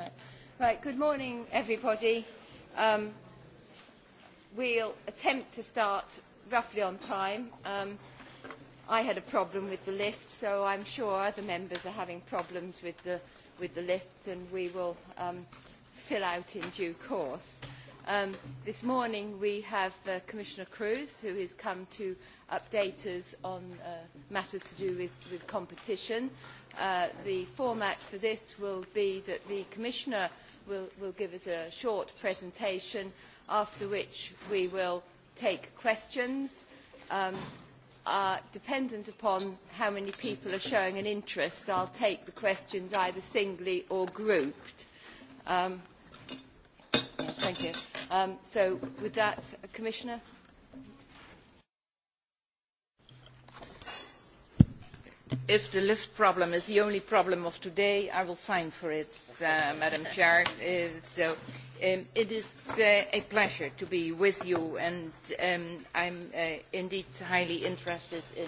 Right. right, good morning everybody. Um, we'll attempt to start roughly on time. Um, I had a problem with the lift, so I'm sure other members are having problems with the, with the lift and we will um, fill out in due course. Um, this morning we have uh, Commissioner Cruz, who has come to update us on uh, matters to do with, with competition. Uh, the format for this will be that the Commissioner will, will give us a short presentation, after which we will take questions, um, uh, dependent upon how many people are showing an interest. I'll take the questions either singly or grouped. Um, yes, thank you. Um, so with that, uh, Commissioner? if the lift problem is the only problem of today, I will sign for it, uh, Madam Chair. Uh, so um, it is uh, a pleasure to be with you, and um, I'm uh, indeed highly interested in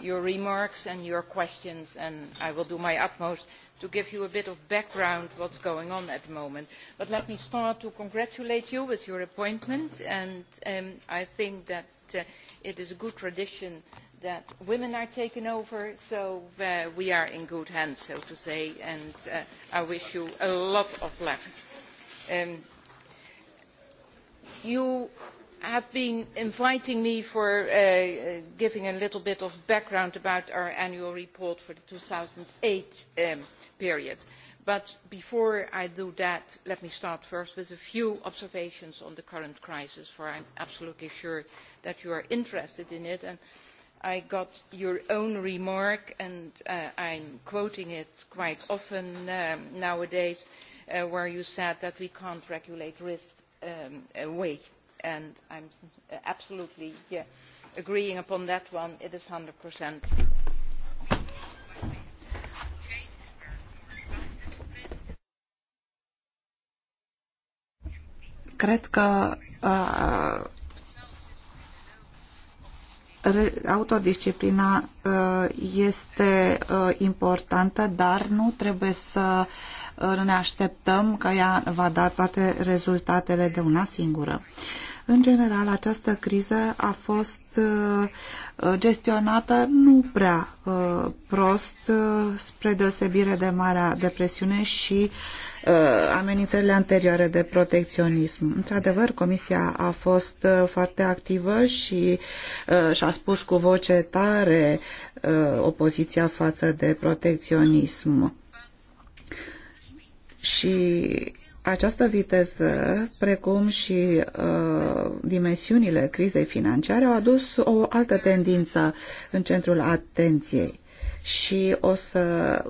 your remarks and your questions, and I will do my utmost to give you a bit of background what's going on at the moment. But let me start to congratulate you with your appointment, and um, I think that uh, it is a good tradition that women are taken over, so uh, we are in good hands, so to say, and uh, I wish you a lot of luck. Um, you have been inviting me for uh, uh giving a little bit of background about our annual report for the 2008 um, period. But before I do that, let me start first with a few observations on the current crisis, for I'm absolutely sure that you are interested in it. And I got your own remark, and uh, I'm quoting it quite often um, nowadays, uh, where you said that we can't regulate risk um, away. And I'm absolutely yeah, agreeing upon that one. It is 100%. Cred că uh, autodisciplina uh, este uh, importantă, dar nu trebuie să uh, ne așteptăm că ea va da toate rezultatele de una singură. În general, această criză a fost gestionată nu prea prost, spre deosebire de Marea Depresiune și Uh, amenințările anterioare de protecționism. Într-adevăr, Comisia a fost uh, foarte activă și uh, și-a spus cu voce tare opoziția față de protecționism. Și această viteză, precum și uh, dimensiunile crizei financiare, au adus o altă tendință în centrul atenției și o să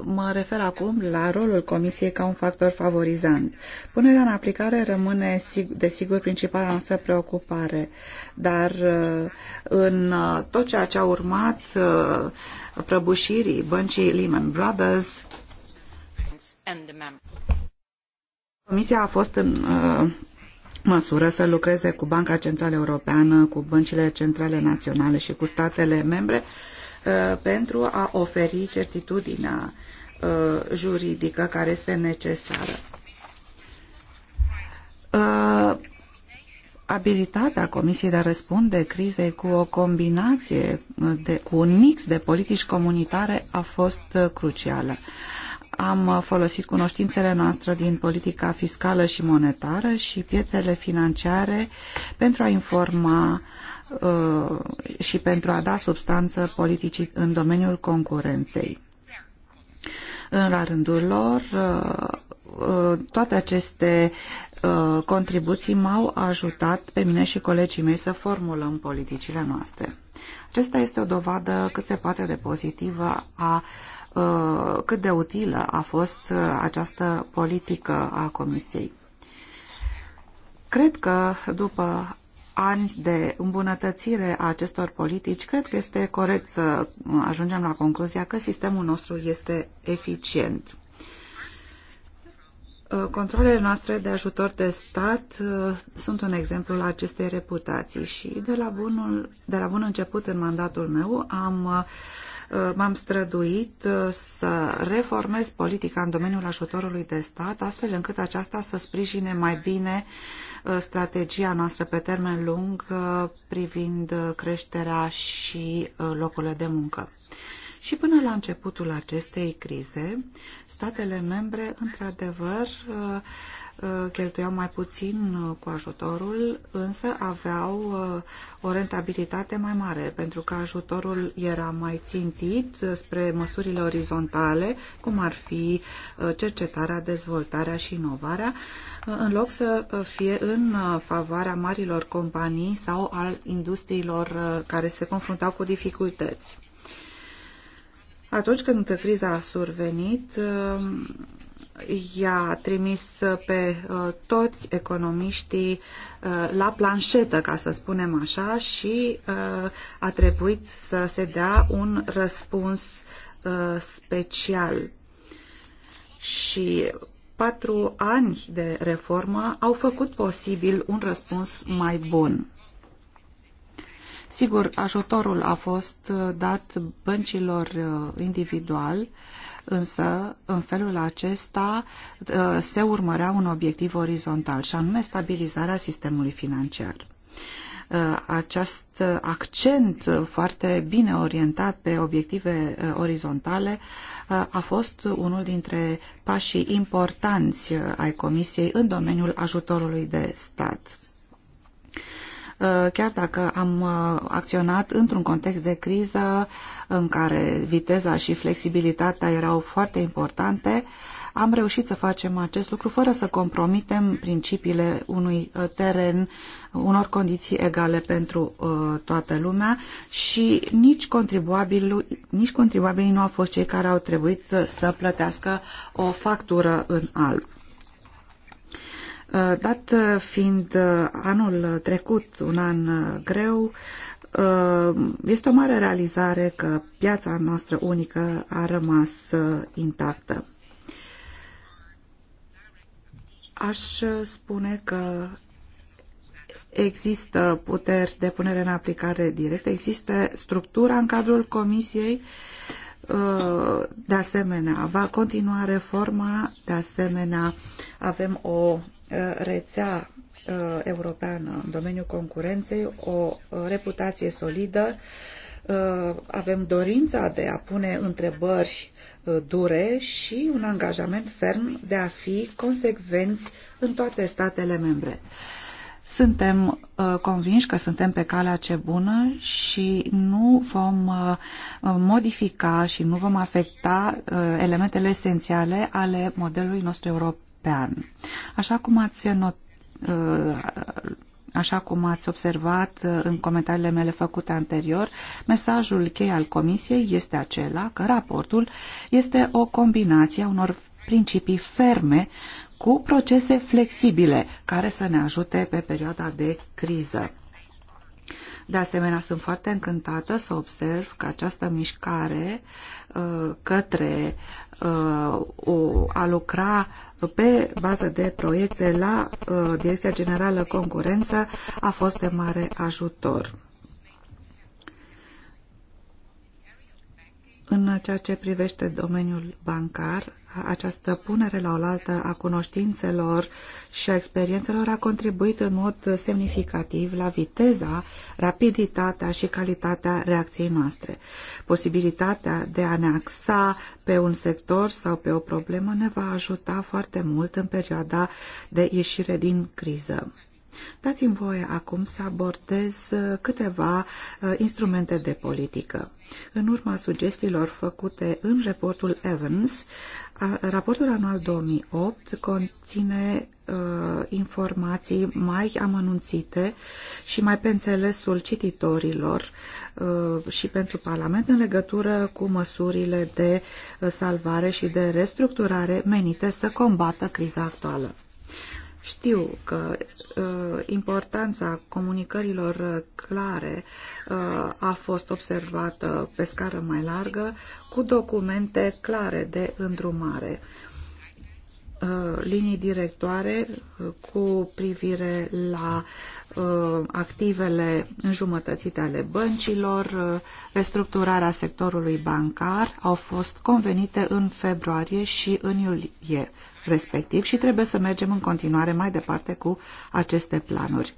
mă refer acum la rolul Comisiei ca un factor favorizant. Punerea în aplicare rămâne, desigur, principala noastră preocupare, dar uh, în uh, tot ceea ce a urmat uh, prăbușirii băncii Lehman Brothers, Comisia a fost în măsură să lucreze cu Banca Centrală Europeană, cu băncile centrale naționale și cu statele membre Uh, pentru a oferi certitudinea uh, juridică care este necesară. Uh, abilitatea Comisiei de a răspunde crizei cu o combinație, de, cu un mix de politici comunitare a fost crucială am uh, folosit cunoștințele noastre din politica fiscală și monetară și piețele financiare pentru a informa uh, și pentru a da substanță politicii în domeniul concurenței. În la rândul lor, uh, toate aceste contribuții m-au ajutat pe mine și colegii mei să formulăm politicile noastre. Acesta este o dovadă cât se poate de pozitivă a Uh, cât de utilă a fost uh, această politică a Comisiei. Cred că după ani de îmbunătățire a acestor politici, cred că este corect să ajungem la concluzia că sistemul nostru este eficient. Uh, controlele noastre de ajutor de stat sunt un exemplu la acestei reputații și de la, bunul, de la bun început în mandatul meu am Uh, m-am străduit uh, să reformez politica în domeniul ajutorului de stat, astfel încât aceasta să sprijine mai bine uh, strategia noastră pe termen lung privind creșterea și locurile de muncă. Și până la începutul acestei crize, statele membre, într-adevăr, Uh, cheltuiau mai puțin uh, cu ajutorul, însă aveau uh, o rentabilitate mai mare, pentru că ajutorul era mai țintit spre măsurile orizontale, cum ar fi cercetarea, dezvoltarea și inovarea, în loc să fie în favoarea marilor companii sau al industriilor care se confruntau cu dificultăți. Atunci când criza a survenit, i-a trimis pe uh, toți economiștii uh, la planșetă, ca să spunem așa, și uh, a trebuit să se dea un răspuns special. Și patru ani de reformă au făcut posibil un răspuns mai bun. Sigur, ajutorul a fost uh, dat băncilor uh, individual, însă în felul acesta uh, se urmărea un obiectiv orizontal și anume stabilizarea sistemului financiar acest accent foarte bine orientat pe obiective orizontale a fost unul dintre pașii importanți ai Comisiei în domeniul ajutorului de stat. Uh, chiar dacă am uh, acționat într-un context de criză în care viteza și flexibilitatea erau foarte importante, am reușit să facem acest lucru fără să compromitem principiile unui uh, teren, unor condiții egale pentru uh, toată lumea și nici contribuabilii, nici contribuabilii nu au fost cei care au trebuit să plătească o factură în alb. Uh, dat fiind uh, anul trecut un an uh, greu, este o mare realizare că piața noastră unică a rămas intactă. Aș spune că există puteri de punere în aplicare directă, există structura în cadrul comisiei, de asemenea va continua reforma, de asemenea avem o Uh, rețea uh, europeană în domeniul concurenței, o uh, reputație solidă, avem dorința de a pune întrebări dure și un angajament ferm de a fi consecvenți în toate statele membre. Suntem uh, convinși că suntem pe calea ce bună și nu vom uh, modifica și nu vom afecta uh, elementele esențiale ale modelului nostru european pe an. Așa cum ați not, uh, Așa cum ați observat uh, în comentariile mele făcute anterior, mesajul chei al Comisiei este acela că raportul este o combinație a unor principii ferme cu procese flexibile care să ne ajute pe perioada de criză. De asemenea, sunt foarte încântată să observ că această mișcare uh, către uh, a lucra pe bază de proiecte la uh, Direcția Generală Concurență a fost de mare ajutor. În ceea ce privește domeniul bancar, această punere la oaltă a cunoștințelor și a experiențelor a contribuit în mod semnificativ la viteza, rapiditatea și calitatea reacției noastre. Posibilitatea de a ne axa pe un sector sau pe o problemă ne va ajuta foarte mult în perioada de ieșire din criză. Dați-mi voie acum să abordez uh, câteva uh, instrumente de politică. În urma sugestiilor făcute în raportul Evans, raportul anual 2008 conține uh, informații mai amănunțite și mai pe înțelesul cititorilor și pentru Parlament în legătură cu măsurile de salvare și de restructurare menite să combată criza actuală. Știu că Uh, importanța comunicărilor uh, clare uh, a fost observată pe scară mai largă cu documente clare de îndrumare. Uh, linii directoare uh, cu privire la uh, activele înjumătățite ale băncilor, restructurarea sectorului bancar au fost convenite în februarie și în iulie respectiv și trebuie să mergem în continuare mai departe cu aceste planuri.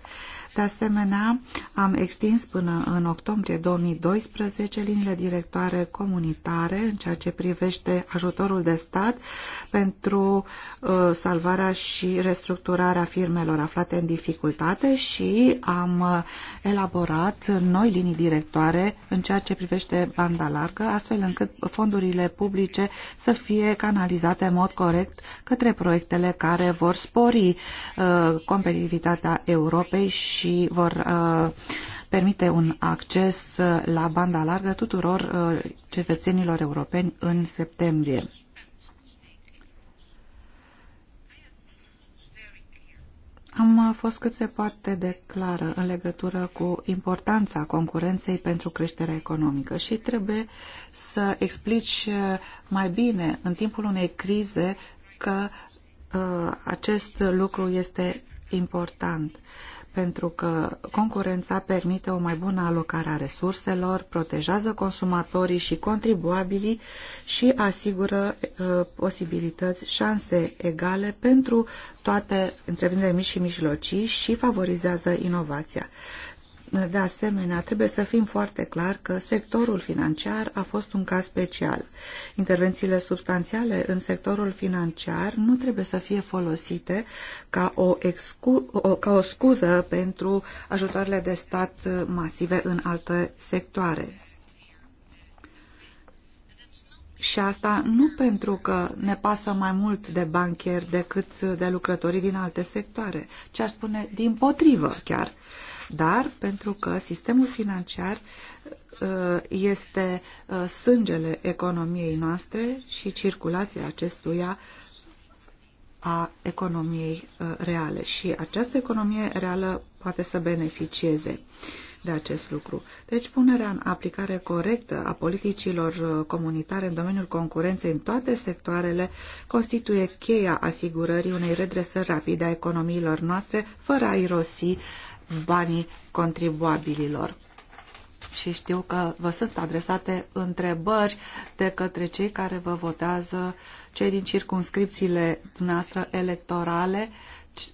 De asemenea, am extins până în octombrie 2012 liniile directoare comunitare în ceea ce privește ajutorul de stat pentru uh, salvarea și restructurarea firmelor aflate în dificultate și am uh, elaborat noi linii directoare în ceea ce privește banda largă, astfel încât fondurile publice să fie canalizate în mod corect către proiectele care vor spori uh, competitivitatea Europei și și vor uh, permite un acces la banda largă tuturor uh, cetățenilor europeni în septembrie. Am uh, fost cât se poate de clară în legătură cu importanța concurenței pentru creșterea economică și trebuie să explici mai bine în timpul unei crize că uh, acest lucru este important. Uh, pentru că concurența permite o mai bună alocare a resurselor, protejează consumatorii și contribuabilii și asigură uh, posibilități, șanse egale pentru toate întreprinderile mici și mijlocii și favorizează inovația. De asemenea, trebuie să fim foarte clar că sectorul financiar a fost un caz special. Intervențiile substanțiale în sectorul financiar nu trebuie să fie folosite ca o, excu o, ca o scuză pentru ajutoarele de stat masive în alte sectoare. Și asta nu pentru că ne pasă mai mult de bancheri decât de lucrătorii din alte sectoare, ci aș spune din potrivă chiar. Uh, dar pentru că sistemul financiar uh, este uh, sângele economiei noastre și circulația acestuia a economiei uh, reale și această economie reală poate să beneficieze de acest lucru. Deci punerea în aplicare corectă a politicilor comunitare în domeniul concurenței în toate sectoarele constituie cheia asigurării unei redresări rapide a economiilor noastre fără a irosi banii contribuabililor. Și știu că vă sunt adresate întrebări de către cei care vă votează, cei din circunscripțiile noastre electorale,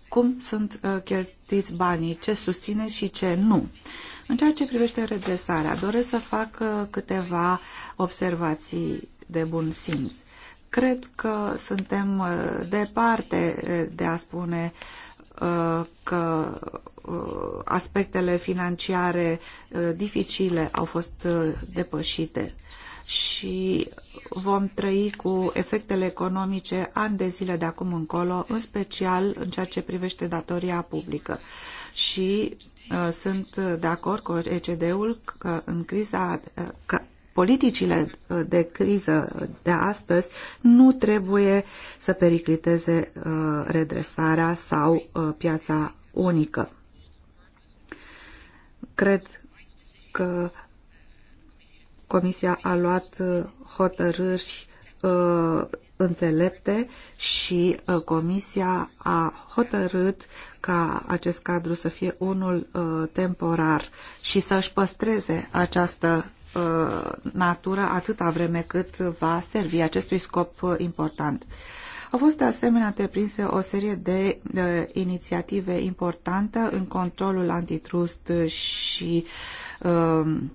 cum sunt uh, cheltuiți banii, ce susțineți și ce nu. În ceea ce privește redresarea, doresc să fac uh, câteva observații de bun simț. Cred că suntem uh, departe de a spune că Uh, aspectele financiare uh, dificile au fost uh, depășite și vom trăi cu efectele economice ani de zile de acum încolo, în special în ceea ce privește datoria publică. Și uh, sunt de acord cu ECD-ul că în criza că politicile de criză de astăzi nu trebuie să pericliteze uh, redresarea sau uh, piața unică. Cred că Comisia a luat uh, hotărâri uh, înțelepte și uh, Comisia a hotărât ca acest cadru să fie unul temporar și să-și păstreze această natură atâta vreme cât va servi acestui scop important. Au fost de asemenea întreprinse o serie de, de inițiative importante în controlul antitrust și um,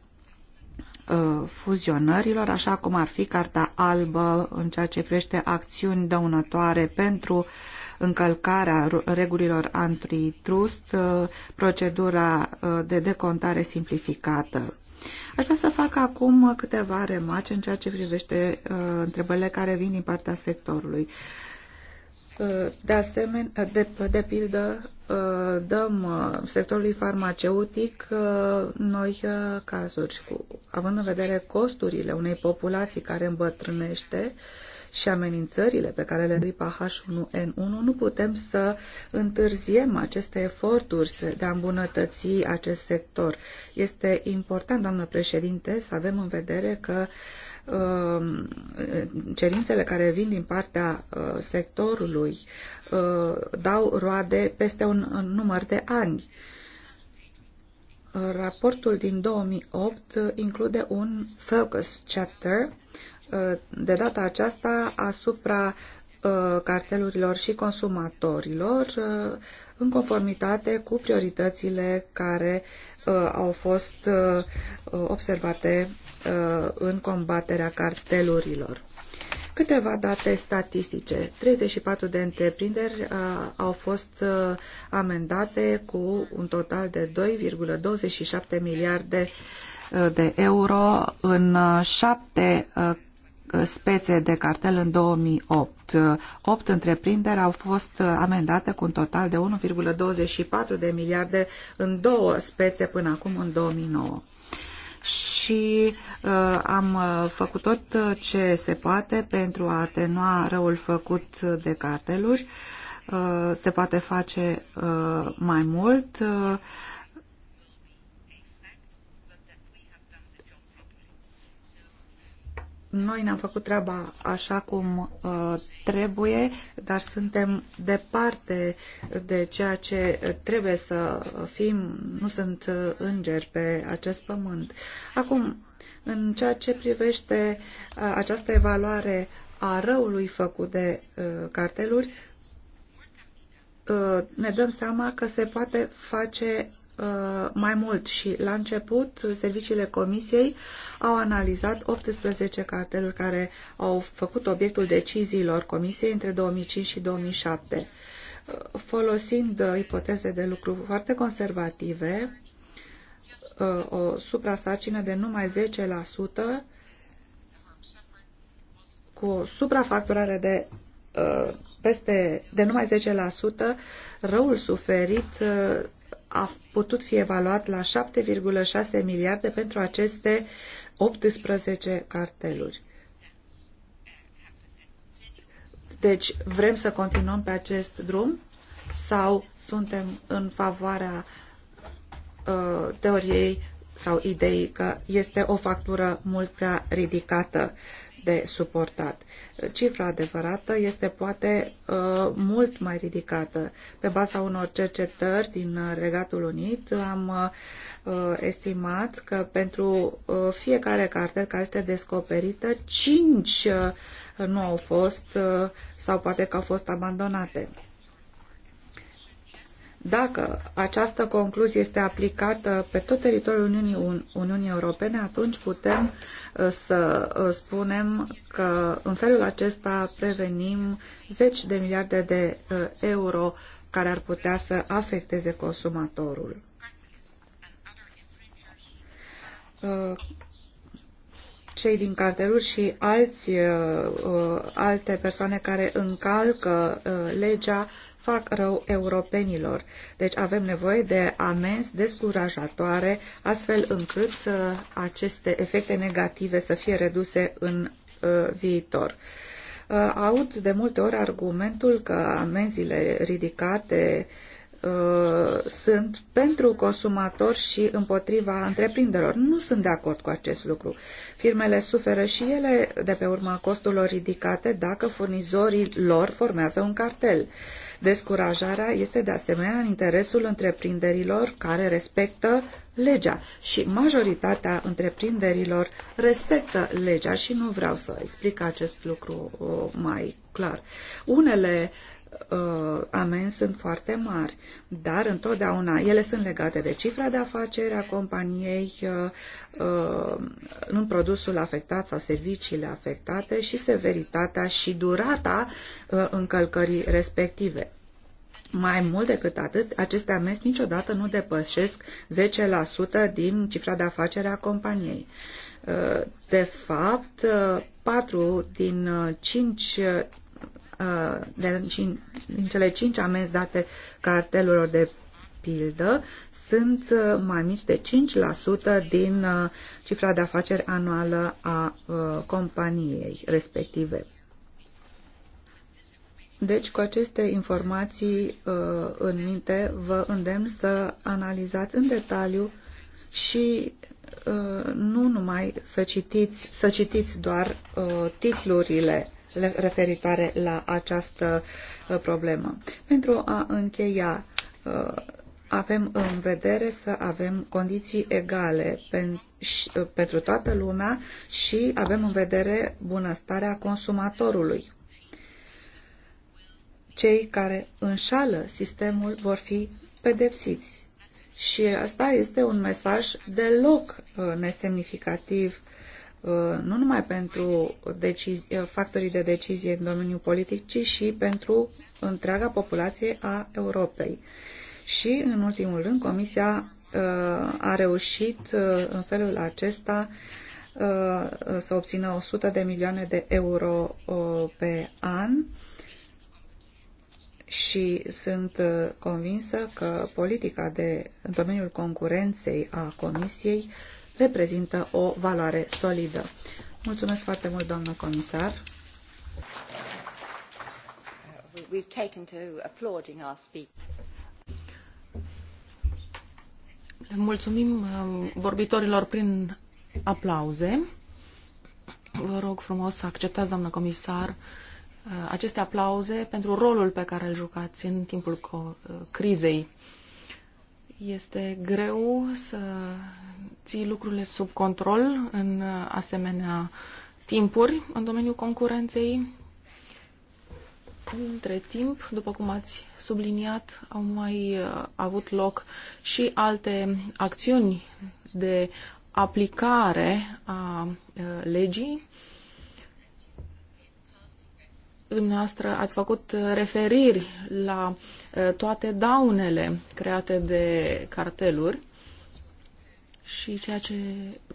uh, fuzionărilor, așa cum ar fi Carta Albă în ceea ce privește acțiuni dăunătoare pentru încălcarea regulilor antitrust, uh, procedura uh, de decontare simplificată. Aș vrea să fac acum câteva remarci în ceea ce privește uh, întrebările care vin din partea sectorului. De asemenea, de, de pildă, uh, dăm uh, sectorului farmaceutic uh, noi cazuri, cu, având în vedere costurile unei populații care îmbătrânește și amenințările pe care le gripa H1N1, nu putem să întârziem aceste eforturi de a îmbunătăți acest sector. Este important, doamnă președinte, să avem în vedere că uh, Um, cerințele care vin din partea uh, sectorului uh, dau roade peste un număr de ani. Uh, raportul din 2008 include un focus chapter de data aceasta asupra cartelurilor și consumatorilor în conformitate cu prioritățile care au fost observate Uh, în combaterea cartelurilor. Câteva date statistice. 34 de întreprinderi uh, au fost uh, amendate cu un total de 2,27 miliarde uh, de euro în uh, șapte spețe de cartel în 2008. Opt întreprinderi au fost amendate cu un total de 1,24 de miliarde în două spețe până acum în 2009 și uh, am uh, făcut tot uh, ce se poate pentru a atenua răul făcut de carteluri. Uh, se poate face uh, mai mult. Uh, Noi ne-am făcut treaba așa cum uh, trebuie, dar suntem departe de ceea ce trebuie să fim. Nu sunt uh, îngeri pe acest pământ. Acum, în ceea ce privește uh, această evaluare a răului făcut de uh, carteluri, uh, ne dăm seama că se poate face Uh, mai mult și la început serviciile comisiei au analizat 18 carteluri care au făcut obiectul deciziilor comisiei între 2005 și 2007. Uh, folosind uh, ipoteze de lucru foarte conservative, o suprasarcină de numai 10% cu o suprafacturare de peste de numai 10%, răul suferit a putut fi evaluat la 7,6 miliarde pentru aceste 18 carteluri. Deci, vrem să continuăm pe acest drum sau suntem în favoarea uh, teoriei sau ideii că este o factură mult prea ridicată? Uh, de suportat. Cifra adevărată este poate uh, mult mai ridicată. Pe baza unor cercetări din uh, Regatul Unit am uh, estimat că pentru fiecare cartel care este descoperită, 5 nu au fost sau poate că au fost abandonate. Dacă această concluzie este aplicată pe tot teritoriul Uniunii, Uniunii Europene, atunci putem uh, să uh, spunem că în felul acesta prevenim 10 de miliarde de uh, euro care ar putea să afecteze consumatorul. Cei din carteluri și alți, alte persoane care încalcă legea fac rău europenilor. Deci avem nevoie de amenzi descurajatoare, astfel încât uh, aceste efecte negative să fie reduse în uh, viitor. Uh, aud de multe ori argumentul că amenzile ridicate uh, Uh, sunt pentru consumatori și împotriva întreprinderilor. Nu sunt de acord cu acest lucru. Firmele suferă și ele de pe urma costurilor ridicate dacă furnizorii lor formează un cartel. Descurajarea este de asemenea în interesul întreprinderilor care respectă legea și majoritatea întreprinderilor respectă legea și nu vreau să explic acest lucru uh, mai clar. Unele uh, uh, amenzi sunt foarte mari, dar întotdeauna ele sunt legate de cifra de afacere a companiei, uh, uh, în produsul afectat sau serviciile afectate și severitatea și durata uh, încălcării respective. Mai mult decât atât, aceste amenzi niciodată nu depășesc 10% din cifra de afacere a companiei. Uh, de fapt, 4 uh, din 5 uh, Uh, de, din cele cinci amenzi date cartelurilor de pildă sunt uh, mai mici de 5% din uh, cifra de afaceri anuală a companiei respective. Deci, cu aceste informații în minte, vă îndemn să analizați în detaliu și nu numai să citiți, să citiți doar titlurile referitoare la această uh, problemă. Pentru a încheia, uh, avem în vedere să avem condiții egale uh, pentru toată lumea și avem în vedere bunăstarea consumatorului. Cei care înșală sistemul vor fi pedepsiți. Și asta este un mesaj deloc nesemnificativ Uh, nu numai pentru uh, factorii de decizie în domeniul politic, ci și pentru întreaga populație a Europei. Și, în ultimul rând, Comisia uh, a reușit în felul acesta să obțină 100 de milioane de euro pe an și sunt convinsă că politica de, în domeniul concurenței a Comisiei uh, reprezintă o valoare solidă. Mulțumesc foarte mult, doamnă comisar. We've taken to applauding our speakers. Le mulțumim uh, vorbitorilor prin aplauze. Vă rog frumos să acceptați, doamnă comisar, uh, aceste aplauze pentru rolul pe care îl jucați în timpul uh, crizei. Este greu să ții lucrurile sub control în asemenea timpuri în domeniul concurenței. Între timp, după cum ați subliniat, au mai uh, avut loc și alte acțiuni de aplicare a uh, legii. Dumneavoastră ați făcut uh, referiri la toate daunele create de carteluri și ceea ce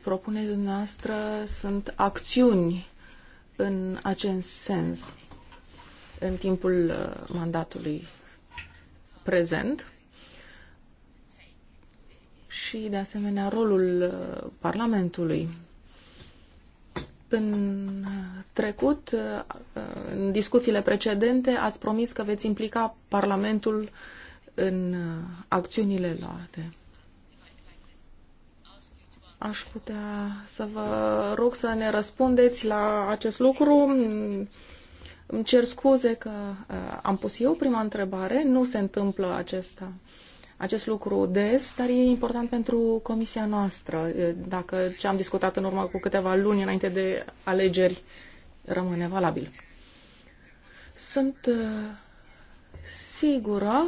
propuneți dumneavoastră sunt acțiuni în acest sens în timpul uh, mandatului prezent și, de asemenea, rolul uh, Parlamentului. În trecut, uh, în discuțiile precedente, ați promis că veți implica Parlamentul în acțiunile luate. Aș putea să vă rog să ne răspundeți la acest lucru. Îmi cer scuze că uh, am pus eu prima întrebare. Nu se întâmplă acesta acest lucru des, dar e important pentru comisia noastră. Uh, dacă ce am discutat în urmă cu câteva luni înainte de alegeri rămâne valabil. Sunt uh, sigură,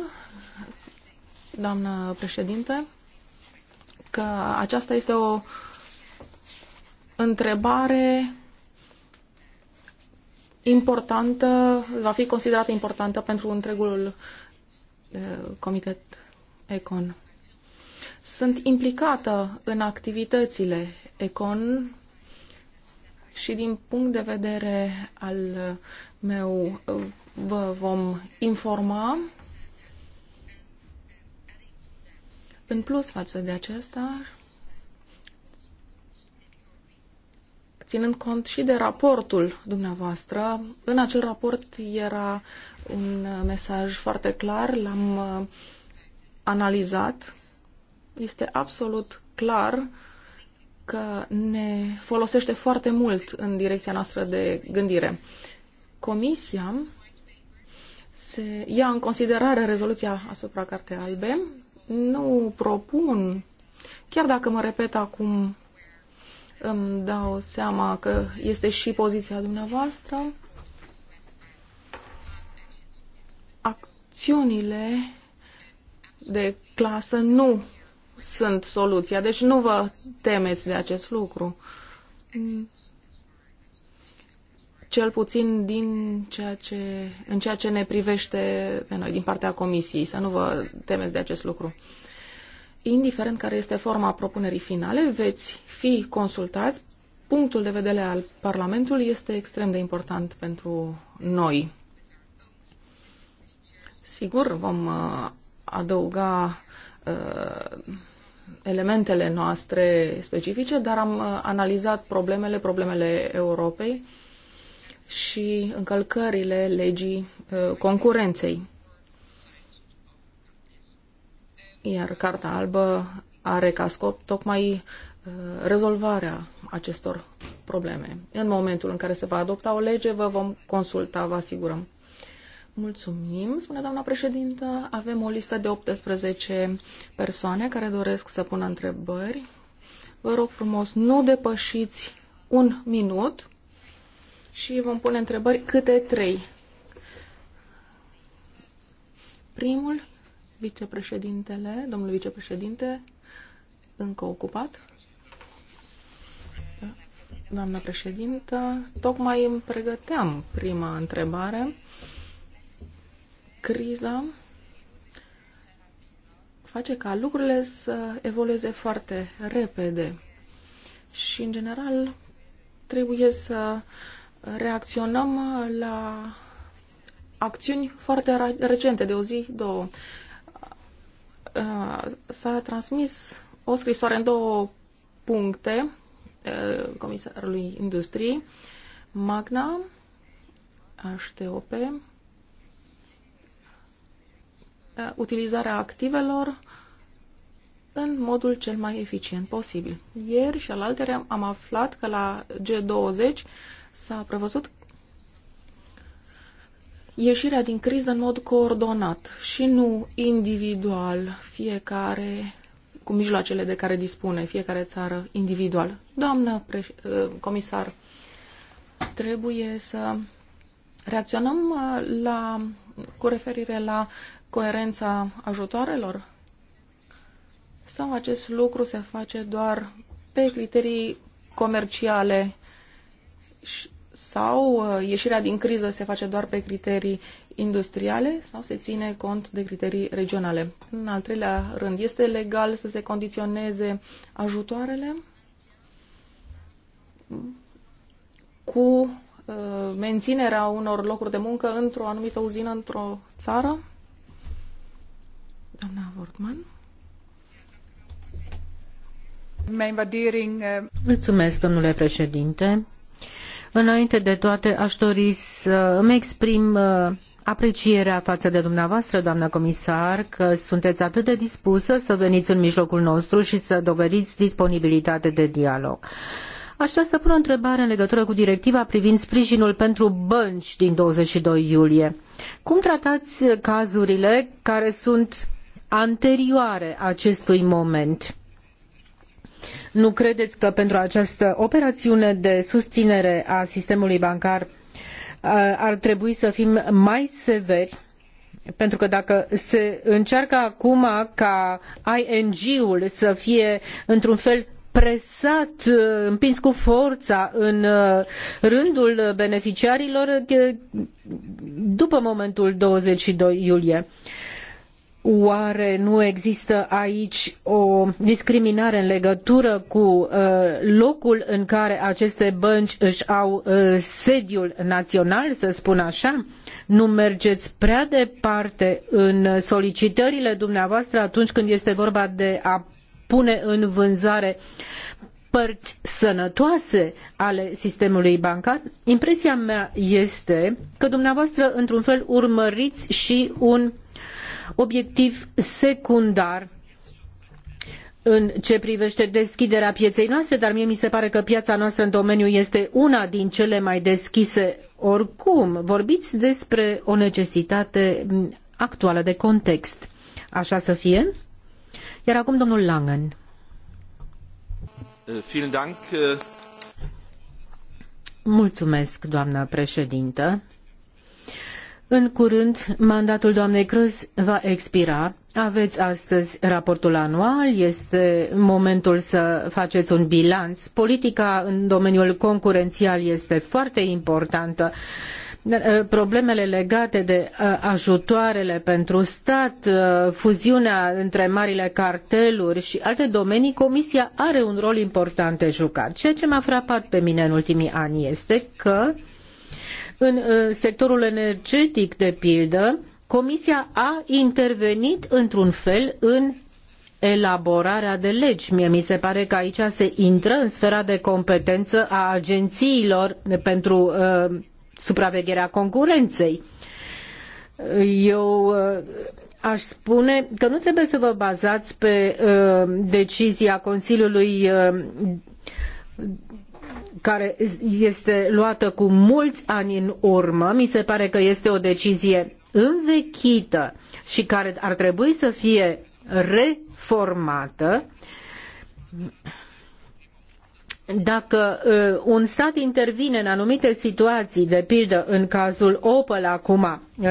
doamnă președinte, că aceasta este o întrebare importantă, va fi considerată importantă pentru întregul uh, comitet ECON. Sunt implicată în activitățile ECON și din punct de vedere al meu uh, vă vom informa În plus față de aceasta, ținând cont și de raportul dumneavoastră, în acel raport era un mesaj foarte clar, l-am uh, analizat. Este absolut clar că ne folosește foarte mult în direcția noastră de gândire. Comisia se ia în considerare rezoluția asupra Cartei Albe nu propun, chiar dacă mă repet acum, îmi dau seama că este și poziția dumneavoastră, acțiunile de clasă nu sunt soluția. Deci nu vă temeți de acest lucru cel puțin din ceea ce, în ceea ce ne privește pe noi, din partea Comisiei, să nu vă temeți de acest lucru. Indiferent care este forma propunerii finale, veți fi consultați. Punctul de vedere al Parlamentului este extrem de important pentru noi. Sigur, vom uh, adăuga uh, elementele noastre specifice, dar am uh, analizat problemele, problemele Europei și încălcările legii uh, concurenței. Iar Carta Albă are ca scop tocmai uh, rezolvarea acestor probleme. În momentul în care se va adopta o lege, vă vom consulta, vă asigurăm. Mulțumim, spune doamna președintă. Avem o listă de 18 persoane care doresc să pună întrebări. Vă rog frumos, nu depășiți un minut și vom pune întrebări câte trei. Primul, vicepreședintele, domnul vicepreședinte, încă ocupat. Doamna președintă, tocmai îmi pregăteam prima întrebare. Criza face ca lucrurile să evolueze foarte repede și, în general, trebuie să uh, reacționăm uh, la acțiuni foarte recente, de o zi, două. Uh, s-a transmis o scrisoare în două puncte uh, comisarului industriei, Magna, HTOP, utilizarea activelor în modul cel mai eficient posibil. Ieri și alaltere am aflat că la G20 s-a prevăzut ieșirea din criză în mod coordonat și nu individual, fiecare cu mijloacele de care dispune fiecare țară individual. Doamnă uh, comisar, trebuie să reacționăm uh, la, cu referire la coerența ajutoarelor? Sau acest lucru se face doar pe criterii comerciale sau uh, ieșirea din criză se face doar pe criterii industriale sau se ține cont de criterii regionale. În al treilea rând, este legal să se condiționeze ajutoarele cu uh, menținerea unor locuri de muncă într-o anumită uzină, într-o țară? Doamna Wortman. Mulțumesc, domnule președinte. Înainte de toate, aș dori să îmi exprim uh, aprecierea față de dumneavoastră, doamnă comisar, că sunteți atât de dispusă să veniți în mijlocul nostru și să dovediți disponibilitate de dialog. Aș vrea să pun o întrebare în legătură cu directiva privind sprijinul pentru bănci din 22 iulie. Cum tratați cazurile care sunt anterioare acestui moment? Nu credeți că pentru această operațiune de susținere a sistemului bancar uh, ar trebui să fim mai severi pentru că dacă se încearcă acum ca ING-ul să fie într-un fel presat, uh, împins cu forța în uh, rândul beneficiarilor după momentul 22 iulie. Oare nu există aici o discriminare în legătură cu uh, locul în care aceste bănci își au uh, sediul național, să spun așa? Nu mergeți prea departe în solicitările dumneavoastră atunci când este vorba de a pune în vânzare părți sănătoase ale sistemului bancar, impresia mea este că dumneavoastră, într-un fel, urmăriți și un obiectiv secundar în ce privește deschiderea pieței noastre, dar mie mi se pare că piața noastră în domeniu este una din cele mai deschise oricum. Vorbiți despre o necesitate actuală de context. Așa să fie? Iar acum domnul Langen. Eh, eh. Mulțumesc, doamnă președintă. În curând, mandatul doamnei Crăz va expira. Aveți astăzi raportul anual, este momentul să faceți un bilanț. Politica în domeniul concurențial este foarte importantă problemele legate de uh, ajutoarele pentru stat, uh, fuziunea între marile carteluri și alte domenii, Comisia are un rol important de jucat. Ceea ce m-a frapat pe mine în ultimii ani este că în uh, sectorul energetic, de pildă, Comisia a intervenit într-un fel în elaborarea de legi. Mie mi se pare că aici se intră în sfera de competență a agențiilor pentru uh, supravegherea concurenței. Eu uh, aș spune că nu trebuie să vă bazați pe uh, decizia Consiliului uh, care este luată cu mulți ani în urmă. Mi se pare că este o decizie învechită și care ar trebui să fie reformată. Dacă uh, un stat intervine în anumite situații, de pildă în cazul Opel acum, uh,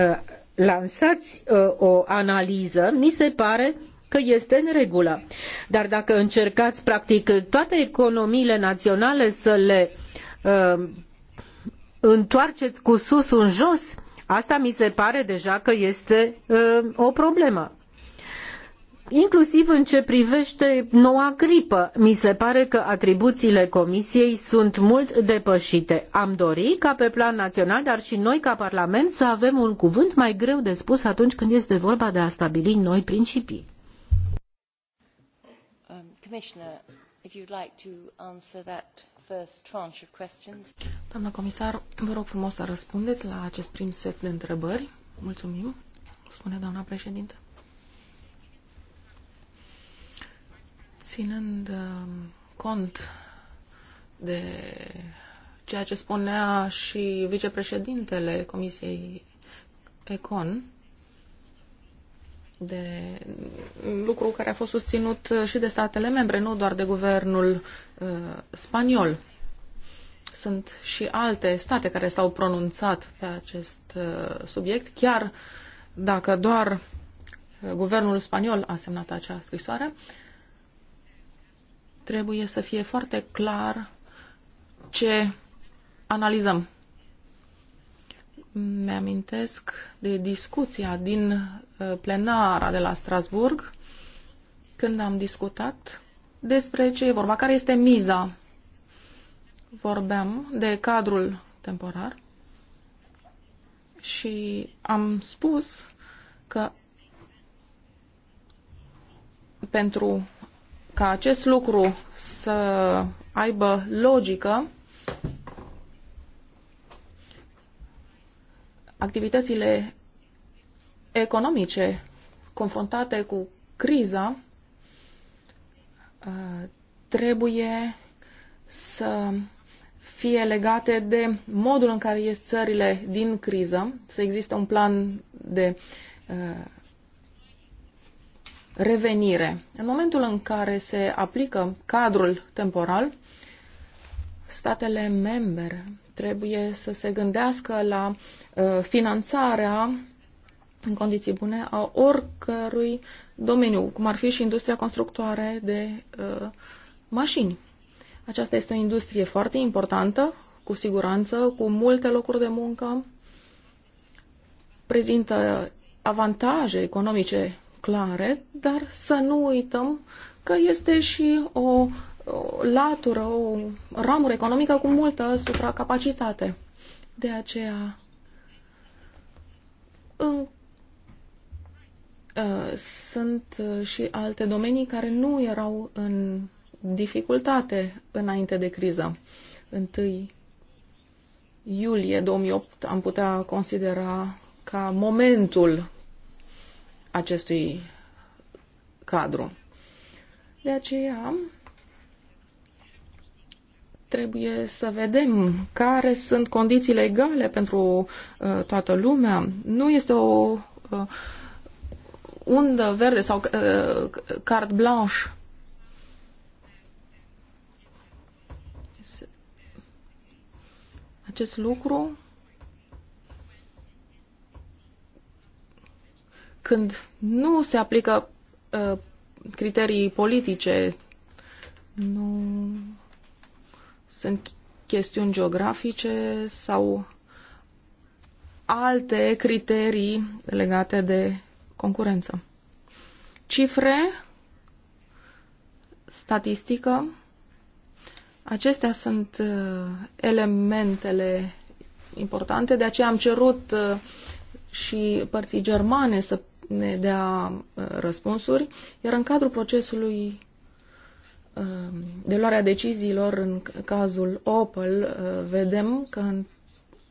lansați uh, o analiză, mi se pare că este în regulă. Dar dacă încercați practic toate economiile naționale să le uh, întoarceți cu sus în jos, asta mi se pare deja că este uh, o problemă inclusiv în ce privește noua gripă. Mi se pare că atribuțiile Comisiei sunt mult depășite. Am dori ca pe plan național, dar și noi ca Parlament să avem un cuvânt mai greu de spus atunci când este vorba de a stabili noi principii. Doamnă comisar, vă rog frumos să răspundeți la acest prim set de întrebări. Mulțumim, spune doamna președinte. Ținând um, cont de ceea ce spunea și vicepreședintele Comisiei Econ, de lucru care a fost susținut și de statele membre, nu doar de guvernul uh, spaniol. Sunt și alte state care s-au pronunțat pe acest uh, subiect, chiar dacă doar uh, guvernul spaniol a semnat acea scrisoare, trebuie să fie foarte clar ce analizăm mi-amintesc de discuția din Uh, plenara de la Strasburg, când am discutat despre ce e vorba, care este miza. Vorbeam de cadrul temporar și am spus că pentru ca acest lucru să aibă logică, activitățile economice confruntate cu criza uh, trebuie să fie legate de modul în care ies țările din criză, să existe un plan de uh, revenire. În momentul în care se aplică cadrul temporal, statele membre trebuie să se gândească la uh, finanțarea în condiții bune a oricărui domeniu, cum ar fi și industria constructoare de uh, mașini. Aceasta este o industrie foarte importantă, cu siguranță, cu multe locuri de muncă, prezintă avantaje economice clare, dar să nu uităm că este și o, o latură, o ramură economică cu multă supracapacitate. De aceea, în Uh, sunt uh, și alte domenii care nu erau în dificultate înainte de criză. Întâi iulie 2008 am putea considera ca momentul acestui cadru. De aceea trebuie să vedem care sunt condițiile egale pentru uh, toată lumea. Nu este o uh, undă verde sau uh, carte blanche. Acest lucru când nu se aplică uh, criterii politice, nu sunt chestiuni geografice sau alte criterii legate de concurență. Cifre, statistică, acestea sunt uh, elementele importante, de aceea am cerut uh, și părții germane să ne dea uh, răspunsuri, iar în cadrul procesului de luarea deciziilor în cazul Opel vedem că în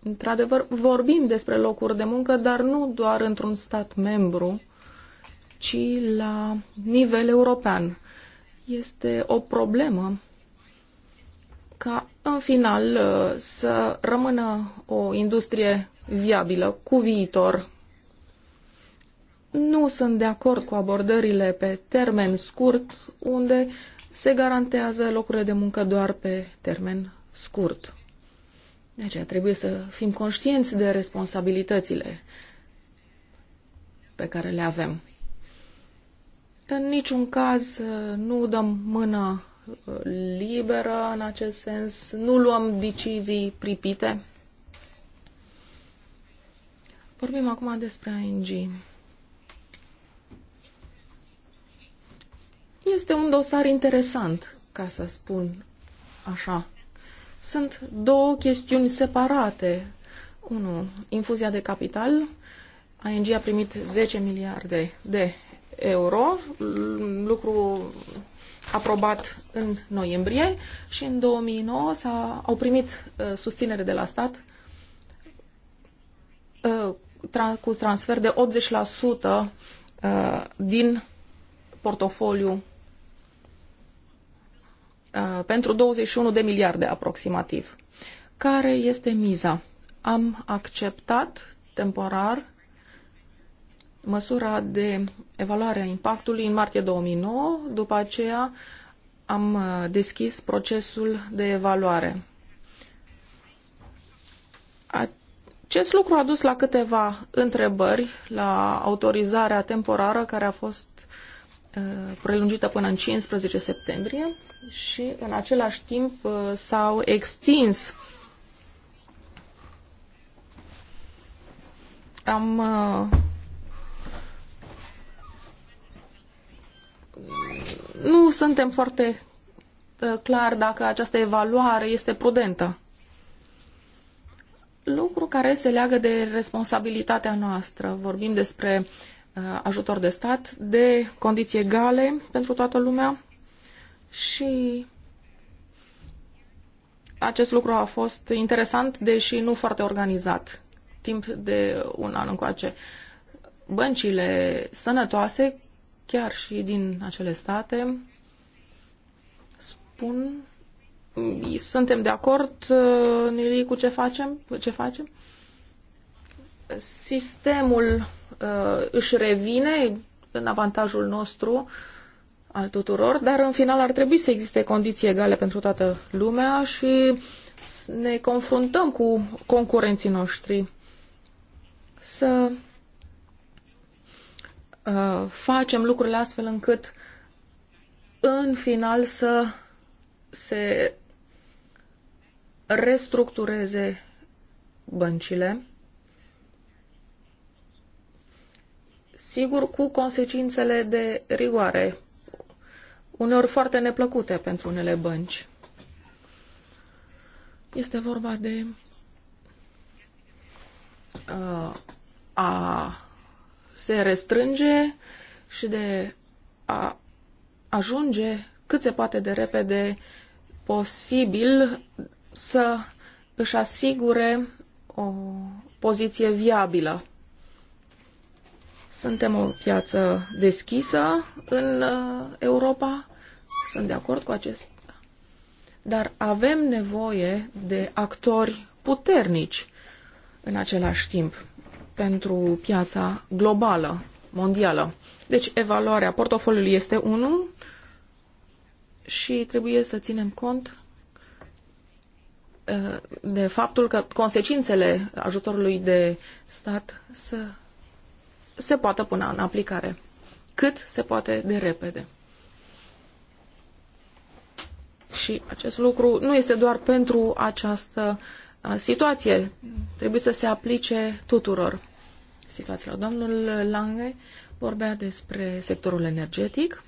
Într-adevăr, vorbim despre locuri de muncă, dar nu doar într-un stat membru, ci la nivel european. Este o problemă ca în final uh, să rămână o industrie viabilă, cu viitor. Nu sunt de acord cu abordările pe termen scurt, unde se garantează locurile de muncă doar pe termen scurt. De aceea trebuie să fim conștienți de responsabilitățile pe care le avem. În niciun caz uh, nu dăm mână uh, liberă în acest sens, nu luăm decizii pripite. Vorbim acum despre ANG. Este un dosar interesant, ca să spun așa. Sunt două chestiuni separate. 1. Infuzia de capital. ING a primit 10 miliarde de euro, lucru aprobat în noiembrie și în 2009 s-a, au primit uh, susținere de la stat uh, cu transfer de 80% uh, din portofoliu Uh, pentru 21 de miliarde aproximativ. Care este miza? Am acceptat temporar măsura de evaluare a impactului în martie 2009, după aceea am uh, deschis procesul de evaluare. Acest lucru a dus la câteva întrebări, la autorizarea temporară care a fost Uh, prelungită până în 15 septembrie și în același timp uh, s-au extins am uh, nu suntem foarte clar dacă această evaluare este prudentă. Lucru care se leagă de responsabilitatea noastră. Vorbim despre Uh, ajutor de stat, de condiții egale pentru toată lumea și acest lucru a fost interesant, deși nu foarte organizat timp de un an încoace. Băncile sănătoase, chiar și din acele state, spun suntem de acord, uh, Nili, cu ce facem? cu Ce facem? Sistemul uh, își revine în avantajul nostru al tuturor, dar în final ar trebui să existe condiții egale pentru toată lumea și ne confruntăm cu concurenții noștri să uh, facem lucrurile astfel încât în final să se restructureze băncile sigur cu consecințele de rigoare, uneori foarte neplăcute pentru unele bănci. Este vorba de uh, a se restrânge și de a ajunge cât se poate de repede posibil să își asigure o poziție viabilă. Suntem o piață deschisă în uh, Europa, sunt de acord cu acest. Dar avem nevoie de actori puternici în același timp pentru piața globală, mondială. Deci evaluarea portofoliului este unul și trebuie să ținem cont uh, de faptul că consecințele ajutorului de stat să se poată pune în aplicare cât se poate de repede. Și acest lucru nu este doar pentru această uh, situație, trebuie să se aplice tuturor situațiilor. Domnul Lange vorbea despre sectorul energetic.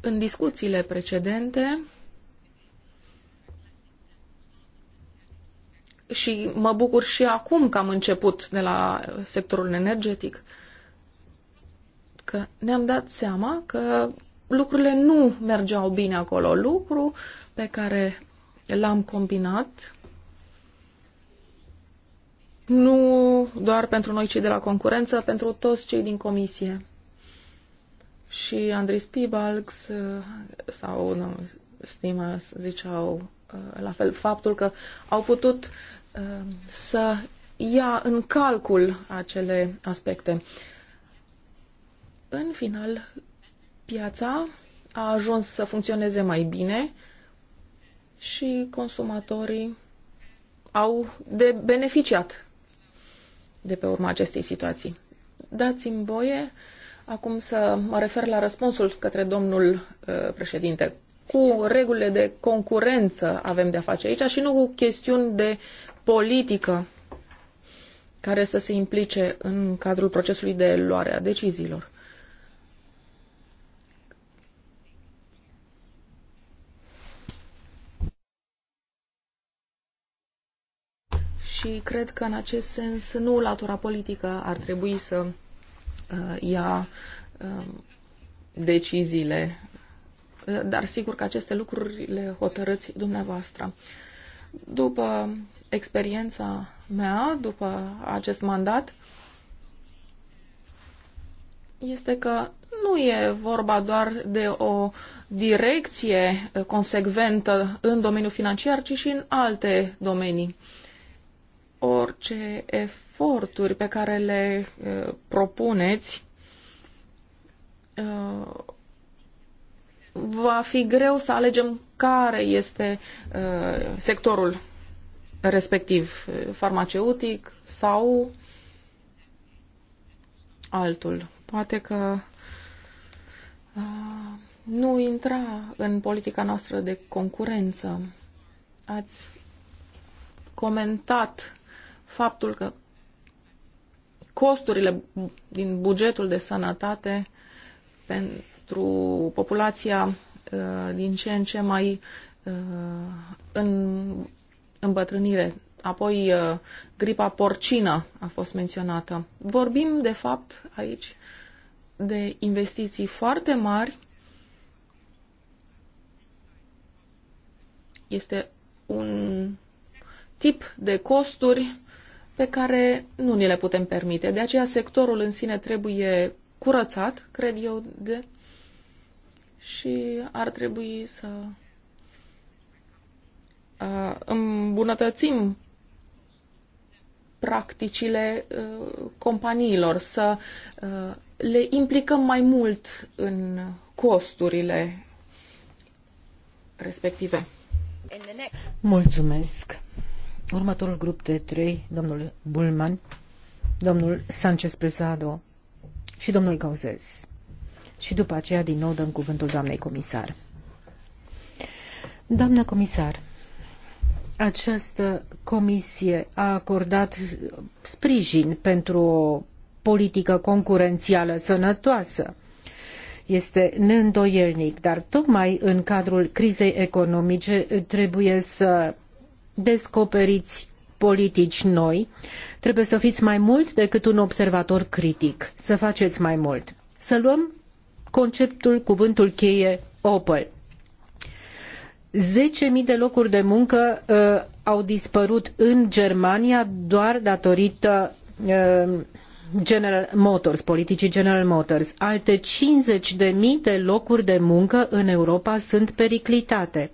În discuțiile precedente și mă bucur și acum că am început de la sectorul energetic, că ne-am dat seama că lucrurile nu mergeau bine acolo. Lucru pe care l-am combinat nu doar pentru noi cei de la concurență, pentru toți cei din comisie. Și Andrei Spibalgs uh, sau nu, stima ziceau uh, la fel faptul că au putut Um, să ia în calcul acele aspecte. În final, piața a ajuns să funcționeze mai bine și consumatorii au de beneficiat de pe urma acestei situații. Dați-mi voie acum să mă refer la răspunsul către domnul uh, președinte. Cu regulile de concurență avem de-a face aici și nu cu chestiuni de uh, politică care să se implice în cadrul procesului de luare a deciziilor. Și cred că în acest sens nu latura politică ar trebui să uh, ia uh, deciziile, uh, dar sigur că aceste lucruri le hotărâți dumneavoastră. După experiența mea după acest mandat este că nu e vorba doar de o direcție consecventă în domeniul financiar, ci și în alte domenii. Orice eforturi pe care le uh, propuneți uh, va fi greu să alegem care este uh, sectorul respectiv farmaceutic sau altul. Poate că uh, nu intra în politica noastră de concurență. Ați comentat faptul că costurile din bugetul de sănătate pentru populația uh, din ce în ce mai uh, în îmbătrânire. Apoi uh, gripa porcină a fost menționată. Vorbim, de fapt, aici de investiții foarte mari. Este un tip de costuri pe care nu ni le putem permite. De aceea sectorul în sine trebuie curățat, cred eu, de și ar trebui să Uh, îmbunătățim practicile uh, companiilor, să uh, le implicăm mai mult în costurile respective. Mulțumesc. Următorul grup de trei, domnul Bulman, domnul Sanchez Presado și domnul Gauzez. Și după aceea din nou dăm cuvântul doamnei comisar. Doamna comisar, această comisie a acordat sprijin pentru o politică concurențială sănătoasă. Este neîndoielnic, dar tocmai în cadrul crizei economice trebuie să descoperiți politici noi, trebuie să fiți mai mult decât un observator critic, să faceți mai mult. Să luăm conceptul, cuvântul cheie Opel. 10.000 de locuri de muncă uh, au dispărut în Germania doar datorită uh, General Motors, politicii General Motors. Alte 50.000 de locuri de muncă în Europa sunt periclitate.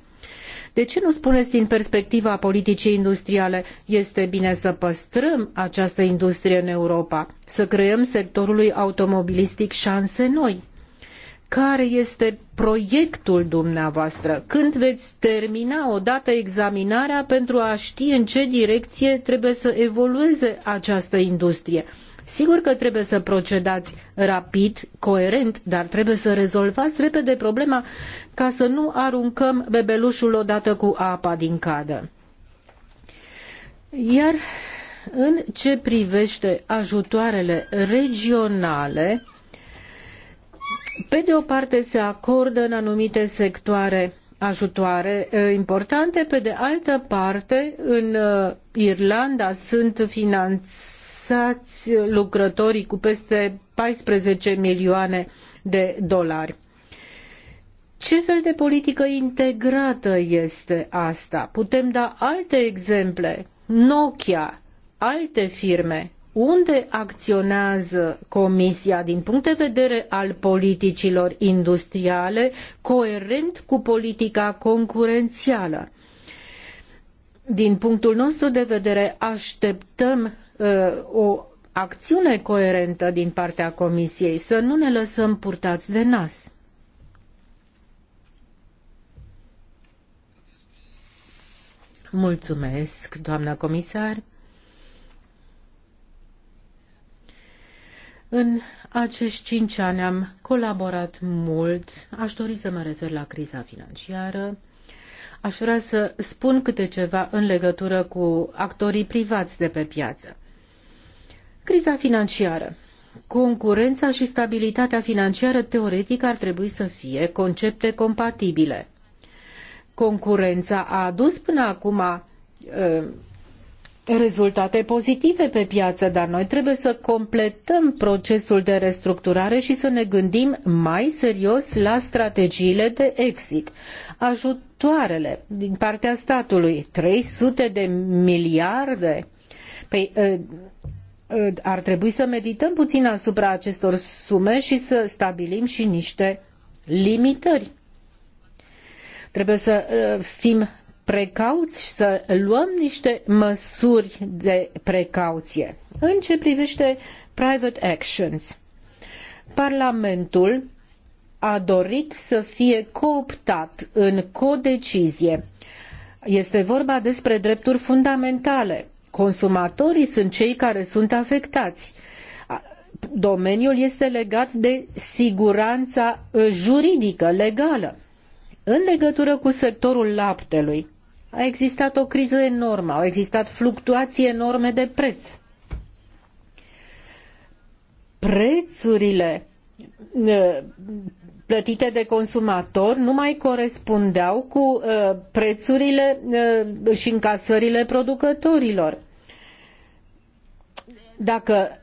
De ce nu spuneți din perspectiva politicii industriale, este bine să păstrăm această industrie în Europa, să creăm sectorului automobilistic șanse noi? care este proiectul dumneavoastră, când veți termina odată examinarea pentru a ști în ce direcție trebuie să evolueze această industrie. Sigur că trebuie să procedați rapid, coerent, dar trebuie să rezolvați repede problema ca să nu aruncăm bebelușul odată cu apa din cadă. Iar în ce privește ajutoarele regionale, pe de o parte se acordă în anumite sectoare ajutoare eh, importante, pe de altă parte în eh, Irlanda sunt finanțați lucrătorii cu peste 14 milioane de dolari. Ce fel de politică integrată este asta? Putem da alte exemple. Nokia, alte firme unde acționează Comisia din punct de vedere al politicilor industriale, coerent cu politica concurențială. Din punctul nostru de vedere, așteptăm uh, o acțiune coerentă din partea Comisiei, să nu ne lăsăm purtați de nas. Mulțumesc, doamna comisar. În acești cinci ani am colaborat mult. Aș dori să mă refer la criza financiară. Aș vrea să spun câte ceva în legătură cu actorii privați de pe piață. Criza financiară. Concurența și stabilitatea financiară teoretic ar trebui să fie concepte compatibile. Concurența a adus până acum ă, rezultate pozitive pe piață, dar noi trebuie să completăm procesul de restructurare și să ne gândim mai serios la strategiile de exit. Ajutoarele din partea statului, 300 de miliarde, păi, ă, ă, ar trebui să medităm puțin asupra acestor sume și să stabilim și niște limitări trebuie să ă, fim precauți, să luăm niște măsuri de precauție. În ce privește private actions, Parlamentul a dorit să fie cooptat în codecizie. Este vorba despre drepturi fundamentale. Consumatorii sunt cei care sunt afectați. Domeniul este legat de siguranța juridică, legală. În legătură cu sectorul laptelui, a existat o criză enormă, au existat fluctuații enorme de preț. Prețurile plătite de consumator nu mai corespundeau cu uh, prețurile uh, și încasările producătorilor. Dacă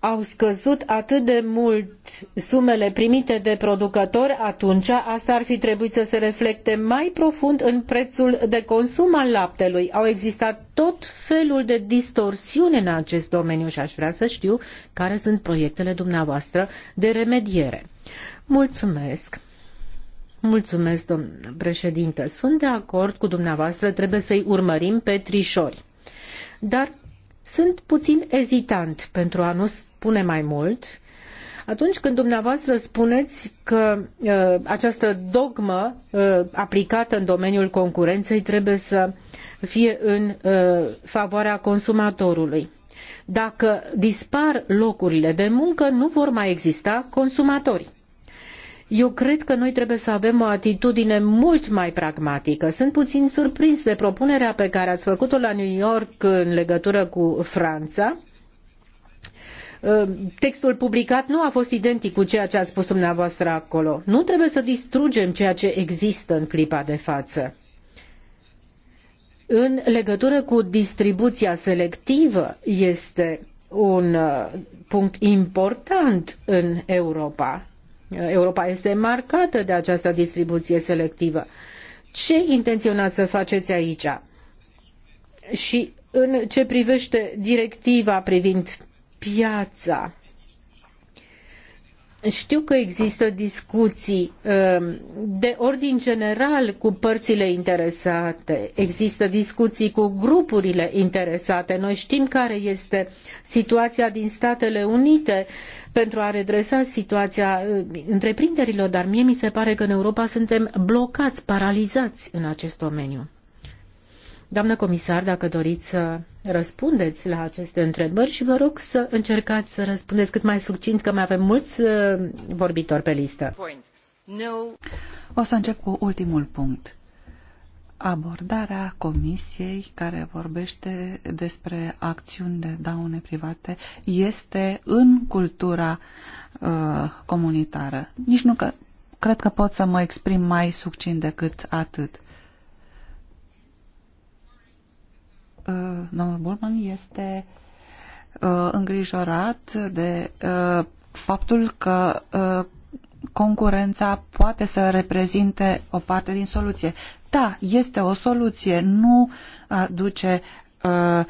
au scăzut atât de mult sumele primite de producători, atunci asta ar fi trebuit să se reflecte mai profund în prețul de consum al laptelui. Au existat tot felul de distorsiuni în acest domeniu și aș vrea să știu care sunt proiectele dumneavoastră de remediere. Mulțumesc! Mulțumesc, domnule președinte. Sunt de acord cu dumneavoastră, trebuie să-i urmărim pe trișori. Dar sunt puțin ezitant pentru a nu spune mai mult atunci când dumneavoastră spuneți că uh, această dogmă uh, aplicată în domeniul concurenței trebuie să fie în uh, favoarea consumatorului. Dacă dispar locurile de muncă, nu vor mai exista consumatori. Eu cred că noi trebuie să avem o atitudine mult mai pragmatică. Sunt puțin surprins de propunerea pe care ați făcut-o la New York în legătură cu Franța. Ă, textul publicat nu a fost identic cu ceea ce a spus dumneavoastră acolo. Nu trebuie să distrugem ceea ce există în clipa de față. În legătură cu distribuția selectivă este un ă, punct important în Europa Europa este marcată de această distribuție selectivă. Ce intenționați să faceți aici? Și în ce privește directiva privind piața, știu că există discuții um, de ordin general cu părțile interesate, există discuții cu grupurile interesate. Noi știm care este situația din Statele Unite pentru a redresa situația uh, întreprinderilor, dar mie mi se pare că în Europa suntem blocați, paralizați în acest domeniu. Doamnă comisar, dacă doriți să răspundeți la aceste întrebări și vă rog să încercați să răspundeți cât mai succint, că mai avem mulți uh, vorbitori pe listă. O să încep cu ultimul punct. Abordarea comisiei care vorbește despre acțiuni de daune private este în cultura uh, comunitară. Nici nu că cred că pot să mă exprim mai succint decât atât. Uh, domnul Burman este uh, îngrijorat de uh, faptul că concurența poate să reprezinte o parte din soluție. Da, este o soluție, nu aduce uh,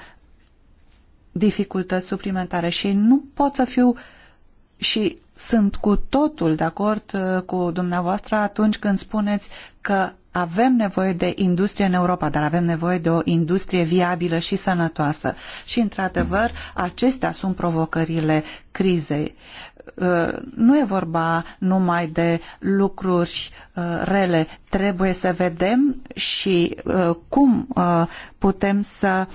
dificultăți suplimentare și nu pot să fiu și sunt cu totul de acord cu dumneavoastră atunci când spuneți că avem nevoie de industrie în Europa, dar avem nevoie de o industrie viabilă și sănătoasă. Și, într-adevăr, acestea sunt provocările crizei. Uh, nu e vorba numai de lucruri uh, rele. Trebuie să vedem și uh, cum putem să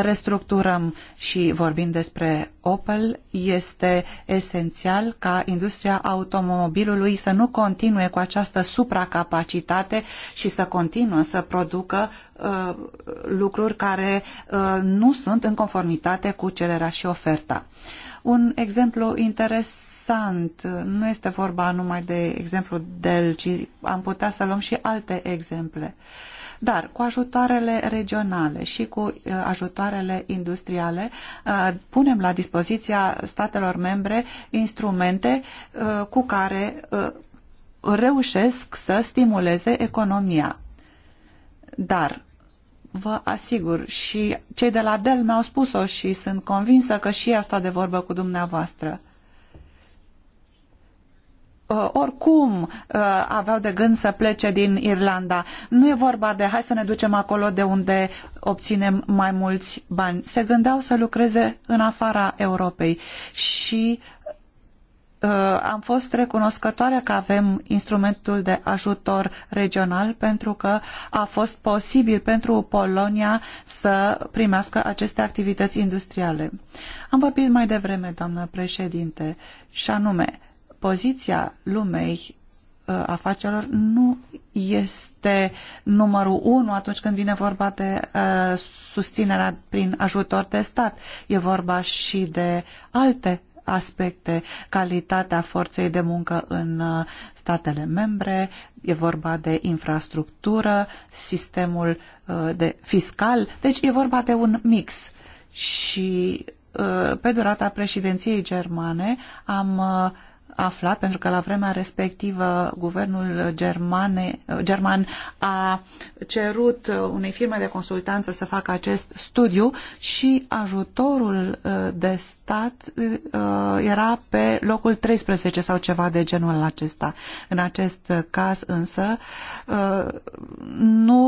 restructurăm și vorbim despre Opel, este esențial ca industria automobilului să nu continue cu această supracapacitate și să continuă să producă lucruri care nu sunt în conformitate cu cererea și oferta un exemplu interesant. Nu este vorba numai de exemplu DEL, ci am putea să luăm și alte exemple. Dar cu ajutoarele regionale și cu uh, ajutoarele industriale uh, punem la dispoziția statelor membre instrumente uh, cu care reușesc să stimuleze economia. Dar Vă asigur și cei de la Dell mi-au spus-o și sunt convinsă că și ea stă de vorbă cu dumneavoastră. Uh, oricum uh, aveau de gând să plece din Irlanda. Nu e vorba de hai să ne ducem acolo de unde obținem mai mulți bani. Se gândeau să lucreze în afara Europei și Uh, am fost recunoscătoare că avem instrumentul de ajutor regional pentru că a fost posibil pentru Polonia să primească aceste activități industriale. Am vorbit mai devreme, doamnă președinte, și anume, poziția lumei uh, afacerilor nu este numărul unu atunci când vine vorba de uh, susținerea prin ajutor de stat. E vorba și de alte aspecte, calitatea forței de muncă în uh, statele membre, e vorba de infrastructură, sistemul uh, de fiscal, deci e vorba de un mix. Și uh, pe durata președinției germane am uh, aflat, pentru că la vremea respectivă guvernul germane, german a cerut unei firme de consultanță să facă acest studiu și ajutorul uh, de stat uh, era pe locul 13 sau ceva de genul acesta. În acest caz însă uh, nu,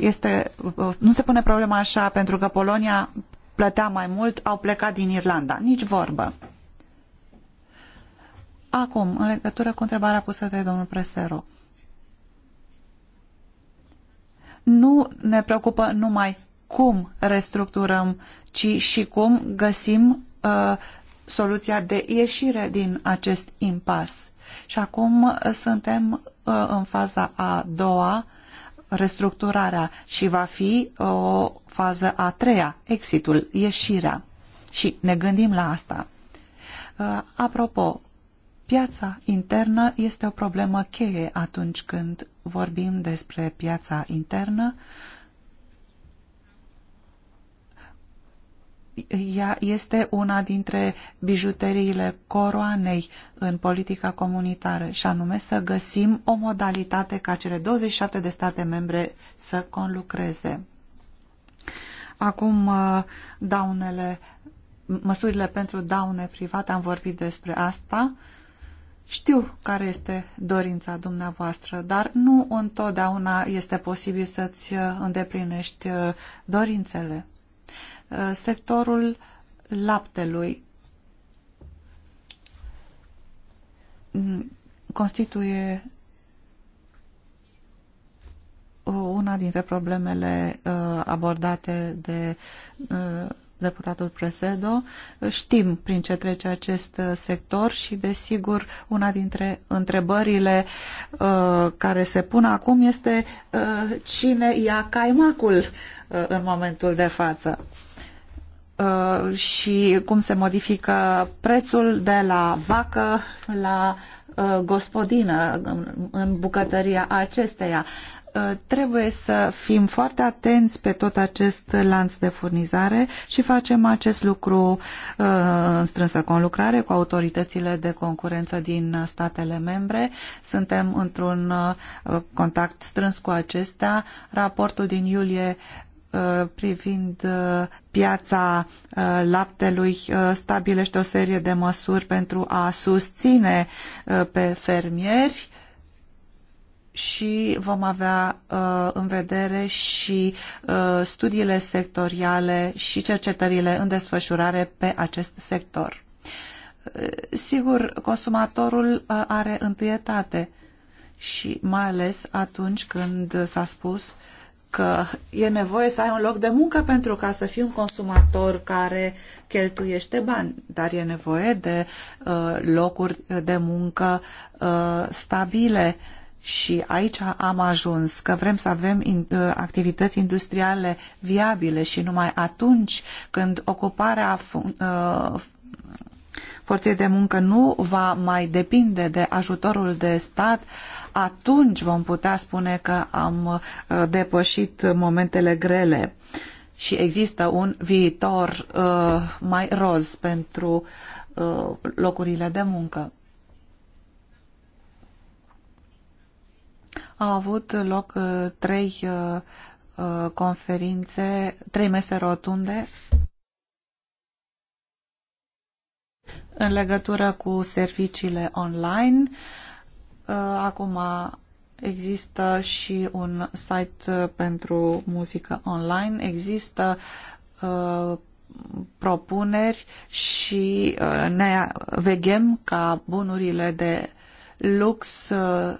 este, nu se pune problema așa pentru că Polonia plătea mai mult, au plecat din Irlanda. Nici vorbă. Acum, în legătură cu întrebarea pusă de domnul Presero, nu ne preocupă numai cum restructurăm, ci și cum găsim uh, soluția de ieșire din acest impas. Și acum uh, suntem uh, în faza a doua, restructurarea, și va fi uh, o fază a treia, exitul, ieșirea. Și ne gândim la asta. Uh, apropo, Piața internă este o problemă cheie atunci când vorbim despre piața internă. Ea este una dintre bijuteriile coroanei în politica comunitară și anume să găsim o modalitate ca cele 27 de state membre să conlucreze. Acum uh, daunele, măsurile pentru daune private, am vorbit despre asta. Uh, știu care este dorința dumneavoastră, dar nu întotdeauna este posibil să-ți uh, îndeplinești uh, dorințele. Uh, sectorul laptelui mm, constituie una dintre problemele abordate de deputatul Presedo, știm prin ce trece acest uh, sector și, desigur, una dintre întrebările uh, care se pun acum este uh, cine ia caimacul uh, în momentul de față uh, și cum se modifică prețul de la vacă la uh, gospodină în bucătăria acesteia. Uh, trebuie să fim foarte atenți pe tot acest lanț de furnizare și facem acest lucru uh, în strânsă conlucrare cu autoritățile de concurență din statele membre. Suntem într-un uh, contact strâns cu acestea. Raportul din iulie privind piața laptelui stabilește o serie de măsuri pentru a susține pe fermieri și vom avea uh, în vedere și uh, studiile sectoriale și cercetările în desfășurare pe acest sector. Uh, sigur, consumatorul uh, are întâietate și mai ales atunci când s-a spus că e nevoie să ai un loc de muncă pentru ca să fii un consumator care cheltuiește bani, dar e nevoie de uh, locuri de muncă uh, stabile uh, și aici am ajuns că vrem să avem ă, activități industriale viabile și numai atunci când ocuparea ă, forței de muncă nu va mai depinde de ajutorul de stat, atunci vom putea spune că am ă, depășit momentele grele și există un viitor mai roz pentru locurile de muncă. Au avut loc uh, trei uh, uh, conferințe, trei mese rotunde în legătură cu serviciile online. Acum există și un site pentru muzică online, există propuneri și ne veghem ca bunurile de lux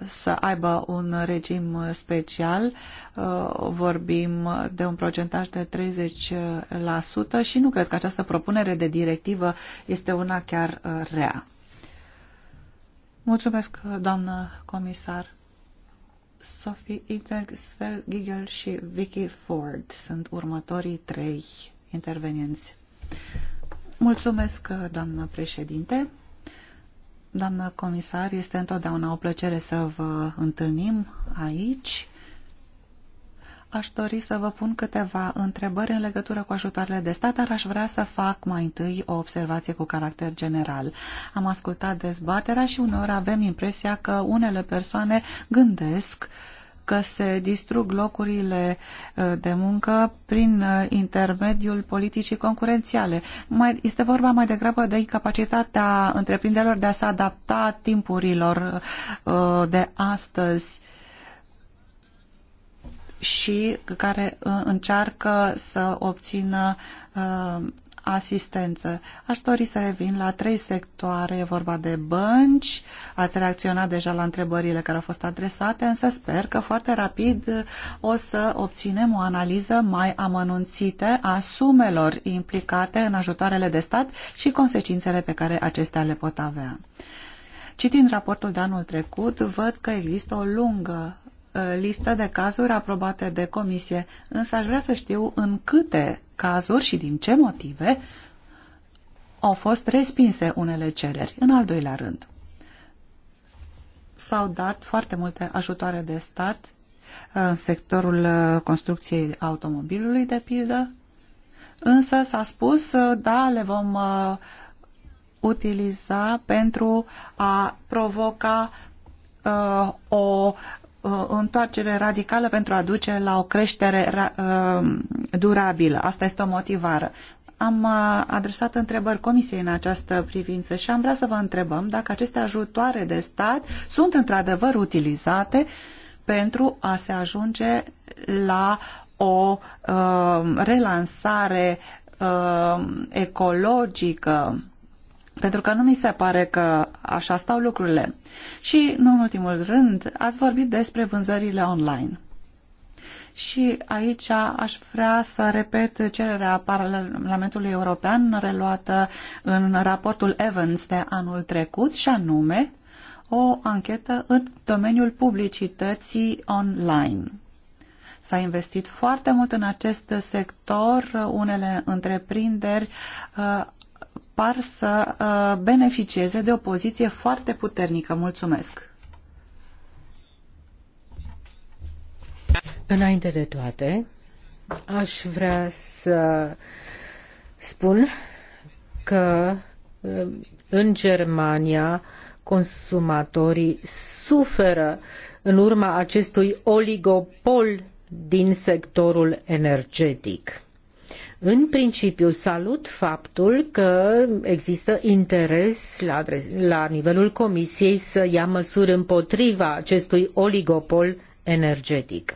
să aibă un regim special. Uh, vorbim de un procentaj de 30% și nu cred că această propunere de directivă este una chiar uh, rea. Mulțumesc, doamnă comisar. Sophie Itag, Svel Gigel și Vicky Ford sunt următorii trei intervenienți. Mulțumesc, doamnă președinte. Doamnă comisar, este întotdeauna o plăcere să vă întâlnim aici. Aș dori să vă pun câteva întrebări în legătură cu ajutoarele de stat, dar aș vrea să fac mai întâi o observație cu caracter general. Am ascultat dezbaterea și uneori avem impresia că unele persoane gândesc uh, că se distrug locurile uh, de muncă prin uh, intermediul politicii concurențiale. Mai, este vorba mai degrabă de incapacitatea întreprinderilor de a se adapta timpurilor uh, de astăzi și care încearcă să obțină asistență. Aș dori să revin la trei sectoare, e vorba de bănci, ați reacționat deja la întrebările care au fost adresate, însă sper că foarte rapid o să obținem o analiză mai amănunțită a sumelor implicate în ajutoarele de stat și consecințele pe care acestea le pot avea. Citind raportul de anul trecut, văd că există o lungă Uh, listă de cazuri aprobate de comisie, însă aș vrea să știu în câte cazuri și din ce motive au fost respinse unele cereri. În al doilea rând, s-au dat foarte multe ajutoare de stat uh, în sectorul uh, construcției automobilului, de pildă, însă s-a spus, da, le vom utiliza pentru a provoca o o întoarcere radicală pentru a duce la o creștere uh, durabilă. Asta este o motivară. Am uh, adresat întrebări comisiei în această privință și am vrea să vă întrebăm dacă aceste ajutoare de stat sunt într-adevăr utilizate pentru a se ajunge la o uh, relansare uh, ecologică pentru că nu mi se pare că așa stau lucrurile. Și, nu în ultimul rând, ați vorbit despre vânzările online. Și aici aș vrea să repet cererea Parlamentului European reluată în raportul Evans de anul trecut și anume o anchetă în domeniul publicității online. S-a investit foarte mult în acest sector. Unele întreprinderi uh, par să uh, beneficieze de o poziție foarte puternică. Mulțumesc! Înainte de toate, aș vrea să spun că uh, în Germania consumatorii suferă în urma acestui oligopol din sectorul energetic. În principiu, salut faptul că există interes la, la nivelul Comisiei să ia măsuri împotriva acestui oligopol energetic.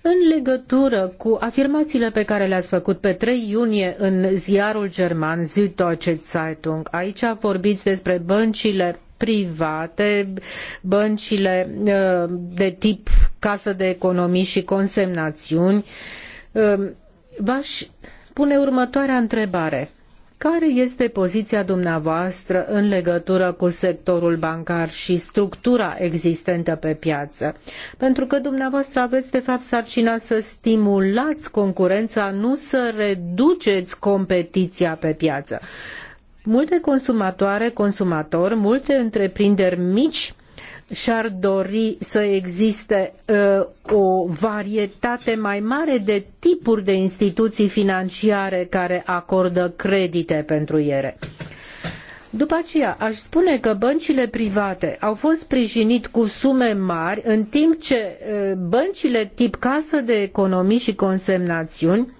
În legătură cu afirmațiile pe care le-ați făcut pe 3 iunie în ziarul german Süddeutsche Zeitung, aici vorbiți despre băncile private, băncile uh, de tip casă de economii și consemnațiuni, um, V-aș pune următoarea întrebare. Care este poziția dumneavoastră în legătură cu sectorul bancar și structura existentă pe piață? Pentru că dumneavoastră aveți de fapt sarcina să stimulați concurența, nu să reduceți competiția pe piață. Multe consumatoare, consumatori, multe întreprinderi mici și-ar dori să existe uh, o varietate mai mare de tipuri de instituții financiare care acordă credite pentru ele. După aceea, aș spune că băncile private au fost sprijinit cu sume mari, în timp ce uh, băncile tip casă de economii și consemnațiuni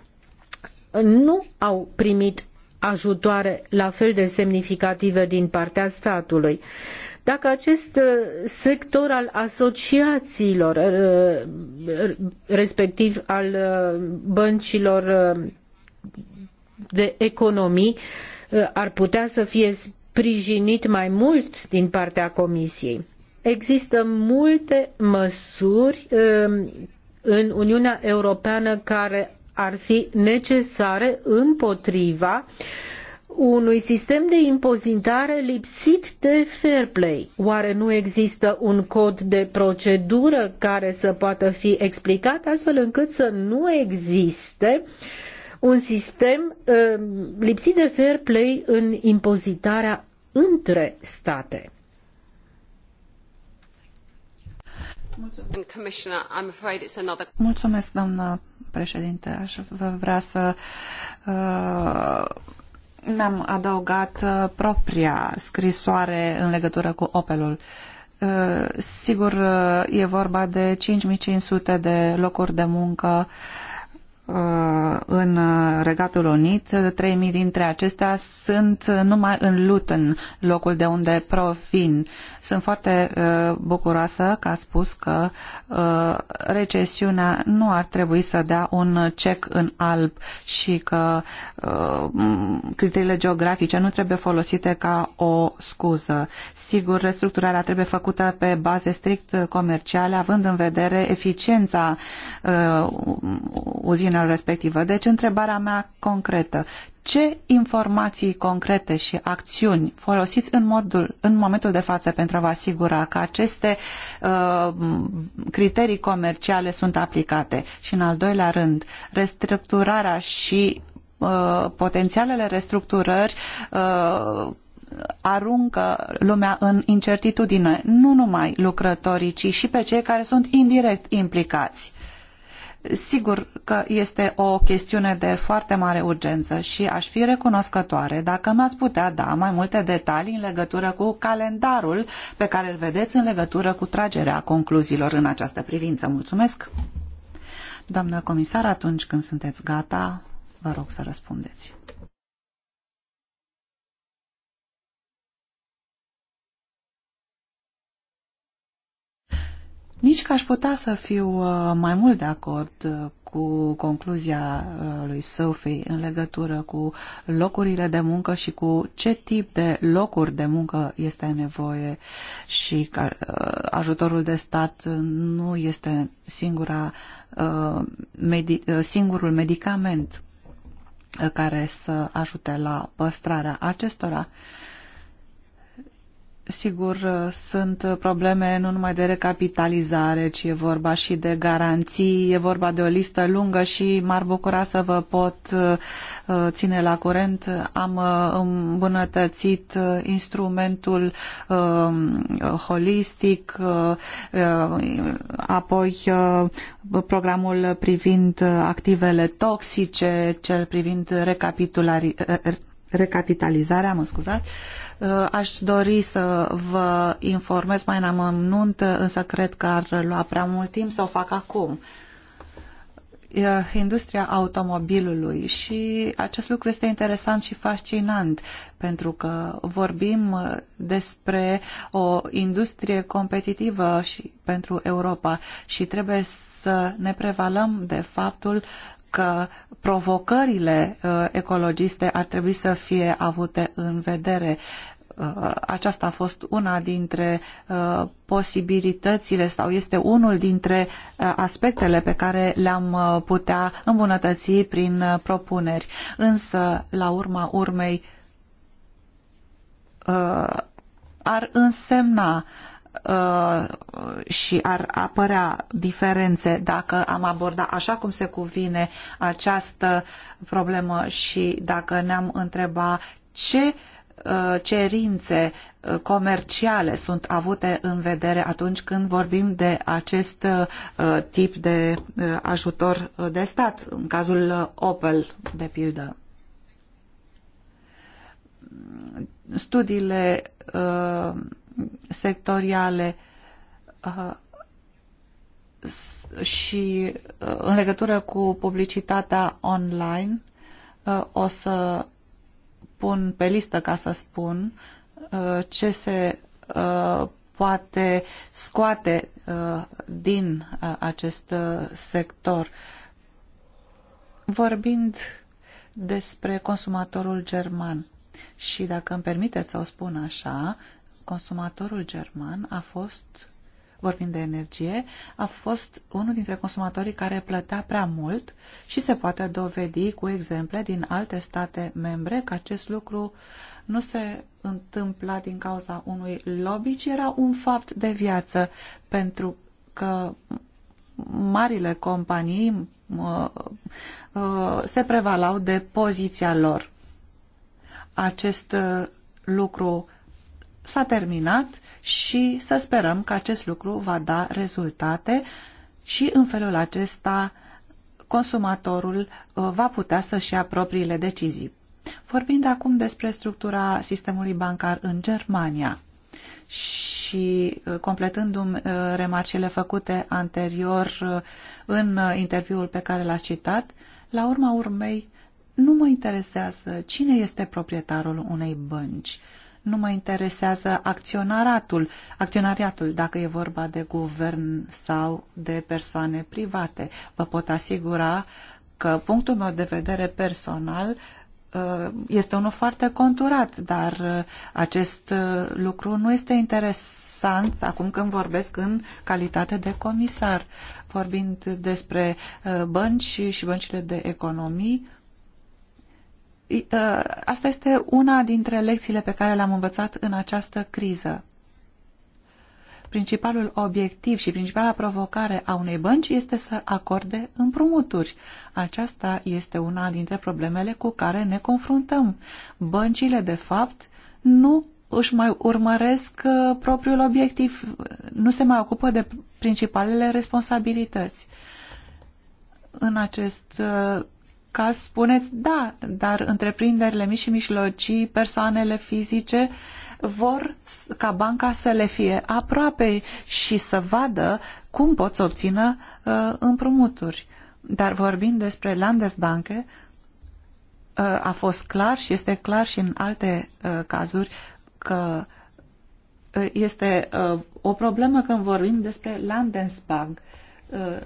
nu au primit ajutoare la fel de semnificative din partea statului. Dacă acest uh, sector al asociațiilor, uh, respectiv al uh, băncilor de economii, ar putea să fie sprijinit mai mult din partea Comisiei. Există multe măsuri um, în Uniunea Europeană care ar fi necesare împotriva uh, unui sistem de impozitare lipsit de fair play. Oare nu există un cod de procedură care să poată fi explicat astfel încât să nu existe un sistem uh, lipsit de fair play în impozitarea între state? Mulțumesc, doamnă președinte. Aș vrea să uh, mi-am adăugat uh, propria scrisoare în legătură cu Opelul. Uh, sigur, uh, e vorba de 5500 de locuri de muncă în Regatul Unit. 3000 dintre acestea sunt numai în Luton, locul de unde provin. Sunt foarte uh, bucuroasă că ați spus că uh, recesiunea nu ar trebui să dea un cec în alb și că uh, criteriile geografice nu trebuie folosite ca o scuză. Sigur, restructurarea trebuie făcută pe baze strict comerciale, având în vedere eficiența uzinelor respectivă. Deci, întrebarea mea concretă, ce informații concrete și acțiuni folosiți în, modul, în momentul de față pentru a vă asigura că aceste uh, criterii comerciale sunt aplicate? Și în al doilea rând, restructurarea și uh, potențialele restructurări uh, aruncă lumea în incertitudine, nu numai lucrătorii, ci și pe cei care sunt indirect implicați Sigur că este o chestiune de foarte mare urgență și aș fi recunoscătoare dacă mi-ați putea da mai multe detalii în legătură cu calendarul pe care îl vedeți în legătură cu tragerea concluziilor în această privință. Mulțumesc! Doamnă comisar, atunci când sunteți gata, vă rog să răspundeți. Nici că aș putea să fiu uh, mai mult de acord uh, cu concluzia uh, lui Sophie în legătură cu locurile de muncă și cu ce tip de locuri de muncă este nevoie și că ajutorul de stat nu este singura, singurul medicament care să ajute la păstrarea acestora. Sigur, uh, sunt uh, probleme nu numai de recapitalizare, ci e vorba și de garanții, e vorba de o listă lungă și m-ar bucura să vă pot uh, ține la curent. Am îmbunătățit instrumentul um, holistic, apoi programul privind activele toxice, cel privind recapitularea recapitalizarea, mă scuzați. Uh, aș dori să vă informez mai în amănunt, însă cred că ar lua prea mult timp să o fac acum uh, industria automobilului și acest lucru este interesant și fascinant pentru că vorbim despre o industrie competitivă și pentru Europa și trebuie să ne prevalăm de faptul că provocările uh, ecologiste ar trebui să fie avute în vedere. Uh, aceasta a fost una dintre uh, posibilitățile sau este unul dintre aspectele pe care le-am putea îmbunătăți prin propuneri. Însă, la urma urmei, ar însemna uh, uh, și ar apărea diferențe dacă am aborda așa cum se cuvine această problemă și dacă ne-am întreba ce uh, cerințe uh, comerciale sunt avute în vedere atunci când vorbim de acest uh, tip de ajutor de stat, în cazul Opel, de pildă. Studiile sectoriale uh, și uh, în legătură cu publicitatea online uh, o să pun pe listă, ca să spun, ce se poate scoate din acest sector. Vorbind despre consumatorul german și, dacă îmi permiteți să o spun așa, Consumatorul german a fost, vorbind de energie, a fost unul dintre consumatorii care plătea prea mult și se poate dovedi cu exemple din alte state membre că acest lucru nu se întâmpla din cauza unui lobby, ci era un fapt de viață, pentru că marile companii se prevalau de poziția lor. Acest uh, lucru s-a terminat și să sperăm că acest lucru va da rezultate și în felul acesta consumatorul uh, va putea să-și ia propriile decizii. Vorbind acum despre structura sistemului bancar în Germania și uh, completându-mi uh, remarcile făcute anterior în interviul pe care l-ați citat, la urma urmei nu mă interesează cine este proprietarul unei bănci nu mă interesează acționaratul, acționariatul, dacă e vorba de guvern sau de persoane private. Vă pot asigura că punctul meu de vedere personal uh, este unul foarte conturat, dar uh, acest uh, lucru nu este interesant acum când vorbesc în calitate de comisar. Vorbind despre bănci și băncile de economii, Uh, asta este una dintre lecțiile pe care le-am învățat în această criză. Principalul obiectiv și principala provocare a unei bănci este să acorde împrumuturi. Aceasta este una dintre problemele cu care ne confruntăm. Băncile, de fapt, nu își mai urmăresc uh, propriul obiectiv, nu se mai ocupă de principalele responsabilități. În acest uh, ca spuneți, da, dar întreprinderile mici și mijlocii, persoanele fizice vor ca banca să le fie aproape și să vadă cum pot să obțină uh, împrumuturi. Dar vorbind despre Landesbanke, uh, a fost clar și este clar și în alte uh, cazuri că uh, este uh, o problemă când vorbim despre Landesbank. Uh,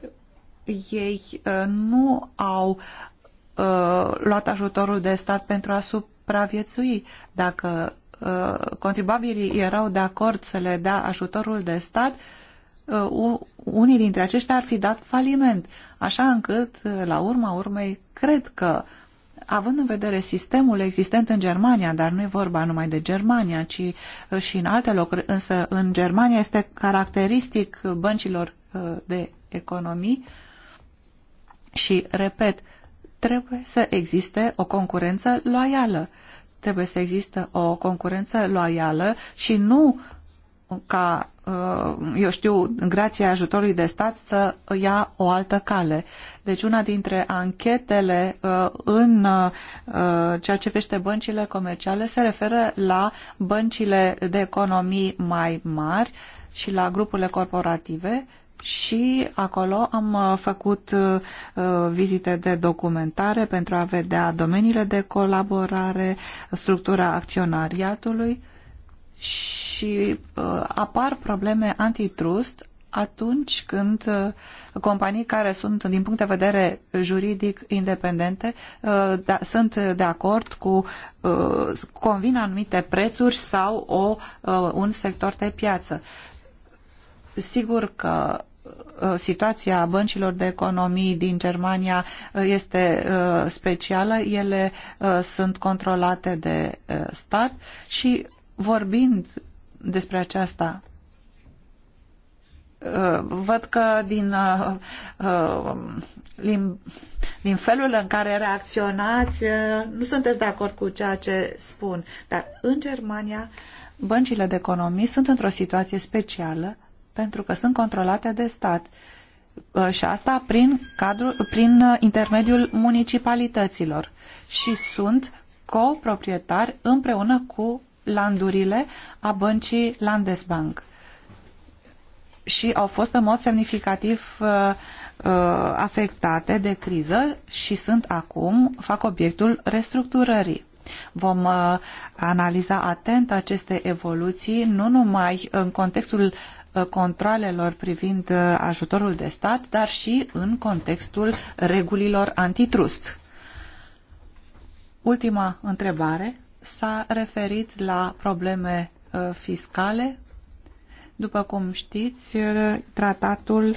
ei uh, nu au Uh, luat ajutorul de stat pentru a supraviețui. Dacă uh, contribuabilii erau de acord să le dea ajutorul de stat, uh, unii dintre aceștia ar fi dat faliment. Așa încât, uh, la urma urmei, cred că având în vedere sistemul existent în Germania, dar nu e vorba numai de Germania, ci uh, și în alte locuri, însă în Germania este caracteristic băncilor de economii și, repet, trebuie să existe o concurență loială. Trebuie să existe o concurență loială și nu ca, uh, eu știu, grație ajutorului de stat să ia o altă cale. Deci una dintre anchetele uh, în uh, ceea ce pește băncile comerciale se referă la băncile de economii mai mari și la grupurile corporative și acolo am uh, făcut uh, uh, vizite de documentare pentru a vedea domeniile de colaborare, structura acționariatului și apar probleme antitrust atunci când companii care sunt, din punct de vedere juridic, independente, da, sunt de acord cu, convin anumite prețuri sau o, un sector de piață. Sigur că Uh, situația băncilor de economii din Germania uh, este uh, specială, ele sunt controlate de stat și vorbind despre aceasta văd că din, din, felul în care reacționați nu sunteți de acord cu ceea ce spun, dar în Germania băncile de economii sunt într-o situație specială pentru că sunt controlate de stat uh, și asta prin, cadru, prin uh, intermediul municipalităților și sunt coproprietari împreună cu landurile a băncii Landesbank și au fost în mod semnificativ uh, afectate de criză și sunt acum, fac obiectul restructurării. Vom analiza atent aceste evoluții, nu numai în contextul Uh, controlelor privind uh, ajutorul de stat, dar și în contextul regulilor antitrust. Ultima întrebare s-a referit la probleme uh, fiscale. După cum știți, tratatul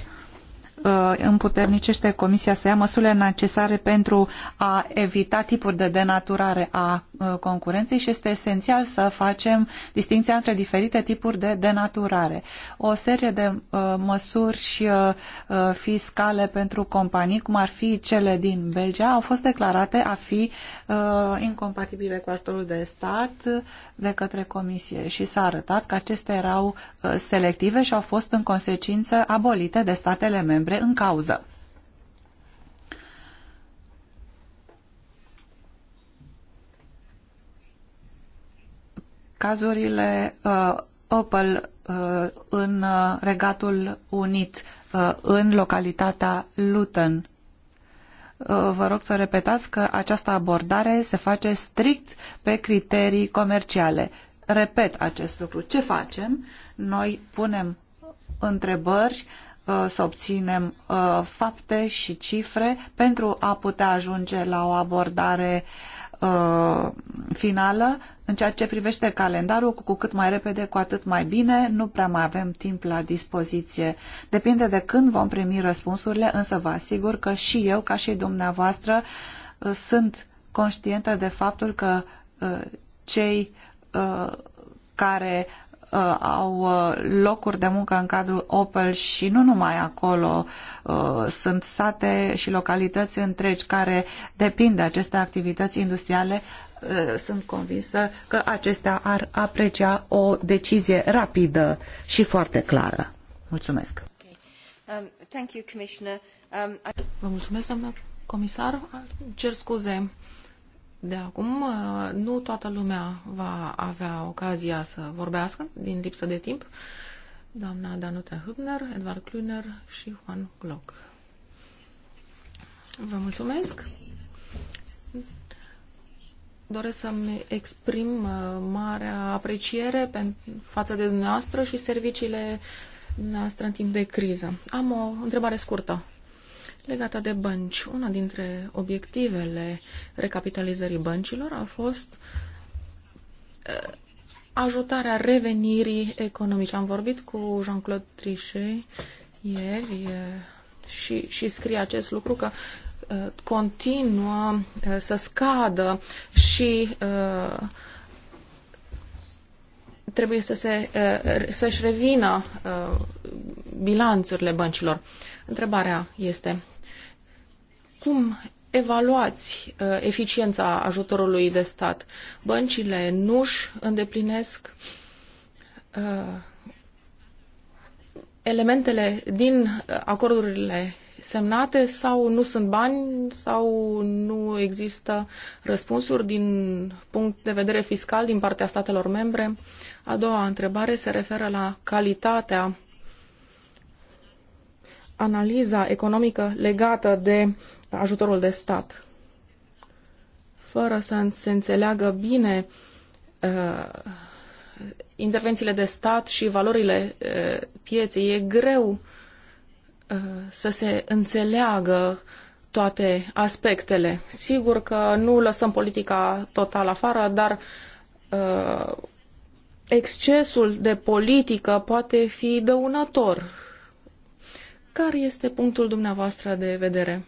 Uh, împuternicește Comisia să ia măsurile necesare pentru a evita tipuri de denaturare a uh, concurenței și este esențial să facem distinția între diferite tipuri de denaturare. O serie de uh, măsuri fiscale pentru companii, cum ar fi cele din Belgia, au fost declarate a fi incompatibile cu ajutorul de stat de către Comisie și s-a arătat că acestea erau selective și au fost în consecință abolite de statele membre membre în cauză. Cazurile uh, Opel uh, în uh, Regatul Unit, uh, în localitatea Luton, uh, vă rog să repetați că această abordare se face strict pe criterii comerciale. Repet acest lucru. Ce facem? Noi punem întrebări Uh, să obținem uh, fapte și cifre pentru a putea ajunge la o abordare uh, finală. În ceea ce privește calendarul, cu cât mai repede, cu atât mai bine, nu prea mai avem timp la dispoziție. Depinde de când vom primi răspunsurile, însă vă asigur că și eu, ca și dumneavoastră, sunt conștientă de faptul că cei care uh, au uh, locuri de muncă în cadrul Opel și nu numai acolo. Uh, sunt sate și localități întregi care depind de aceste activități industriale. Uh, sunt convinsă că acestea ar aprecia o decizie rapidă și foarte clară. Mulțumesc. Okay. Um, thank you, Commissioner. Um, I... Vă mulțumesc, doamnă comisar. Cer scuze de acum uh, nu toată lumea va avea ocazia să vorbească din lipsă de timp. Doamna Danuta Hübner, Edward Klüner și Juan Glock. Vă mulțumesc. Doresc să-mi exprim uh, marea apreciere față de dumneavoastră și serviciile dumneavoastră în timp de criză. Am o întrebare scurtă legată de bănci. Una dintre obiectivele recapitalizării băncilor a fost uh, ajutarea revenirii economice. Am vorbit cu Jean-Claude Trichet ieri uh, și, și scrie acest lucru că uh, continuă să scadă și trebuie să se, să-și revină bilanțurile băncilor. Întrebarea este, cum evaluați uh, eficiența ajutorului de stat? Băncile nu își îndeplinesc uh, elementele din acordurile semnate sau nu sunt bani sau nu există răspunsuri din punct de vedere fiscal din partea statelor membre. A doua întrebare se referă la calitatea analiza economică legată de ajutorul de stat. Fără să se înțeleagă bine uh, intervențiile de stat și valorile uh, pieței, e greu uh, să se înțeleagă toate aspectele. Sigur că nu lăsăm politica total afară, dar uh, excesul de politică poate fi dăunător. Care este punctul dumneavoastră de vedere?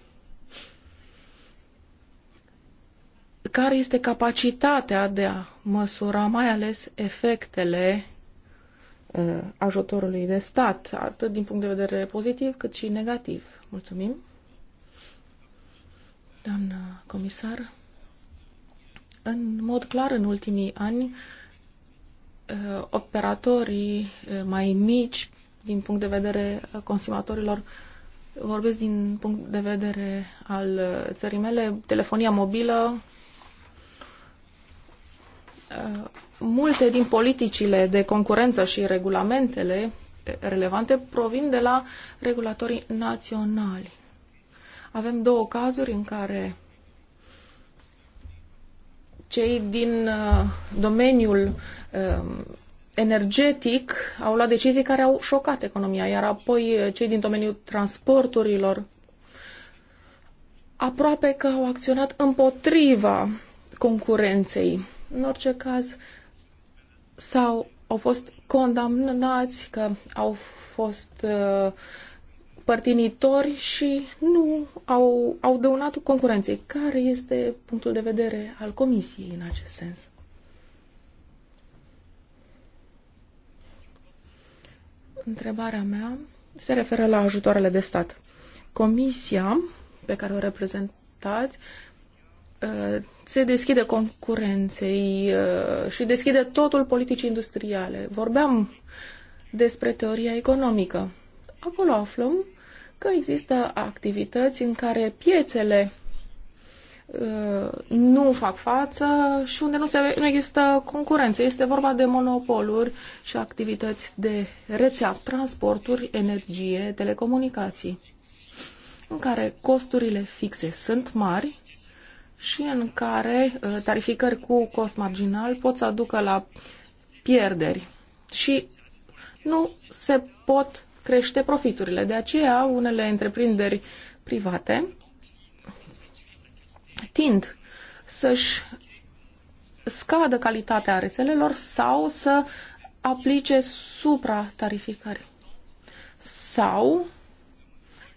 care este capacitatea de a măsura mai ales efectele uh, ajutorului de stat, atât din punct de vedere pozitiv cât și negativ. Mulțumim. Doamna comisar, în mod clar, în ultimii ani, uh, operatorii uh, mai mici, din punct de vedere consumatorilor, vorbesc din punct de vedere al țării mele, telefonia mobilă multe din politicile de concurență și regulamentele relevante provin de la regulatorii naționali. Avem două cazuri în care cei din uh, domeniul um, energetic au luat decizii care au șocat economia, iar apoi uh, cei din domeniul transporturilor aproape că au acționat împotriva concurenței în orice caz, sau au fost condamnați că au fost uh, părtinitori și nu au, au dăunat concurenței. Care este punctul de vedere al Comisiei în acest sens? Întrebarea mea se referă la ajutoarele de stat. Comisia pe care o reprezentați Uh, se deschide concurenței uh, și deschide totul politicii industriale. Vorbeam despre teoria economică. Acolo aflăm că există activități în care piețele uh, nu fac față și unde nu, se, nu există concurență. Este vorba de monopoluri și activități de rețea, transporturi, energie, telecomunicații, în care costurile fixe sunt mari și în care uh, tarificări cu cost marginal pot să aducă la pierderi și nu se pot crește profiturile. De aceea, unele întreprinderi private tind să-și scadă calitatea rețelelor sau să aplice supra-tarificări sau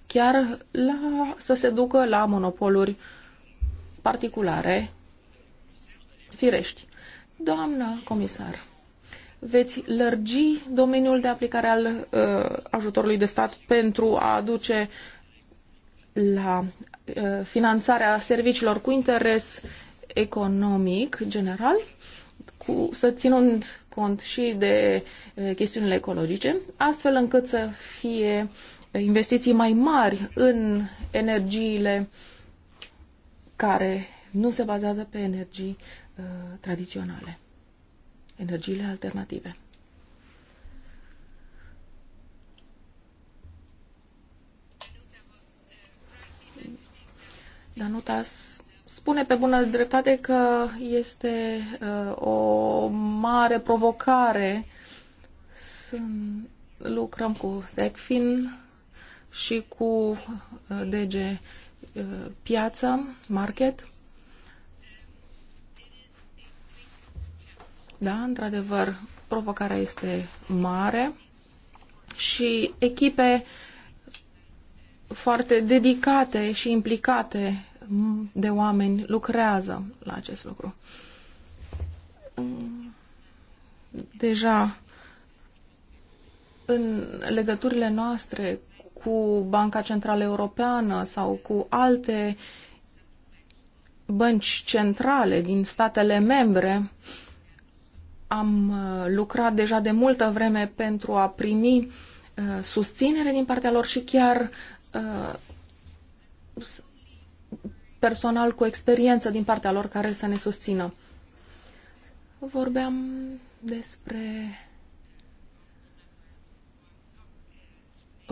chiar la, să se ducă la monopoluri particulare firești. Doamnă comisar, veți lărgi domeniul de aplicare al uh, ajutorului de stat pentru a aduce la uh, finanțarea serviciilor cu interes economic general, cu, să ținând cont și de uh, chestiunile ecologice, astfel încât să fie investiții mai mari în energiile uh, care nu se bazează pe energii uh, tradiționale, energiile alternative. Danuta spune pe bună dreptate că este uh, o mare provocare să lucrăm cu Zecfin și cu uh, DG piață, market. Da, într-adevăr, provocarea este mare și echipe foarte dedicate și implicate de oameni lucrează la acest lucru. Deja în legăturile noastre cu Banca Centrală Europeană sau cu alte bănci centrale din statele membre. Am uh, lucrat deja de multă vreme pentru a primi uh, susținere din partea lor și chiar uh, personal cu experiență din partea lor care să ne susțină. Vorbeam despre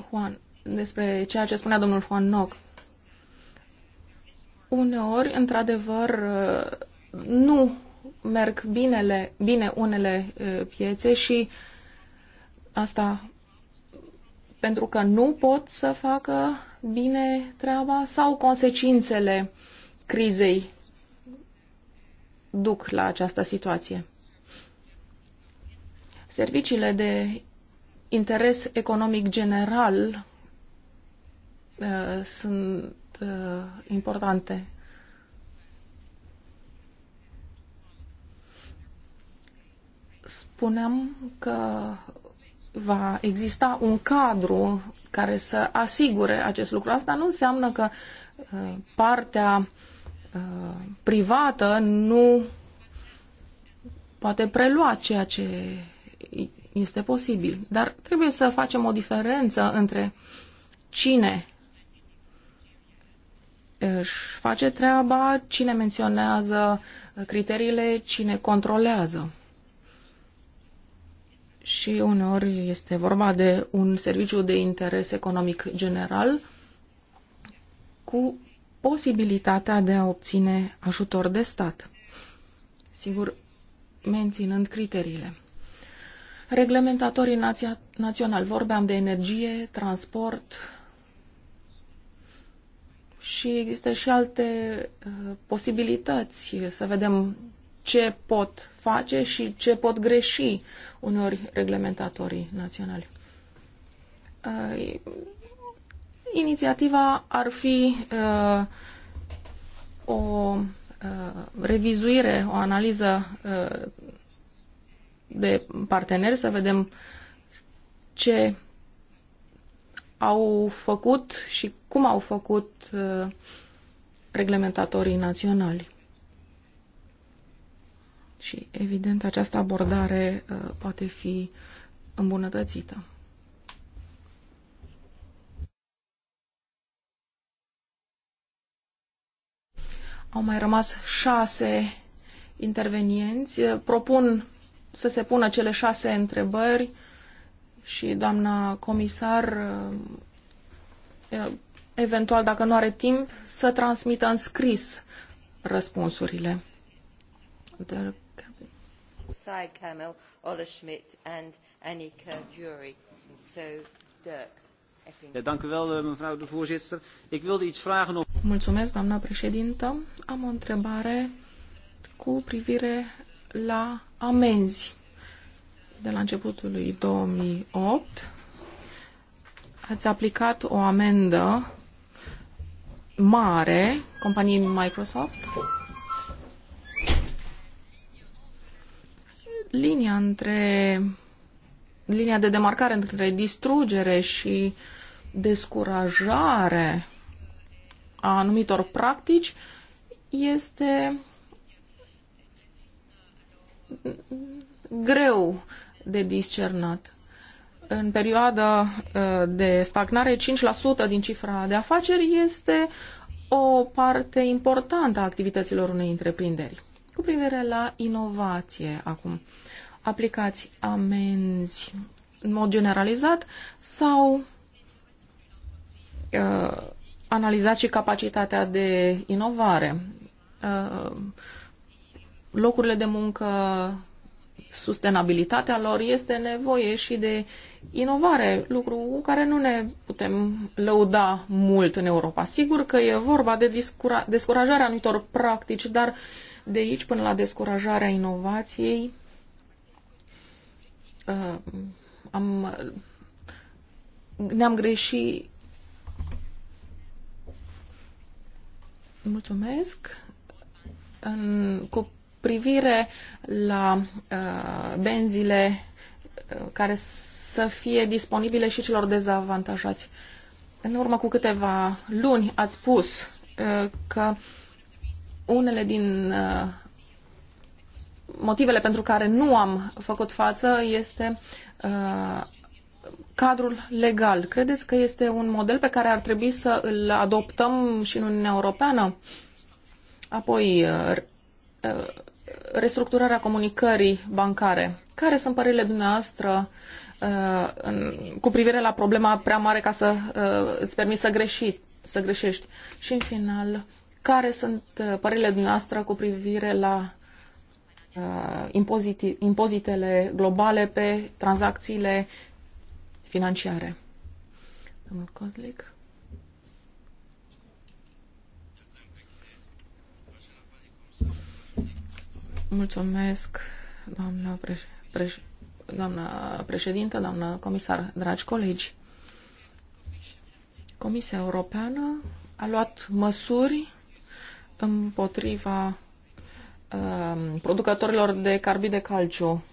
Juan despre ceea ce spunea domnul Juan Noc. Uneori, într-adevăr, nu merg binele, bine unele piețe și asta pentru că nu pot să facă bine treaba sau consecințele crizei duc la această situație. Serviciile de interes economic general Uh, sunt uh, importante. Spuneam că va exista un cadru care să asigure acest lucru. Asta nu înseamnă că uh, partea uh, privată nu poate prelua ceea ce este posibil. Dar trebuie să facem o diferență între cine își face treaba, cine menționează criteriile, cine controlează. Și uneori este vorba de un serviciu de interes economic general cu posibilitatea de a obține ajutor de stat. Sigur, menținând criteriile. Reglementatorii naționali, vorbeam de energie, transport, și există și alte uh, posibilități să vedem ce pot face și ce pot greși unor reglementatorii naționali. Uh, inițiativa ar fi uh, o revizuire, o analiză de parteneri, să vedem ce au făcut și cum au făcut uh, reglementatorii naționali. Și, evident, această abordare uh, poate fi îmbunătățită. Au mai rămas șase intervenienți. Propun să se pună cele șase întrebări și doamna comisar, uh, uh, eventual dacă nu are timp, să transmită în scris răspunsurile. De... Sai Ola Schmidt and Annika Jury. So, Dirk. Ja, dank u wel, eh, mevrouw de voorzitter. Ik wilde iets vragen of... Mulțumesc, doamna președintă. Am o întrebare cu privire la amenzi de la începutul lui 2008, ați aplicat o amendă mare companiei Microsoft. Linia între linia de demarcare între distrugere și descurajare a anumitor practici este greu de discernat. În perioada uh, de stagnare, 5% din cifra de afaceri este o parte importantă a activităților unei întreprinderi. Cu privire la inovație acum, aplicați amenzi în mod generalizat sau uh, analizați și capacitatea de inovare, uh, locurile de muncă sustenabilitatea lor, este nevoie și de inovare, lucru cu care nu ne putem lăuda mult în Europa. Sigur că e vorba de descura- descurajarea anumitor practici, dar de aici până la descurajarea inovației uh, am, ne-am greșit. Mulțumesc. În, cu privire la uh, benzile uh, care să fie disponibile și celor dezavantajați. În urmă cu câteva luni ați spus uh, că unele din motivele pentru care nu am făcut față este cadrul legal. Credeți că este un model pe care ar trebui să îl adoptăm și în Uniunea Europeană? Apoi, restructurarea comunicării bancare. Care sunt părerile dumneavoastră uh, cu privire la problema prea mare ca să uh, îți permiți să, greși, să greșești? Și în final, care sunt uh, părerile dumneavoastră cu privire la impozitele globale pe tranzacțiile financiare? Domnul Cozlic. Mulțumesc, doamna, preș- preș- doamna președintă, doamna comisar, dragi colegi. Comisia Europeană a luat măsuri împotriva uh, producătorilor de carbid de calciu.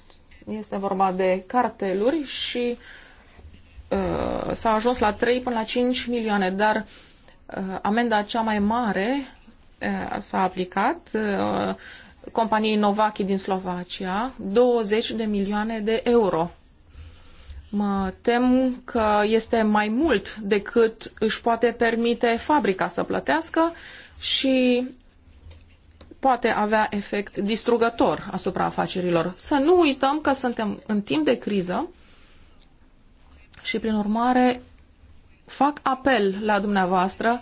Este vorba de carteluri și uh, s-a ajuns la 3 până la 5 milioane, dar uh, amenda cea mai mare uh, s-a aplicat uh, companiei Novaki din Slovacia 20 de milioane de euro. Mă tem că este mai mult decât își poate permite fabrica să plătească și poate avea efect distrugător asupra afacerilor. Să nu uităm că suntem în timp de criză și, prin urmare, fac apel la dumneavoastră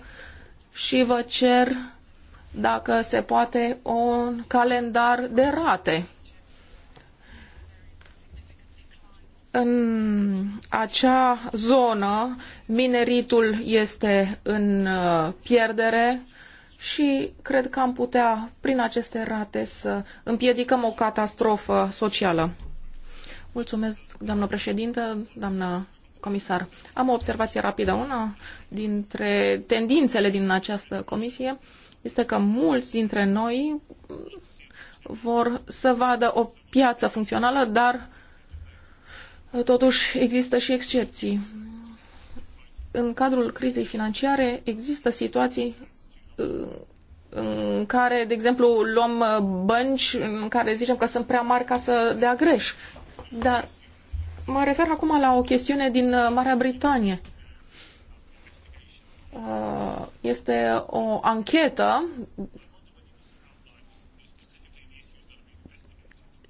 și vă cer dacă se poate, un calendar de rate. În acea zonă, mineritul este în uh, pierdere și cred că am putea, prin aceste rate, să împiedicăm o catastrofă socială. Mulțumesc, doamnă președintă, doamnă comisar. Am o observație rapidă, una dintre tendințele din această comisie este că mulți dintre noi vor să vadă o piață funcțională, dar totuși există și excepții. În cadrul crizei financiare există situații uh, în care, de exemplu, luăm uh, bănci în care zicem că sunt prea mari ca să dea greș. Dar mă refer acum la o chestiune din uh, Marea Britanie. Uh, este o anchetă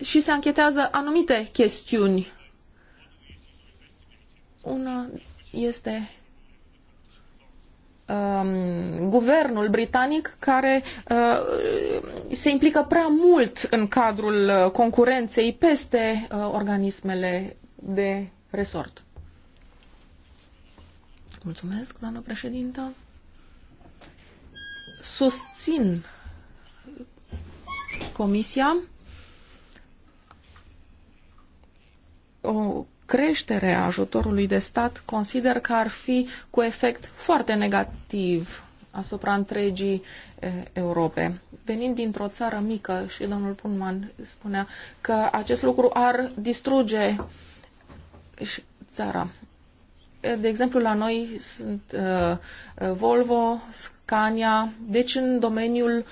și se anchetează anumite chestiuni. Una este um, guvernul britanic care uh, se implică prea mult în cadrul uh, concurenței peste uh, organismele de resort. Mulțumesc, doamnă președintă. Susțin Comisia o creștere a ajutorului de stat consider că ar fi cu efect foarte negativ asupra întregii Europe. Venind dintr-o țară mică, și domnul Punman spunea că acest lucru ar distruge țara de exemplu, la noi sunt uh, uh, Volvo, Scania, deci în domeniul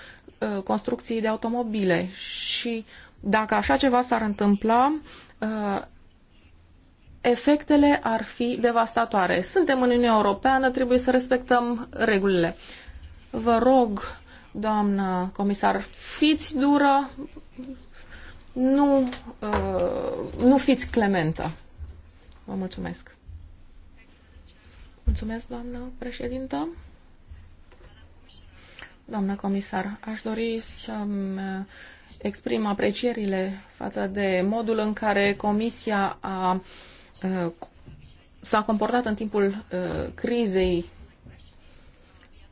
uh, construcției de automobile. Și dacă așa ceva s-ar întâmpla, uh, efectele ar fi devastatoare. Suntem în Uniunea Europeană, trebuie să respectăm regulile. Vă rog, doamnă comisar, fiți dură, nu, uh, nu fiți clementă. Vă mulțumesc. Mulțumesc, doamnă președintă. Doamnă comisar, aș dori să-mi exprim aprecierile față de modul în care Comisia a, s-a comportat în timpul crizei.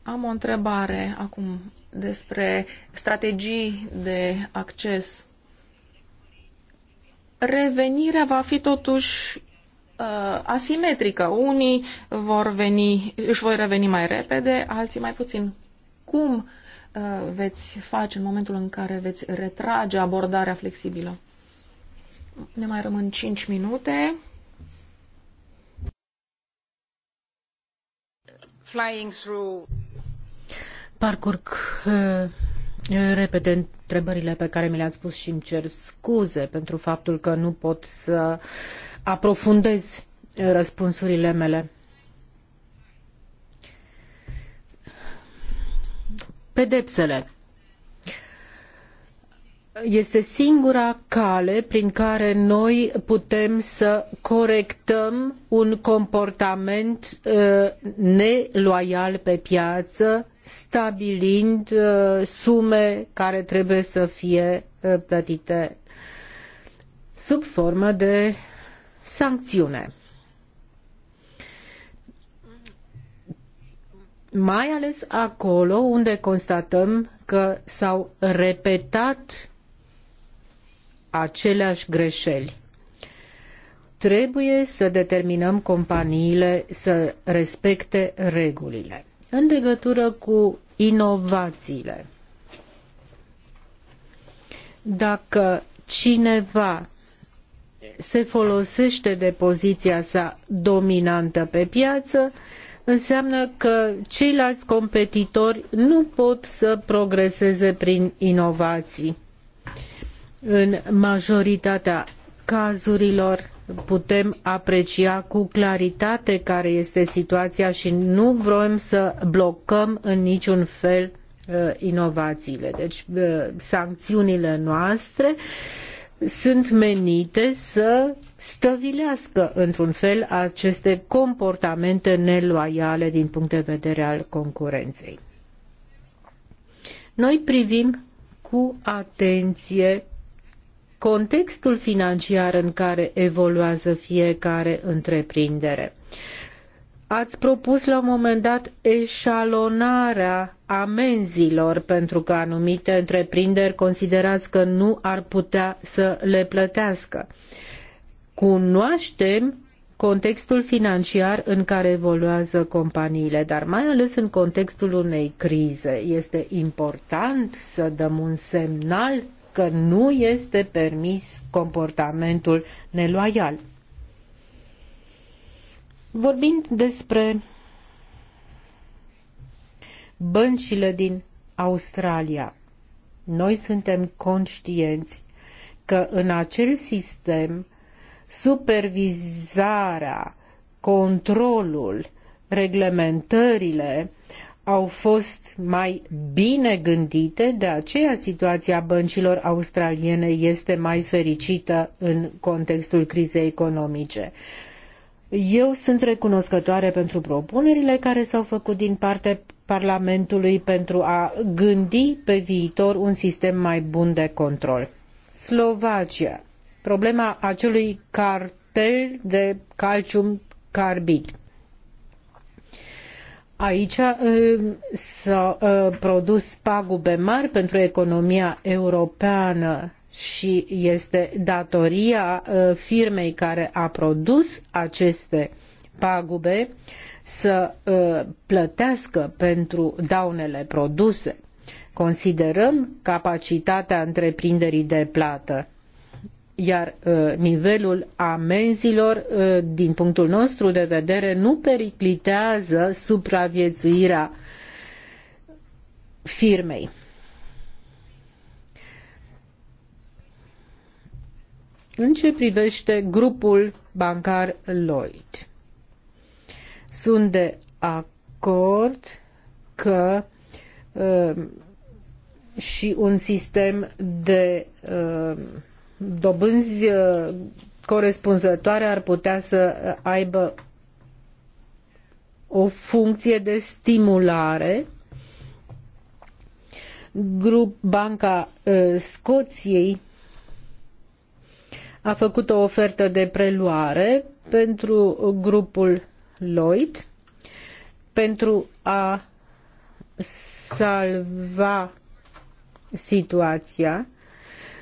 Am o întrebare acum despre strategii de acces. Revenirea va fi totuși uh, asimetrică. Unii vor veni, își vor reveni mai repede, alții mai puțin. Cum uh, veți face în momentul în care veți retrage abordarea flexibilă? Ne mai rămân 5 minute. Flying through. Parcurg uh, repede întrebările pe care mi le-ați spus și îmi cer scuze pentru faptul că nu pot să uh, aprofundez eh, răspunsurile mele. Pedepsele este singura cale prin care noi putem să corectăm un comportament eh, neloial pe piață, stabilind eh, sume care trebuie să fie plătite sub formă de sancțiune. Mai ales acolo unde constatăm că s-au repetat aceleași greșeli. Trebuie să determinăm companiile să respecte regulile. În legătură cu inovațiile, dacă cineva se folosește de poziția sa dominantă pe piață, înseamnă că ceilalți competitori nu pot să progreseze prin inovații. În majoritatea cazurilor putem aprecia cu claritate care este situația și nu vrem să blocăm în niciun fel uh, inovațiile. Deci uh, sancțiunile noastre uh, sunt menite să stăvilească într-un fel aceste comportamente neloiale din punct de vedere al concurenței. Noi privim cu atenție contextul financiar în care evoluează fiecare întreprindere. Ați propus la un moment dat eșalonarea amenzilor pentru că anumite întreprinderi considerați că nu ar putea să le plătească. Cunoaștem contextul financiar în care evoluează companiile, dar mai ales în contextul unei crize. Este important să dăm un semnal că nu este permis comportamentul neloial. Vorbind despre băncile din Australia, noi suntem conștienți că în acel sistem supervizarea, controlul, reglementările au fost mai bine gândite, de aceea situația băncilor australiene este mai fericită în contextul crizei economice. Eu sunt recunoscătoare pentru propunerile care s-au făcut din partea Parlamentului pentru a gândi pe viitor un sistem mai bun de control. Slovacia. Problema acelui cartel de calcium carbid. Aici s-au produs pagube mari pentru economia europeană și este datoria uh, firmei care a produs aceste pagube să uh, plătească pentru daunele produse. Considerăm capacitatea întreprinderii de plată iar uh, nivelul amenzilor, din punctul nostru de vedere, nu periclitează supraviețuirea firmei. În ce privește grupul bancar Lloyd, sunt de acord că uh, și un sistem de uh, dobânzi uh, corespunzătoare ar putea să aibă o funcție de stimulare. Grup Banca uh, Scoției a făcut o ofertă de preluare pentru grupul Lloyd pentru a salva situația.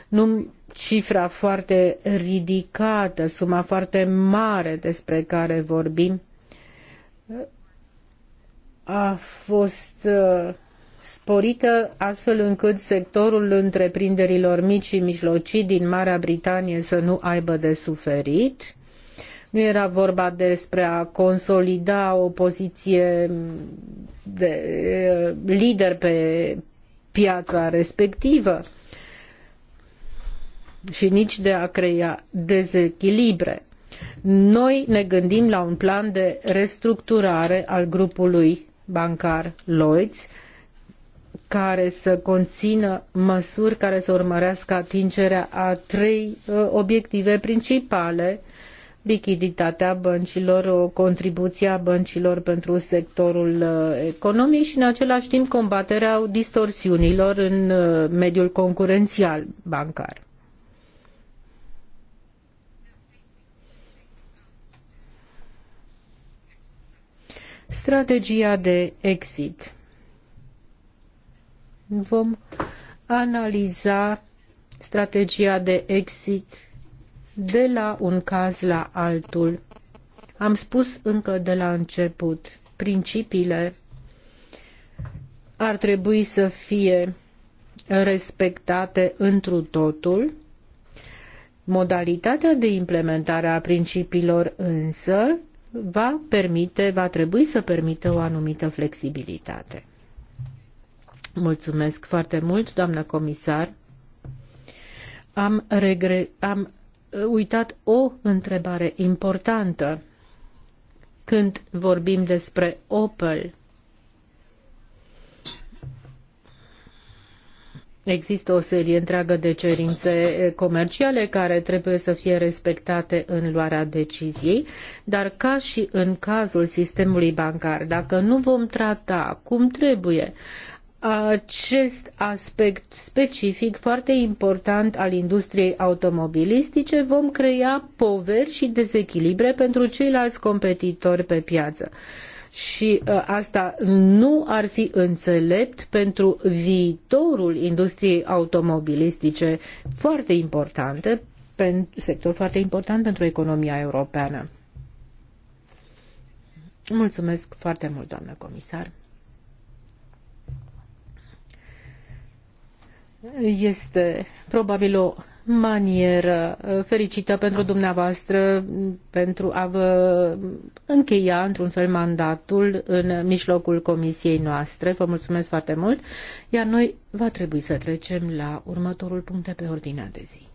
Nu cifra foarte ridicată, suma foarte mare despre care vorbim a fost uh, sporită astfel încât sectorul întreprinderilor mici și mijlocii din Marea Britanie să nu aibă de suferit. Nu era vorba despre a consolida o poziție de eh, lider pe piața respectivă și nici de a crea dezechilibre. Noi ne gândim la un plan de restructurare al grupului bancar Lloyds care să conțină măsuri care să urmărească atingerea a trei uh, obiective principale lichiditatea băncilor, o contribuție a băncilor pentru sectorul uh, economic și în același timp combaterea distorsiunilor în uh, mediul concurențial bancar. Strategia de exit vom analiza strategia de exit de la un caz la altul. Am spus încă de la început, principiile ar trebui să fie respectate întru totul. Modalitatea de implementare a principiilor însă va permite, va trebui să permită o anumită flexibilitate. Mulțumesc foarte mult, doamnă comisar. Am, regre- am uitat o întrebare importantă când vorbim despre Opel. Există o serie întreagă de cerințe comerciale care trebuie să fie respectate în luarea deciziei, dar ca și în cazul sistemului bancar, dacă nu vom trata cum trebuie acest aspect specific foarte important al industriei automobilistice, vom crea poveri și dezechilibre pentru ceilalți competitori pe piață. Și uh, asta nu ar fi înțelept pentru viitorul industriei automobilistice foarte importante, sector foarte important pentru economia europeană. Mulțumesc foarte mult, doamnă comisar. este probabil o manieră uh, fericită pentru dumneavoastră mm, pentru a vă încheia într-un fel mandatul în mijlocul comisiei noastre. Vă mulțumesc foarte mult, iar noi va trebui să trecem la următorul punct de pe ordinea de zi.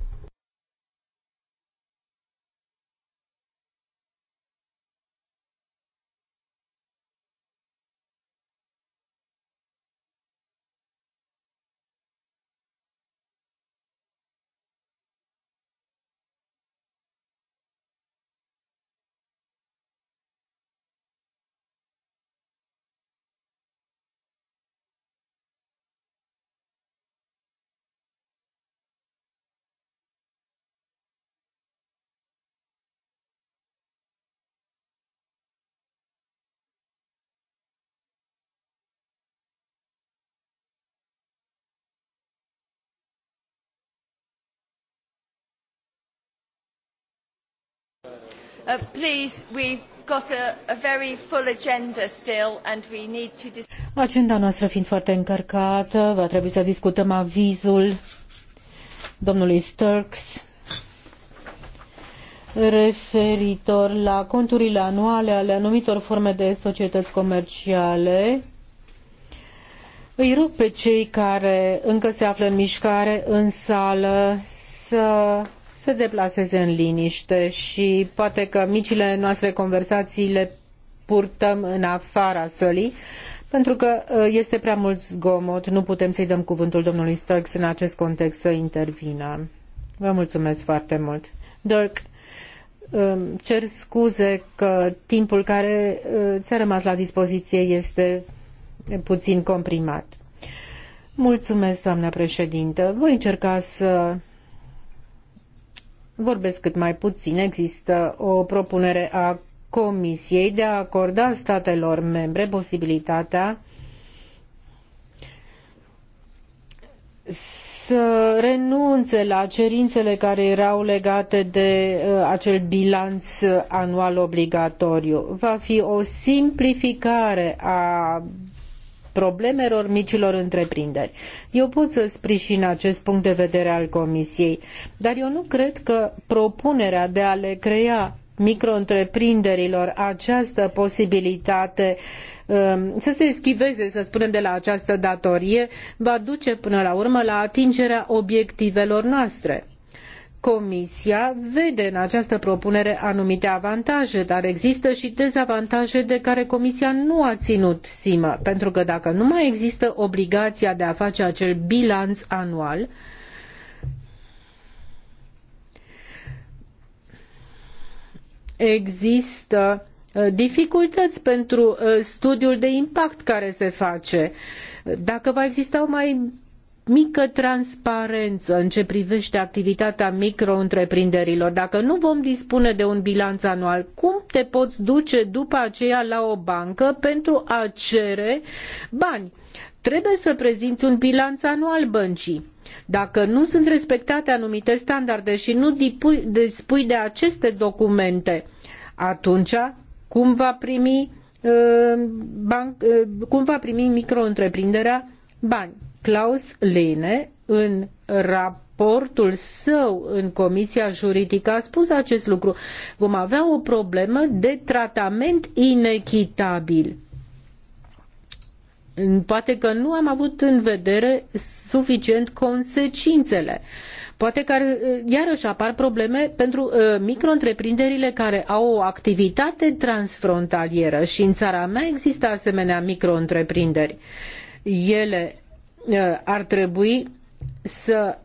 agenda Agenda noastră fiind foarte încărcată, va trebui să discutăm avizul domnului Sturks referitor la conturile anuale ale anumitor forme de societăți comerciale. Îi rog pe cei care încă se află în mișcare în sală să se deplaseze în liniște și poate că micile noastre conversații le purtăm în afara sălii, pentru că uh, este prea mult zgomot, nu putem să-i dăm cuvântul domnului Starks în acest context să intervină. Vă mulțumesc foarte mult. Dirk, um, cer scuze că timpul care uh, ți-a rămas la dispoziție este puțin comprimat. Mulțumesc, doamna președintă. Voi încerca să vorbesc cât mai puțin. Există o propunere a Comisiei de a acorda statelor membre posibilitatea să renunțe la cerințele care erau legate de uh, acel bilanț anual obligatoriu. Va fi o simplificare a problemelor micilor întreprinderi. Eu pot să sprijin acest punct de vedere al Comisiei, dar eu nu cred că propunerea de a le crea micro-întreprinderilor această posibilitate um, să se schiveze, să spunem, de la această datorie, va duce până la urmă la atingerea obiectivelor noastre. Comisia vede în această propunere anumite avantaje, dar există și dezavantaje de care Comisia nu a ținut simă, pentru că dacă nu mai există obligația de a face acel bilanț anual, există uh, dificultăți pentru uh, studiul de impact care se face. Dacă va exista o mai mică transparență în ce privește activitatea micro-întreprinderilor. Dacă nu vom dispune de un bilanț anual, cum te poți duce după aceea la o bancă pentru a cere bani? Trebuie să prezinți un bilanț anual băncii. Dacă nu sunt respectate anumite standarde și nu dispui de aceste documente, atunci cum va primi, uh, banc, uh, cum va primi micro-întreprinderea bani? Klaus Lene în raportul său în Comisia Juridică a spus acest lucru. Vom avea o problemă de tratament inechitabil. Poate că nu am avut în vedere suficient consecințele. Poate că iarăși apar probleme pentru uh, micro-întreprinderile care au o activitate transfrontalieră și în țara mea există asemenea micro-întreprinderi. Ele Uh, ar trebui să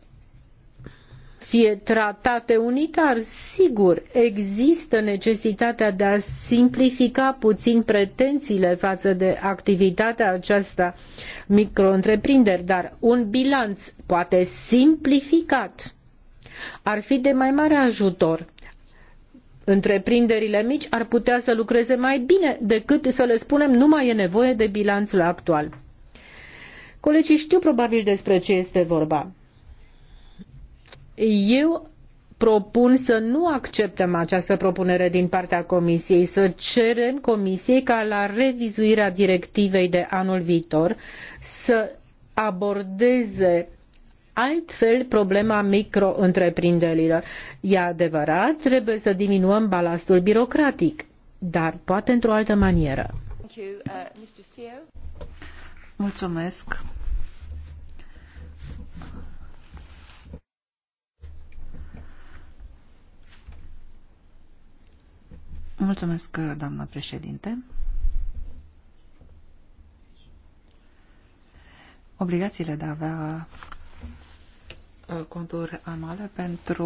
fie tratate unitar. Sigur, există necesitatea de a simplifica puțin pretențiile față de activitatea aceasta micro dar un bilanț poate simplificat ar fi de mai mare ajutor. Întreprinderile mici ar putea să lucreze mai bine decât să le spunem nu mai e nevoie de bilanțul actual. Colegii știu probabil despre ce este vorba. Eu propun să nu acceptăm această propunere din partea Comisiei, să cerem Comisiei ca la revizuirea directivei de anul viitor să abordeze altfel problema micro-întreprinderilor. E adevărat, trebuie să diminuăm balastul birocratic, dar poate într-o altă manieră. Uh, Mulțumesc. Mulțumesc, doamnă președinte. Obligațiile de a avea uh, conturi anuale pentru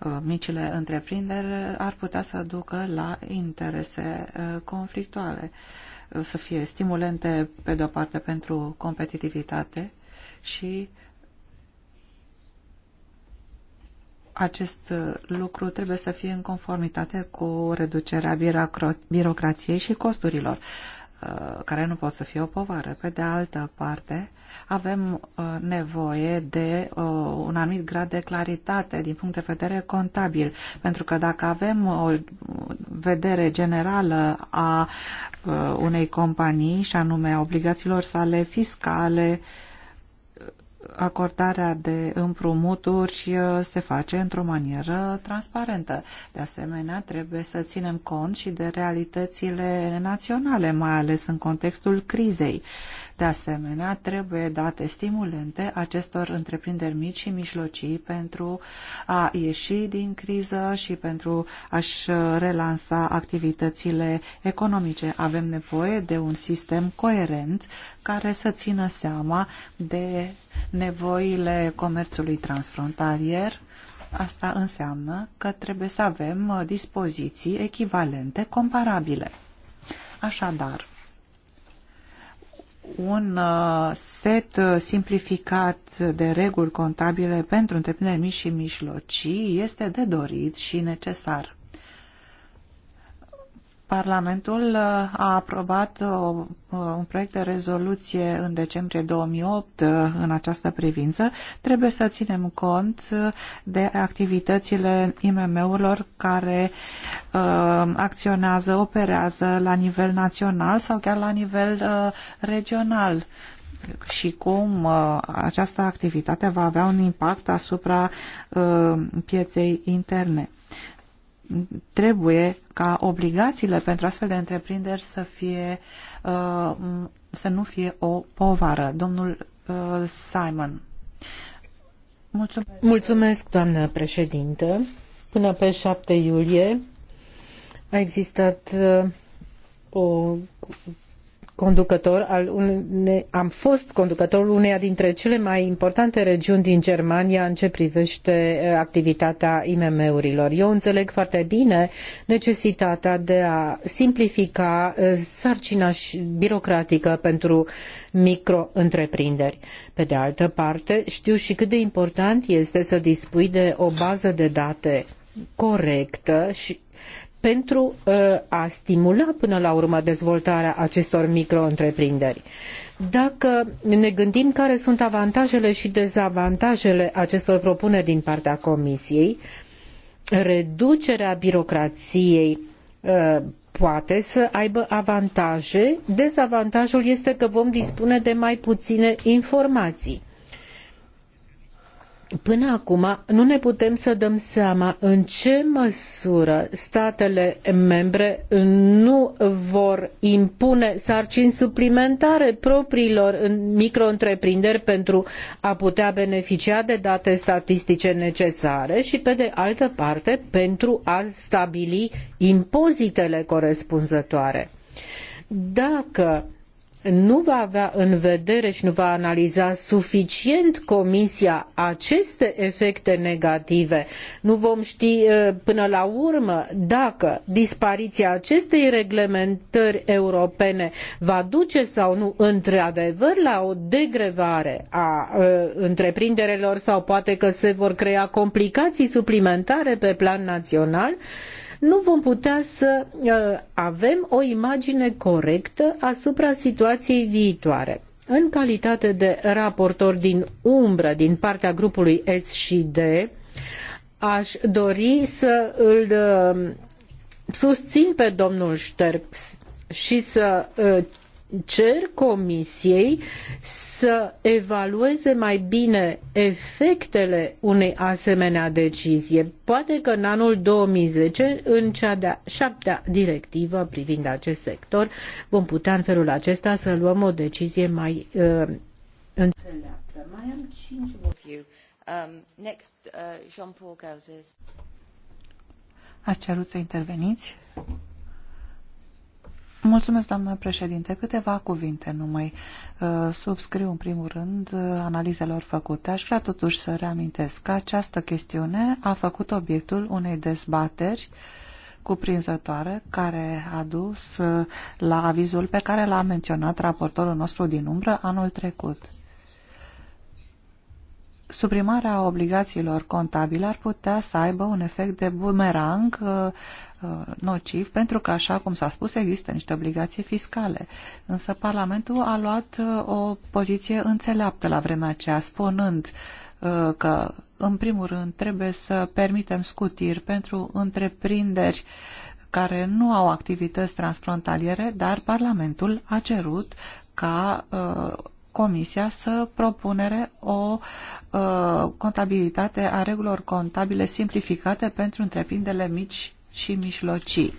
uh, micile întreprinderi ar putea să ducă la interese uh, conflictuale, să fie stimulente pe de o parte pentru competitivitate și uh, acest uh, lucru trebuie să fie în conformitate cu reducerea birocrației și costurilor, uh, care nu pot să fie o povară. Pe de altă parte, avem uh, nevoie de un anumit grad de claritate din punct de vedere contabil, pentru că dacă avem o vedere generală a unei companii, și anume obligațiilor sale fiscale, acordarea de împrumuturi uh, se face într-o manieră transparentă. De asemenea, trebuie să ținem cont și de realitățile naționale, mai ales în contextul crizei. De asemenea, trebuie date stimulente acestor întreprinderi mici și mijlocii pentru a ieși din criză și pentru a-și uh, relansa activitățile economice. Avem nevoie de un sistem coerent care să țină seama de nevoile comerțului transfrontalier, asta înseamnă că trebuie să avem uh, dispoziții echivalente, comparabile. Așadar, un uh, set uh, simplificat de reguli contabile pentru întreprinderi mici și mijlocii este de dorit și necesar. Parlamentul uh, a aprobat uh, uh, un proiect de rezoluție în decembrie 2008 în această privință. Trebuie să ținem cont de activitățile IMM-urilor care acționează, operează la nivel național sau chiar la nivel regional și cum această activitate va avea un impact asupra pieței interne Trebuie ca obligațiile pentru astfel de întreprinderi să, fie, uh, să nu fie o povară. Domnul uh, Simon. Mulțumesc. Mulțumesc, doamnă președintă. Până pe 7 iulie a existat uh, o conducător al une, am fost conducătorul uneia dintre cele mai importante regiuni din Germania în ce privește eh, activitatea IMM-urilor. Eu înțeleg foarte bine necesitatea de a simplifica eh, sarcina birocratică pentru micro-întreprinderi. Pe de altă parte, știu și cât de important este să dispui de o bază de date corectă și pentru uh, a stimula până la urmă dezvoltarea acestor micro-întreprinderi. Dacă ne gândim care sunt avantajele și dezavantajele acestor propuneri din partea Comisiei, reducerea birocrației uh, poate să aibă avantaje, dezavantajul este că vom dispune de mai puține informații. Până acum nu ne putem să dăm seama în ce măsură statele membre nu vor impune sarcini suplimentare propriilor micro-întreprinderi pentru a putea beneficia de date statistice necesare și, pe de altă parte, pentru a stabili impozitele corespunzătoare. Dacă nu va avea în vedere și nu va analiza suficient Comisia aceste efecte negative, nu vom ști eh, până la urmă dacă dispariția acestei reglementări europene va duce sau nu într-adevăr la o degrevare a eh, întreprinderilor sau poate că se vor crea complicații suplimentare pe plan național, nu vom putea să uh, avem o imagine corectă asupra situației viitoare. În calitate de raportor din umbră din partea grupului S și D, aș dori să îl uh, susțin pe domnul Șterps și să uh, cer Comisiei să evalueze mai bine efectele unei asemenea decizie. Poate că în anul 2010, în cea de-a șaptea directivă privind acest sector, vom putea în felul acesta să luăm o decizie mai uh, înțeleaptă. Mai am cinci minute. Um, next, uh, Jean-Paul Gauzes. Ați cerut să interveniți? Mulțumesc, doamnă președinte. Câteva cuvinte numai. Uh, subscriu în primul rând uh, analizelor făcute. Aș vrea totuși să reamintesc că această chestiune a făcut obiectul unei dezbateri cuprinzătoare care a dus uh, la avizul pe care l-a menționat raportorul nostru din umbră anul trecut suprimarea obligațiilor contabile ar putea să aibă un efect de bumerang uh, uh, nociv, pentru că, așa cum s-a spus, există niște obligații fiscale. Însă Parlamentul a luat uh, o poziție înțeleaptă la vremea aceea, spunând că, în primul rând, trebuie să permitem scutiri pentru întreprinderi care nu au activități transfrontaliere, dar Parlamentul a cerut ca Comisia să propunere o uh, contabilitate a regulilor contabile simplificate pentru întreprinderile mici și mijlocii.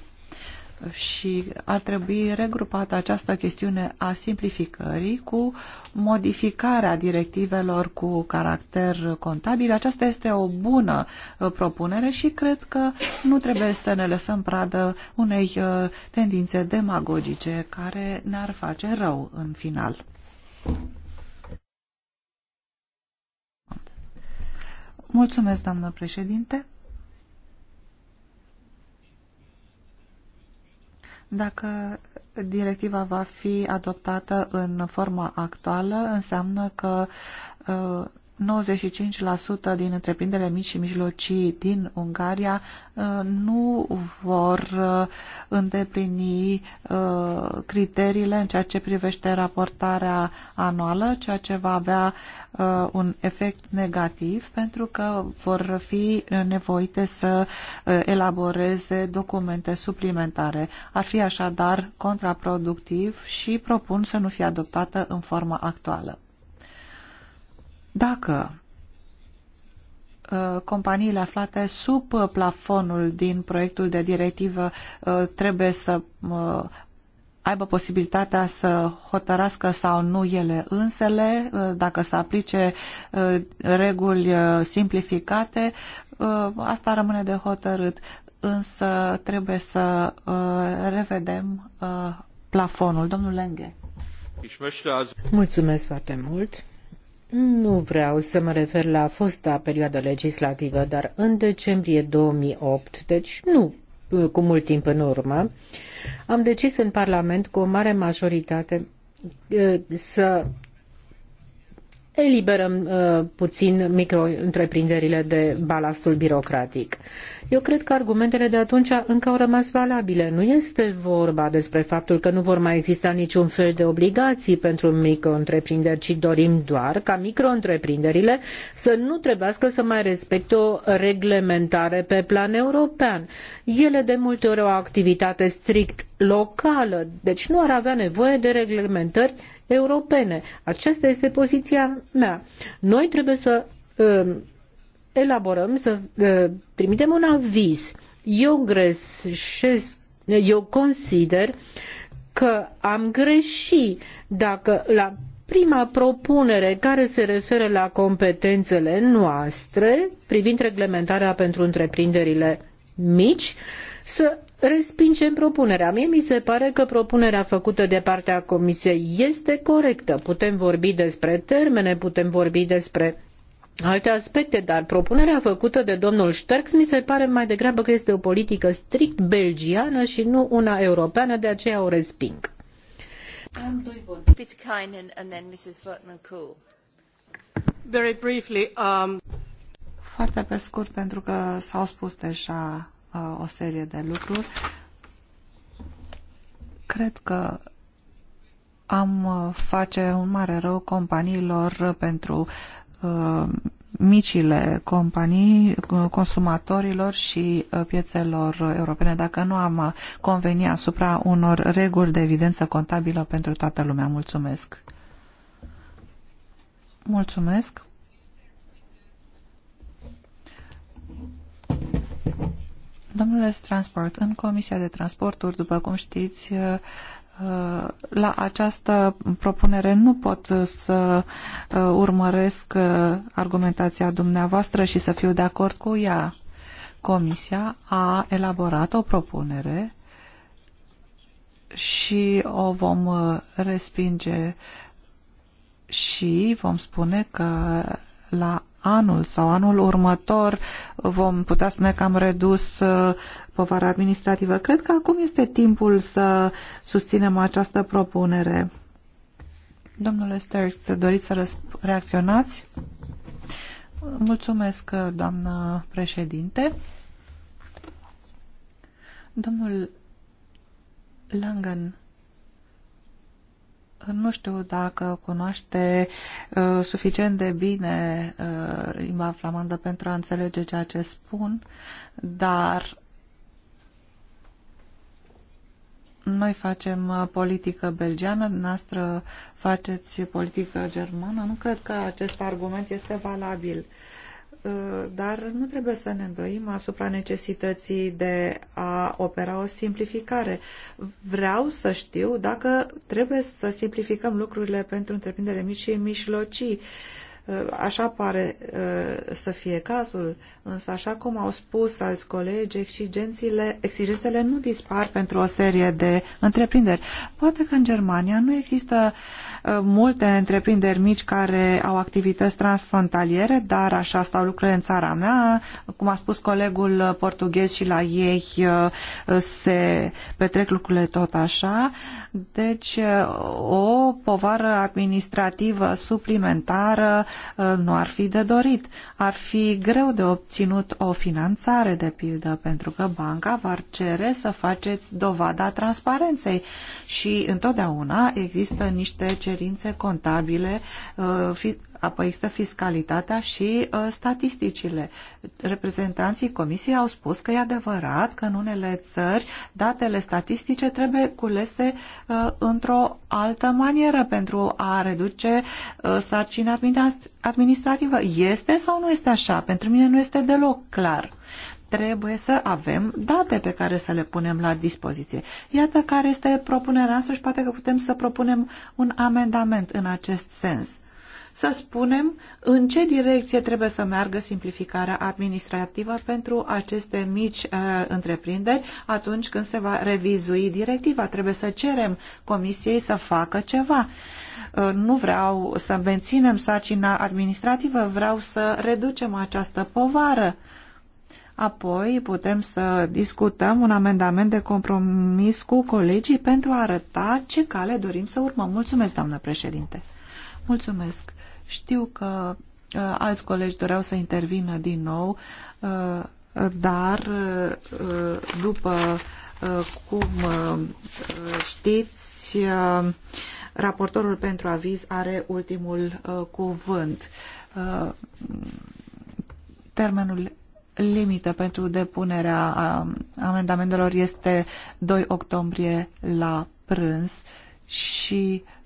Și ar trebui regrupată această chestiune a simplificării cu modificarea directivelor cu caracter contabil. Aceasta este o bună uh, propunere și cred că nu trebuie să ne lăsăm pradă unei uh, tendințe demagogice care ne-ar face rău în final. Mulțumesc, doamnă președinte. Dacă directiva va fi adoptată în forma actuală, înseamnă că uh, 95% din întreprinderile mici și mijlocii din Ungaria uh, nu vor uh, îndeplini uh, criteriile în ceea ce privește raportarea anuală, ceea ce va avea un efect negativ pentru că vor fi nevoite să elaboreze documente suplimentare. Ar fi așadar contraproductiv și propun să nu fie adoptată în forma actuală. Dacă uh, companiile aflate sub plafonul din proiectul de directivă uh, trebuie să uh, aibă posibilitatea să hotărască sau nu ele însele, dacă să aplice reguli simplificate, asta rămâne de hotărât, însă trebuie să revedem plafonul. Domnul Lenghe. Mulțumesc foarte mult. Nu vreau să mă refer la fosta perioadă legislativă, dar în decembrie 2008, deci nu cu mult timp în urmă, am decis în Parlament cu o mare majoritate eh, să eliberăm uh, puțin micro-întreprinderile de balastul birocratic. Eu cred că argumentele de atunci încă au rămas valabile. Nu este vorba despre faptul că nu vor mai exista niciun fel de obligații pentru micro-întreprinderi, ci dorim doar ca micro-întreprinderile să nu trebuiască să mai respecte o reglementare pe plan european. Ele de multe ori au o activitate strict locală, deci nu ar avea nevoie de reglementări europene. Aceasta este poziția mea. Noi trebuie să uh, elaborăm, să uh, trimitem un aviz. Eu greșesc, eu consider că am greșit dacă la prima propunere care se referă la competențele noastre privind reglementarea pentru întreprinderile mici, să respingem propunerea. Mie mi se pare că propunerea făcută de partea Comisiei este corectă. Putem vorbi despre termene, putem vorbi despre alte aspecte, dar propunerea făcută de domnul Sterckx mi se pare mai degrabă că este o politică strict belgiană și nu una europeană, de aceea o resping. Very briefly, um, Foarte pe scurt, pentru că s-au spus deja o serie de lucruri. Cred că am face un mare rău companiilor pentru micile companii, consumatorilor și piețelor europene, dacă nu am conveni asupra unor reguli de evidență contabilă pentru toată lumea. Mulțumesc! Mulțumesc! Domnule Transport, în Comisia de Transporturi, după cum știți, uh, uh, la această propunere nu pot să uh, urmăresc argumentația dumneavoastră și să fiu de acord cu ea. Comisia a elaborat o propunere și o vom respinge și vom spune că la anul sau anul următor vom putea spune că am redus uh, povara administrativă. Cred că acum este timpul să susținem această propunere. Domnule Sterk, doriți să reacționați? Mulțumesc, doamnă președinte. Domnul Langen nu știu dacă cunoaște uh, suficient de bine uh, limba flamandă pentru a înțelege ceea ce spun, dar noi facem uh, politică belgeană, noastră faceți politică germană. Nu cred că acest argument este valabil. Uh, Uh, dar nu trebuie să ne îndoim asupra necesității de a opera o simplificare. Vreau să știu dacă trebuie să simplificăm lucrurile pentru întreprinderile mici și mijlocii. Uh, Uh, așa pare uh, să fie cazul, însă așa cum au spus alți colegi, exigențele, exigențele nu dispar pentru o serie de întreprinderi. Poate că în Germania nu există uh, multe întreprinderi mici care au activități transfrontaliere, dar așa stau lucrurile în țara mea. Cum a spus colegul portughez și la ei se petrec lucrurile tot așa. Deci o povară administrativă suplimentară Uh, nu ar fi de dorit. Ar fi greu de obținut o finanțare, de pildă, pentru că banca v-ar cere să faceți dovada transparenței și întotdeauna există niște cerințe contabile uh, Apoi există fiscalitatea și uh, statisticile. Reprezentanții Comisiei au spus că e adevărat că în unele țări datele statistice trebuie culese uh, într-o altă manieră pentru a reduce uh, sarcina administrativă. Este sau nu este așa? Pentru mine nu este deloc clar trebuie să avem date pe care să le punem la dispoziție. Iată care este propunerea noastră și poate că putem să propunem un amendament în acest sens să spunem în ce direcție trebuie să meargă simplificarea administrativă pentru aceste mici uh, întreprinderi atunci când se va revizui directiva. Trebuie să cerem comisiei să facă ceva. Uh, nu vreau să menținem sarcina administrativă, vreau să reducem această povară. Apoi putem să discutăm un amendament de compromis cu colegii pentru a arăta ce cale dorim să urmăm. Mulțumesc, doamnă președinte. Mulțumesc. Știu că uh, alți colegi doreau să intervină din nou, uh, dar uh, după uh, cum uh, știți, uh, raportorul pentru aviz are ultimul uh, cuvânt. Uh, termenul limită pentru depunerea uh, amendamentelor este 2 octombrie la prânz și uh,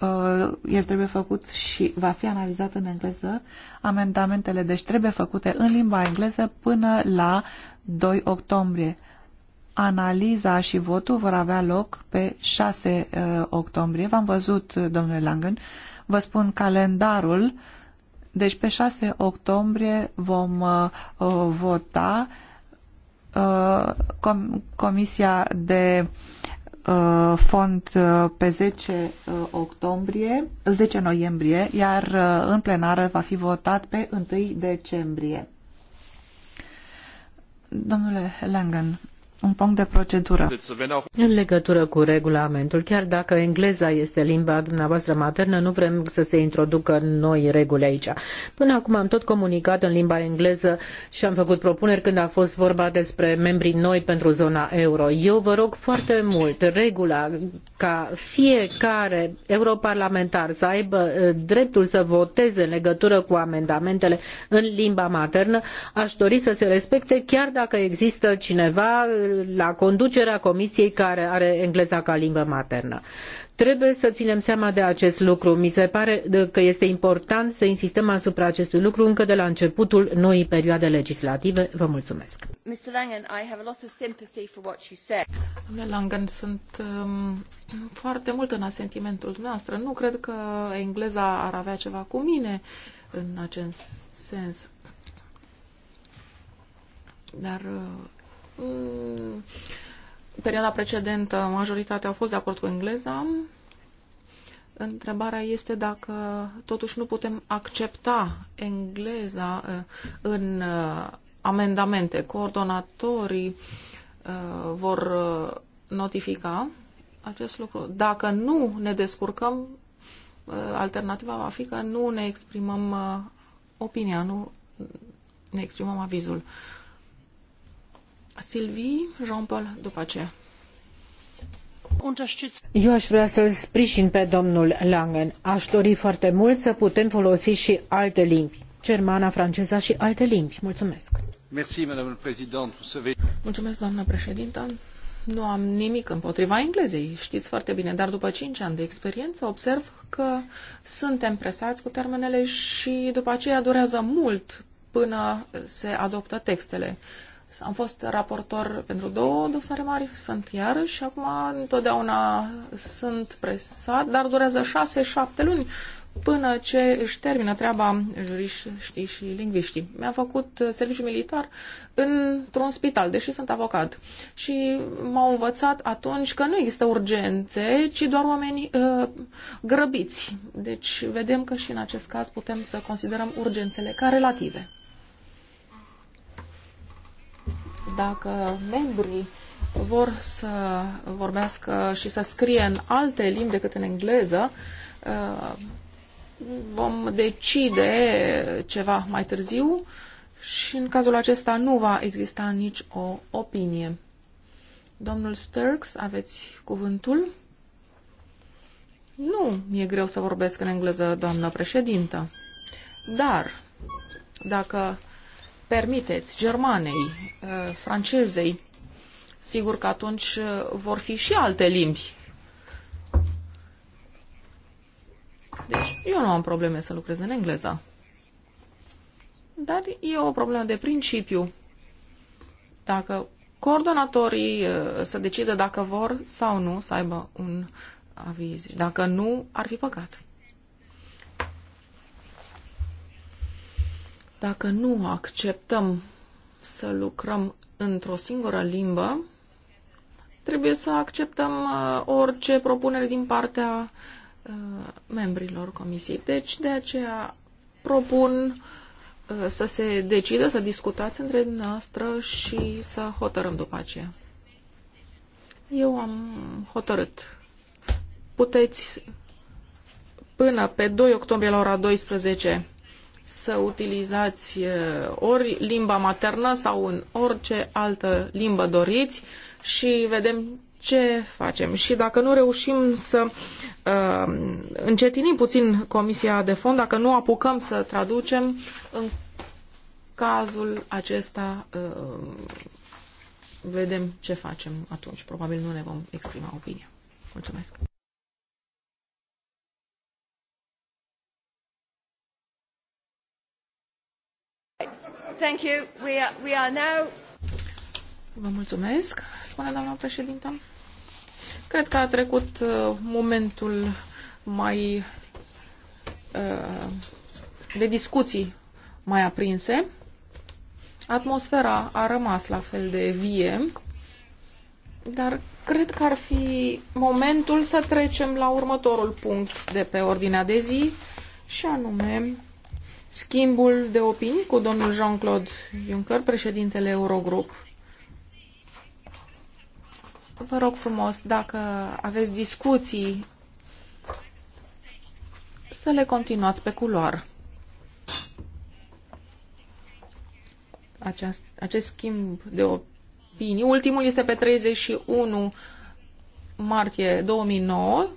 Uh, el trebuie făcut și va fi analizat în engleză amendamentele, deci trebuie făcute în limba engleză până la 2 octombrie. Analiza și votul vor avea loc pe 6 uh, octombrie. V-am văzut, domnule Langen, vă spun calendarul. Deci pe 6 octombrie vom uh, uh, vota uh, com Comisia de Uh, fond uh, pe 10 uh, octombrie, 10 noiembrie, iar în plenară va fi votat pe 1 decembrie. Domnule Langen, un punct de procedură. În legătură cu regulamentul, chiar dacă engleza este limba dumneavoastră maternă, nu vrem să se introducă noi reguli aici. Până acum am tot comunicat în limba engleză și am făcut propuneri când a fost vorba despre membrii noi pentru zona euro. Eu vă rog foarte mult regula ca fiecare europarlamentar să aibă uh, dreptul să voteze în legătură cu amendamentele în limba maternă, aș dori să se respecte chiar dacă există cineva uh, la conducerea comisiei care are engleza ca limbă maternă. Trebuie să ținem seama de acest lucru. Mi se pare că este important să insistăm asupra acestui lucru încă de la începutul noii perioade legislative. Vă mulțumesc. Mr. Langen, I have a lot of sympathy for what you said. Domnule Langen, sunt um, foarte mult în asentimentul dumneavoastră. Nu cred că engleza ar avea ceva cu mine în acest sens. Dar uh, Mm, perioada precedentă majoritatea au fost de acord cu engleza. Întrebarea este dacă totuși nu putem accepta engleza uh, în uh, amendamente. Coordonatorii uh, vor notifica acest lucru. Dacă nu ne descurcăm, alternativa va fi că nu ne exprimăm opinia, nu ne exprimăm avizul. Sylvie, Eu aș vrea să-l sprijin pe domnul Langen. Aș dori foarte mult să putem folosi și alte limbi, germana, franceza și alte limbi. Mulțumesc. Mulțumesc, doamnă președintă. Nu am nimic împotriva englezei, știți foarte bine, dar după 5 ani de experiență observ că suntem presați cu termenele și după aceea durează mult până se adoptă textele. Am fost raportor pentru două dosare mari, sunt iarăși și acum întotdeauna sunt presat, dar durează șase-șapte luni până ce își termină treaba juriștii și lingviștii. Mi-am făcut serviciu militar într-un spital, deși sunt avocat. Și m-au învățat atunci că nu există urgențe, ci doar oameni uh, grăbiți. Deci vedem că și în acest caz putem să considerăm urgențele ca relative. dacă membrii vor să vorbească și să scrie în alte limbi decât în engleză, uh, vom decide ceva mai târziu și în cazul acesta nu va exista nici o opinie. Domnul Sturks, aveți cuvântul? Nu, mi-e greu să vorbesc în engleză, doamnă președintă. Dar, dacă permiteți germanei, uh, francezei, sigur că atunci uh, vor fi și alte limbi. Deci, eu nu am probleme să lucrez în engleză. Dar e o problemă de principiu. Dacă coordonatorii uh, să decidă dacă vor sau nu să aibă un aviz. Dacă nu, ar fi păcat. Dacă nu acceptăm să lucrăm într-o singură limbă, trebuie să acceptăm uh, orice propunere din partea uh, membrilor comisiei. Deci, de aceea propun uh, să se decidă, să discutați între noastră și să hotărâm după aceea. Eu am hotărât. Puteți până pe 2 octombrie la ora 12 să utilizați ori limba maternă sau în orice altă limbă doriți și vedem ce facem. Și dacă nu reușim să uh, încetinim puțin comisia de fond, dacă nu apucăm să traducem, în cazul acesta uh, vedem ce facem atunci. Probabil nu ne vom exprima opinia. Mulțumesc! Thank you. We are, we are now... Vă mulțumesc, spune doamna președintă. Cred că a trecut uh, momentul mai uh, de discuții mai aprinse. Atmosfera a rămas la fel de vie, dar cred că ar fi momentul să trecem la următorul punct de pe ordinea de zi, și anume schimbul de opinii cu domnul Jean-Claude Juncker, președintele Eurogrup. Vă rog frumos, dacă aveți discuții, să le continuați pe culoar. Aceast, acest schimb de opinii. Ultimul este pe 31 martie 2009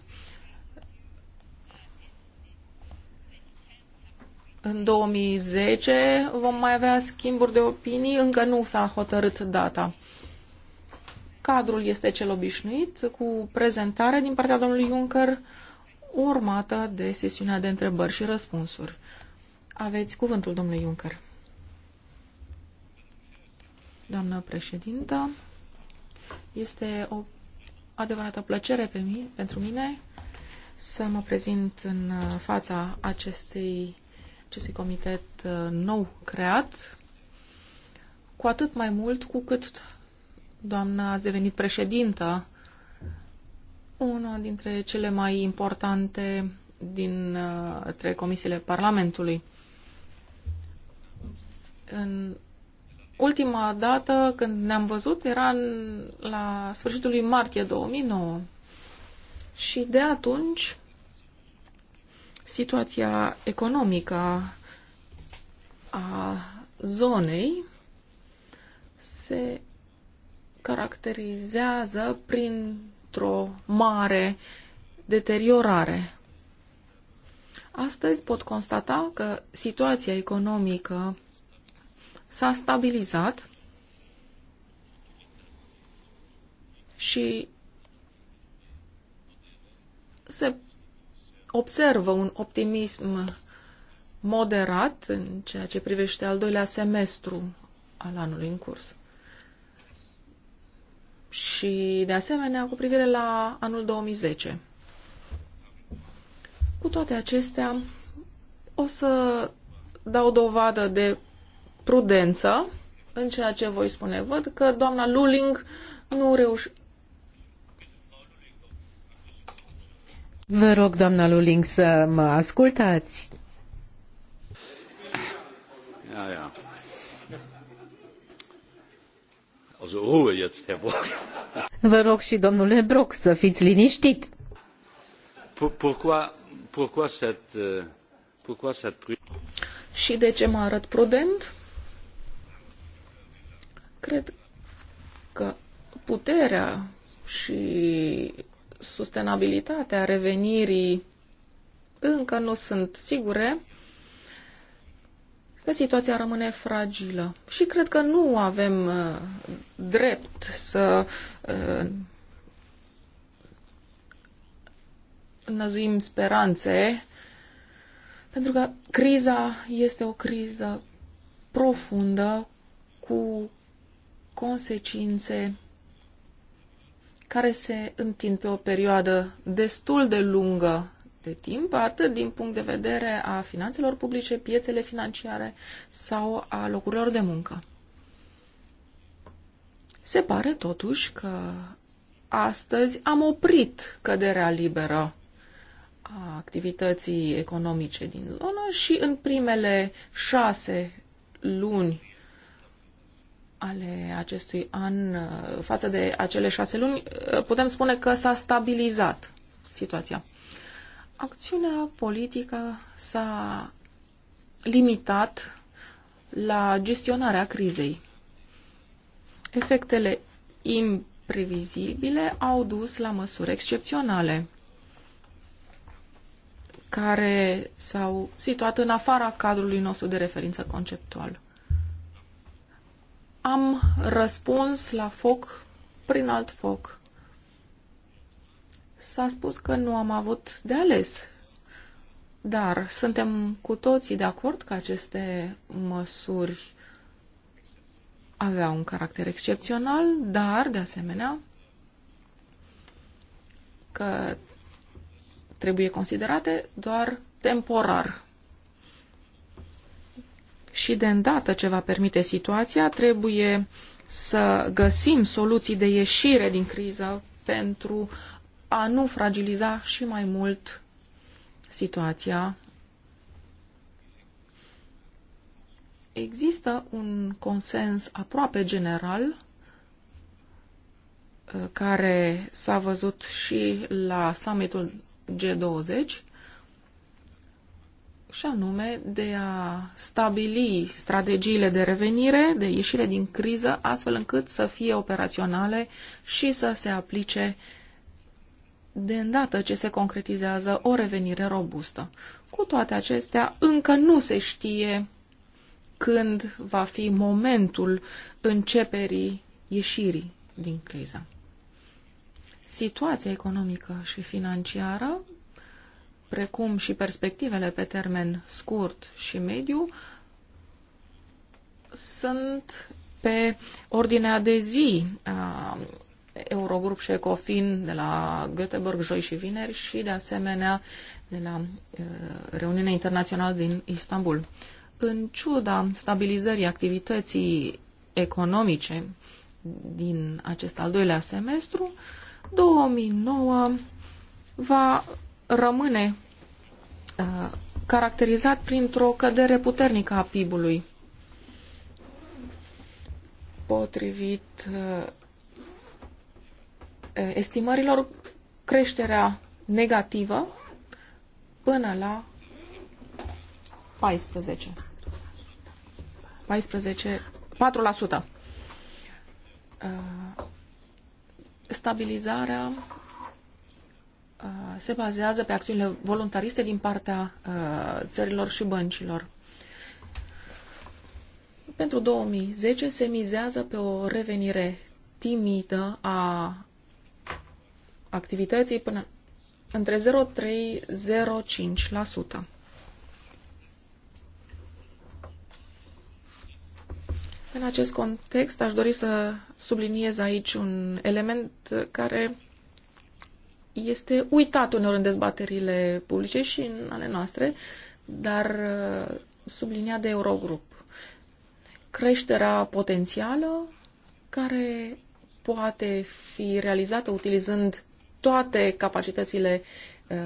în 2010 vom mai avea schimburi de opinii, încă nu s-a hotărât data. Cadrul este cel obișnuit, cu prezentare din partea domnului Juncker, urmată de sesiunea de întrebări și răspunsuri. Aveți cuvântul, domnule Juncker. Doamnă președintă, este o adevărată plăcere pe mine, pentru mine să mă prezint în uh, fața acestei acestui comitet uh, nou creat, cu atât mai mult cu cât doamna a devenit președintă una dintre cele mai importante din uh, trei comisiile Parlamentului. În ultima dată când ne-am văzut era în, la sfârșitul lui martie 2009 și de atunci situația economică a zonei se caracterizează printr-o mare deteriorare. Astăzi pot constata că situația economică s-a stabilizat și se observă un optimism moderat în ceea ce privește al doilea semestru al anului în curs. Și, de asemenea, cu privire la anul 2010. Cu toate acestea, o să dau dovadă de prudență în ceea ce voi spune. Văd că doamna Luling nu, reuși, Vă rog, doamna Luling, să mă ascultați. Ja, ja. Also Ruhe oh, jetzt, Herr Brock. Vă rog și domnule Brock să fiți liniștit. Pourquoi, pourquoi cette, euh, pourquoi cette... Și de ce mă arăt prudent? Cred că puterea și sustenabilitatea revenirii încă nu sunt sigure, că situația rămâne fragilă. Și cred că nu avem uh, drept să uh, năzuim speranțe, pentru că criza este o criză profundă cu consecințe care se întind pe o perioadă destul de lungă de timp, atât din punct de vedere a finanțelor publice, piețele financiare sau a locurilor de muncă. Se pare totuși că astăzi am oprit căderea liberă a activității economice din zonă și în primele șase luni ale acestui an uh, față de acele șase luni, uh, putem spune că s-a stabilizat situația. Acțiunea politică s-a limitat la gestionarea crizei. Efectele imprevizibile au dus la măsuri excepționale care s-au situat în afara cadrului nostru de referință conceptual am răspuns la foc prin alt foc. S-a spus că nu am avut de ales, dar suntem cu toții de acord că aceste măsuri aveau un caracter excepțional, dar, de asemenea, că trebuie considerate doar temporar și de îndată ce va permite situația, trebuie să găsim soluții de ieșire din criză pentru a nu fragiliza și mai mult situația. Există un consens aproape general uh, care s-a văzut și la summitul G20 și anume de a stabili strategiile de revenire, de ieșire din criză, astfel încât să fie operaționale și să se aplice de îndată ce se concretizează o revenire robustă. Cu toate acestea, încă nu se știe când va fi momentul începerii ieșirii din criză. Situația economică și financiară precum și perspectivele pe termen scurt și mediu, sunt pe ordinea de zi a Eurogrup și Ecofin de la Göteborg joi și vineri și de asemenea de la uh, reuniunea internațională din Istanbul. În ciuda stabilizării activității economice din acest al doilea semestru, 2009 va rămâne uh, caracterizat printr-o cădere puternică a PIB-ului. Potrivit uh, estimărilor, creșterea negativă până la 14. 14, 4%. stabilizarea Uh, se bazează pe acțiunile voluntariste din partea uh, țărilor și băncilor. Pentru 2010 se mizează pe o revenire timidă a activității până între 0,3-0,5%. În acest context aș dori să subliniez aici un element care este uitat uneori în dezbaterile publice și în ale noastre, dar uh, subliniat de Eurogrup. Creșterea potențială care poate fi realizată utilizând toate capacitățile uh,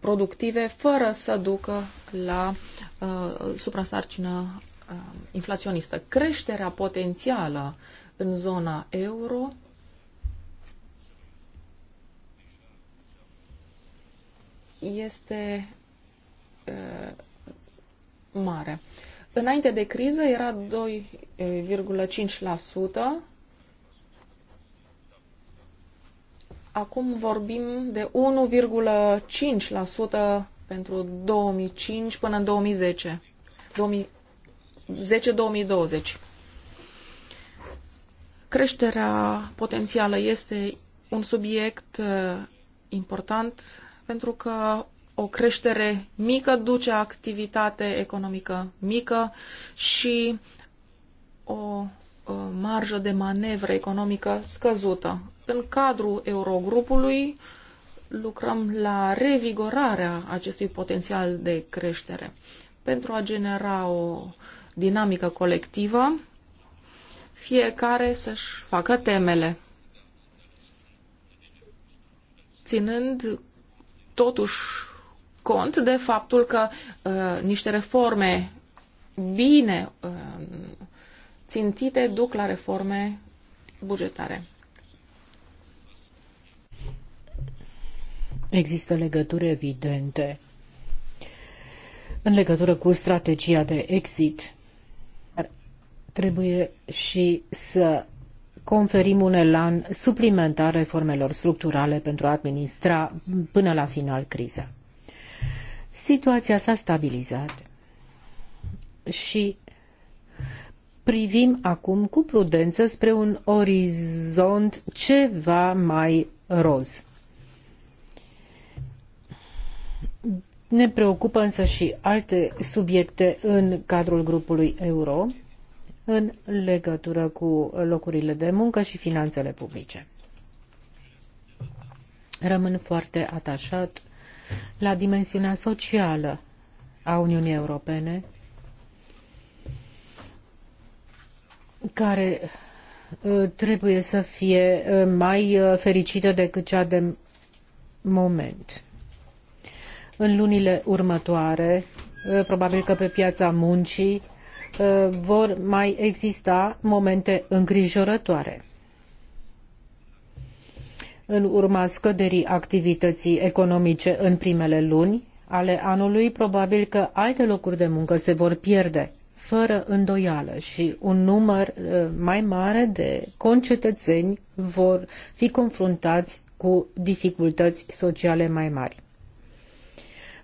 productive fără să ducă la uh, suprasarcină uh, inflaționistă. Creșterea potențială în zona euro este uh, mare. Înainte de criză era 2,5%. Acum vorbim de 1,5% pentru 2005 până în 2010. 2010-2020. Creșterea potențială este un subiect important pentru că o creștere mică duce activitate economică mică și o, marjă de manevră economică scăzută. În cadrul Eurogrupului lucrăm la revigorarea acestui potențial de creștere pentru a genera o dinamică colectivă, fiecare să-și facă temele, ținând totuși cont de faptul că uh, niște reforme bine uh, țintite duc la reforme bugetare. Există legături evidente în legătură cu strategia de exit. Trebuie și să conferim un elan suplimentar reformelor structurale pentru a administra până la final criza. Situația s-a stabilizat și privim acum cu prudență spre un orizont ceva mai roz. Ne preocupă însă și alte subiecte în cadrul grupului euro în legătură cu locurile de muncă și finanțele publice. Rămân foarte atașat la dimensiunea socială a Uniunii Europene, care uh, trebuie să fie uh, mai uh, fericită decât cea de moment. În lunile următoare, probabil că pe piața muncii, Uh, vor mai exista momente îngrijorătoare în urma scăderii activității economice în primele luni ale anului, probabil că alte locuri de muncă se vor pierde, fără îndoială, și un număr uh, mai mare de concetățeni vor fi confruntați cu dificultăți sociale mai mari.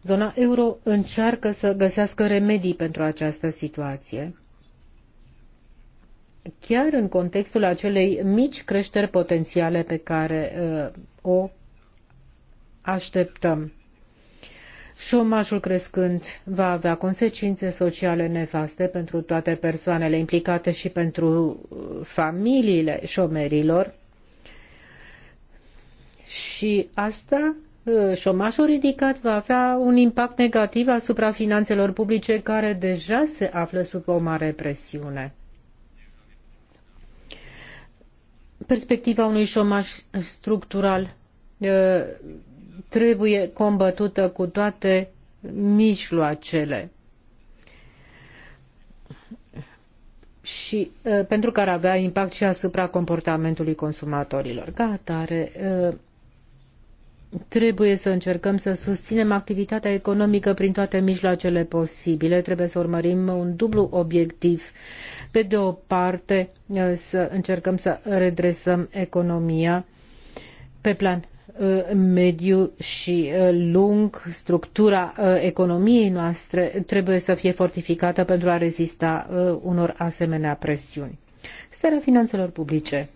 Zona euro încearcă să găsească remedii pentru această situație. Chiar în contextul acelei mici creșteri potențiale pe care uh, o așteptăm. Șomajul crescând va avea consecințe sociale nefaste pentru toate persoanele implicate și pentru uh, familiile șomerilor. Și asta Uh, șomajul ridicat va avea un impact negativ asupra finanțelor publice care deja se află sub o mare presiune. Perspectiva unui șomaj structural uh, trebuie combătută cu toate mijloacele. și uh, pentru că ar avea impact și asupra comportamentului consumatorilor. Ca atare, trebuie să încercăm să susținem activitatea economică prin toate mijloacele posibile. Trebuie să urmărim un dublu obiectiv. Pe de o parte, uh, să încercăm să redresăm economia pe plan uh, mediu și uh, lung, structura economiei noastre trebuie să fie fortificată pentru a rezista unor asemenea presiuni. Starea finanțelor publice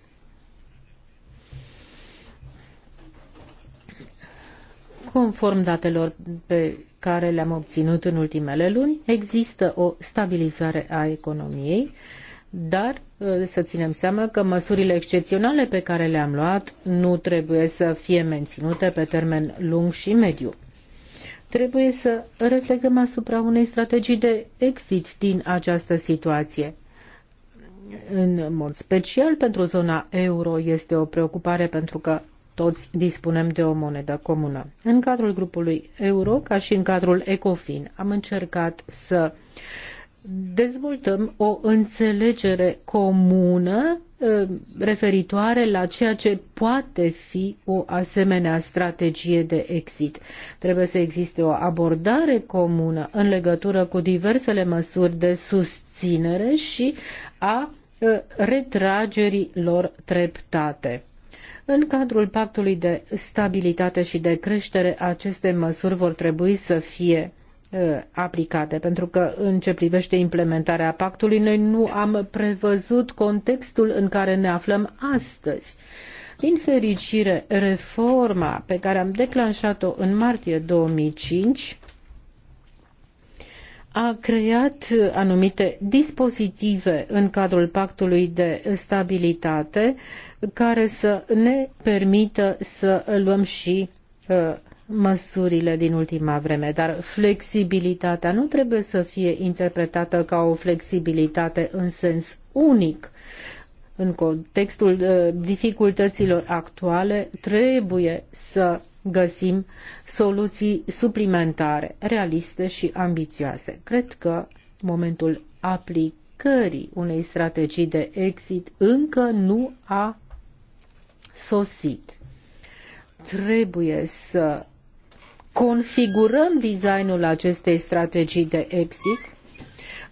Conform datelor pe care le-am obținut în ultimele luni, există o stabilizare a economiei, dar uh, să ținem seama că măsurile excepționale pe care le-am luat nu trebuie să fie menținute pe termen lung și mediu. Trebuie să reflectăm asupra unei strategii de exit din această situație. În mod special pentru zona euro este o preocupare pentru că toți dispunem de o monedă comună. În cadrul grupului euro, ca și în cadrul ECOFIN, am încercat să dezvoltăm o înțelegere comună ă, referitoare la ceea ce poate fi o asemenea strategie de exit. Trebuie să existe o abordare comună în legătură cu diversele măsuri de susținere și a ă, retragerii lor treptate. În cadrul pactului de stabilitate și de creștere, aceste măsuri vor trebui să fie uh, aplicate, pentru că în ce privește implementarea pactului, noi nu am prevăzut contextul în care ne aflăm astăzi. Din fericire, reforma pe care am declanșat-o în martie 2005 a creat uh, anumite dispozitive în cadrul pactului de stabilitate care să ne permită să luăm și uh, măsurile din ultima vreme, dar flexibilitatea nu trebuie să fie interpretată ca o flexibilitate în sens unic. În contextul uh, dificultăților actuale, trebuie să găsim soluții suplimentare, realiste și ambițioase. Cred că momentul aplicării unei strategii de exit încă nu a sosit. Trebuie să configurăm designul acestei strategii de exit,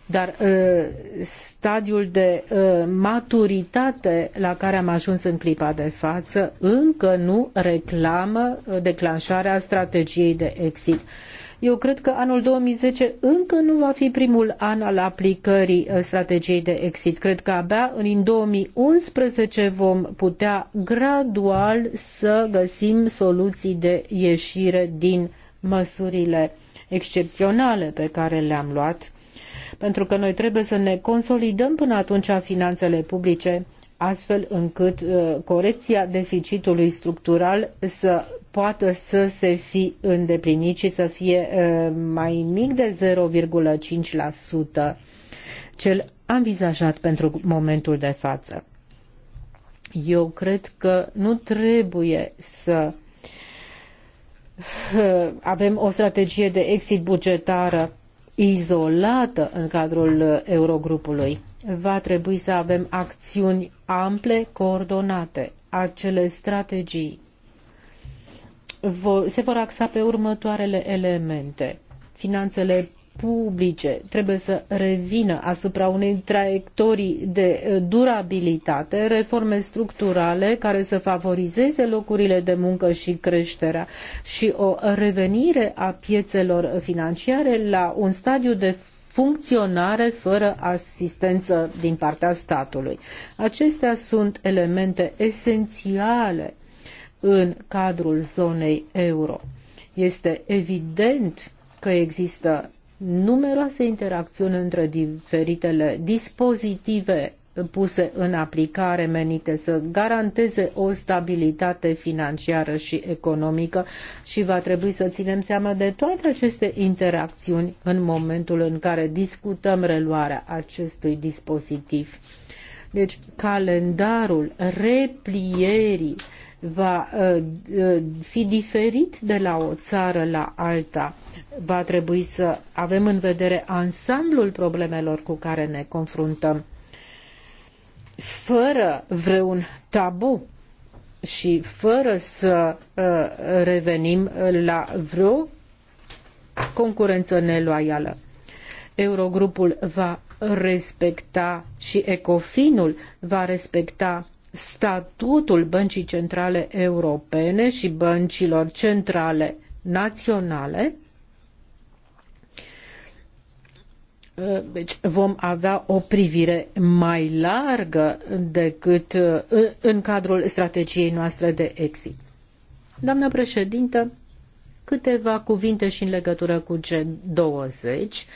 dar uh, stadiul de uh, maturitate la care am ajuns în clipa de față încă nu reclamă uh, declanșarea strategiei de exit. Eu cred că anul 2010 încă nu va fi primul an al aplicării uh, strategiei de exit. Cred că abia în 2011 vom putea gradual să găsim soluții de ieșire din măsurile excepționale pe care le-am luat, pentru că noi trebuie să ne consolidăm până atunci finanțele publice, astfel încât uh, corecția deficitului structural să poată să se fi îndeplinit și să fie uh, mai mic de 0,5% cel anvizajat pentru momentul de față. Eu cred că nu trebuie să uh, avem o strategie de exit bugetară izolată în cadrul uh, Eurogrupului. Va trebui să avem acțiuni ample, coordonate. Acele strategii se vor axa pe următoarele elemente. Finanțele publice trebuie să revină asupra unei traiectorii de eh, durabilitate, reforme structurale care să favorizeze locurile de muncă și creșterea și o revenire a piețelor financiare la un stadiu de funcționare fără asistență din partea statului. Acestea sunt elemente esențiale în cadrul zonei euro. Este evident că există numeroase interacțiuni între diferitele dispozitive puse în aplicare menite să garanteze o stabilitate financiară și economică și va trebui să ținem seama de toate aceste interacțiuni în momentul în care discutăm reluarea acestui dispozitiv. Deci calendarul replierii va ă, ă, fi diferit de la o țară la alta. Va trebui să avem în vedere ansamblul problemelor cu care ne confruntăm, fără vreun tabu și fără să ă, revenim la vreo concurență neloială. Eurogrupul va respecta și Ecofinul va respecta statutul Băncii Centrale Europene și băncilor centrale naționale. Deci vom avea o privire mai largă decât în cadrul strategiei noastre de exit. Doamnă președintă, câteva cuvinte și în legătură cu G20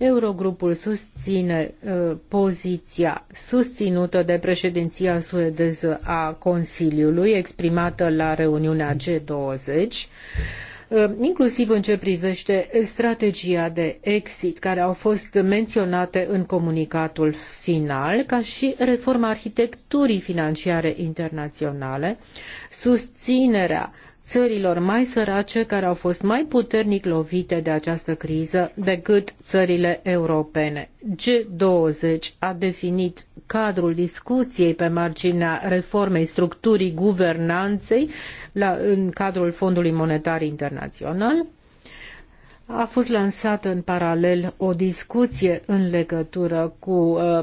Eurogrupul susține uh, poziția susținută de președinția suedeză a Consiliului, exprimată la reuniunea G20, uh, inclusiv în ce privește strategia de exit, care au fost menționate în comunicatul final, ca și reforma arhitecturii financiare internaționale, susținerea uh, țărilor mai sărace care au fost mai puternic lovite de această criză decât țările europene. G20 a definit cadrul discuției pe marginea reformei structurii guvernanței la, în cadrul Fondului Monetar Internațional. A fost lansată în paralel o discuție în legătură cu uh,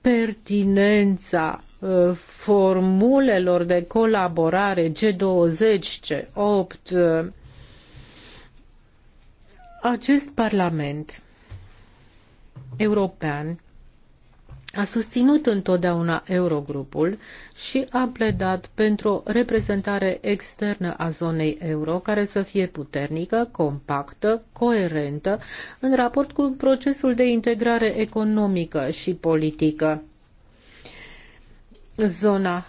pertinența Uh, formulelor de colaborare G20, G8, uh, acest Parlament european a susținut întotdeauna Eurogrupul și a pledat pentru o reprezentare externă a zonei euro care să fie puternică, compactă, coerentă în raport cu procesul de integrare economică și politică zona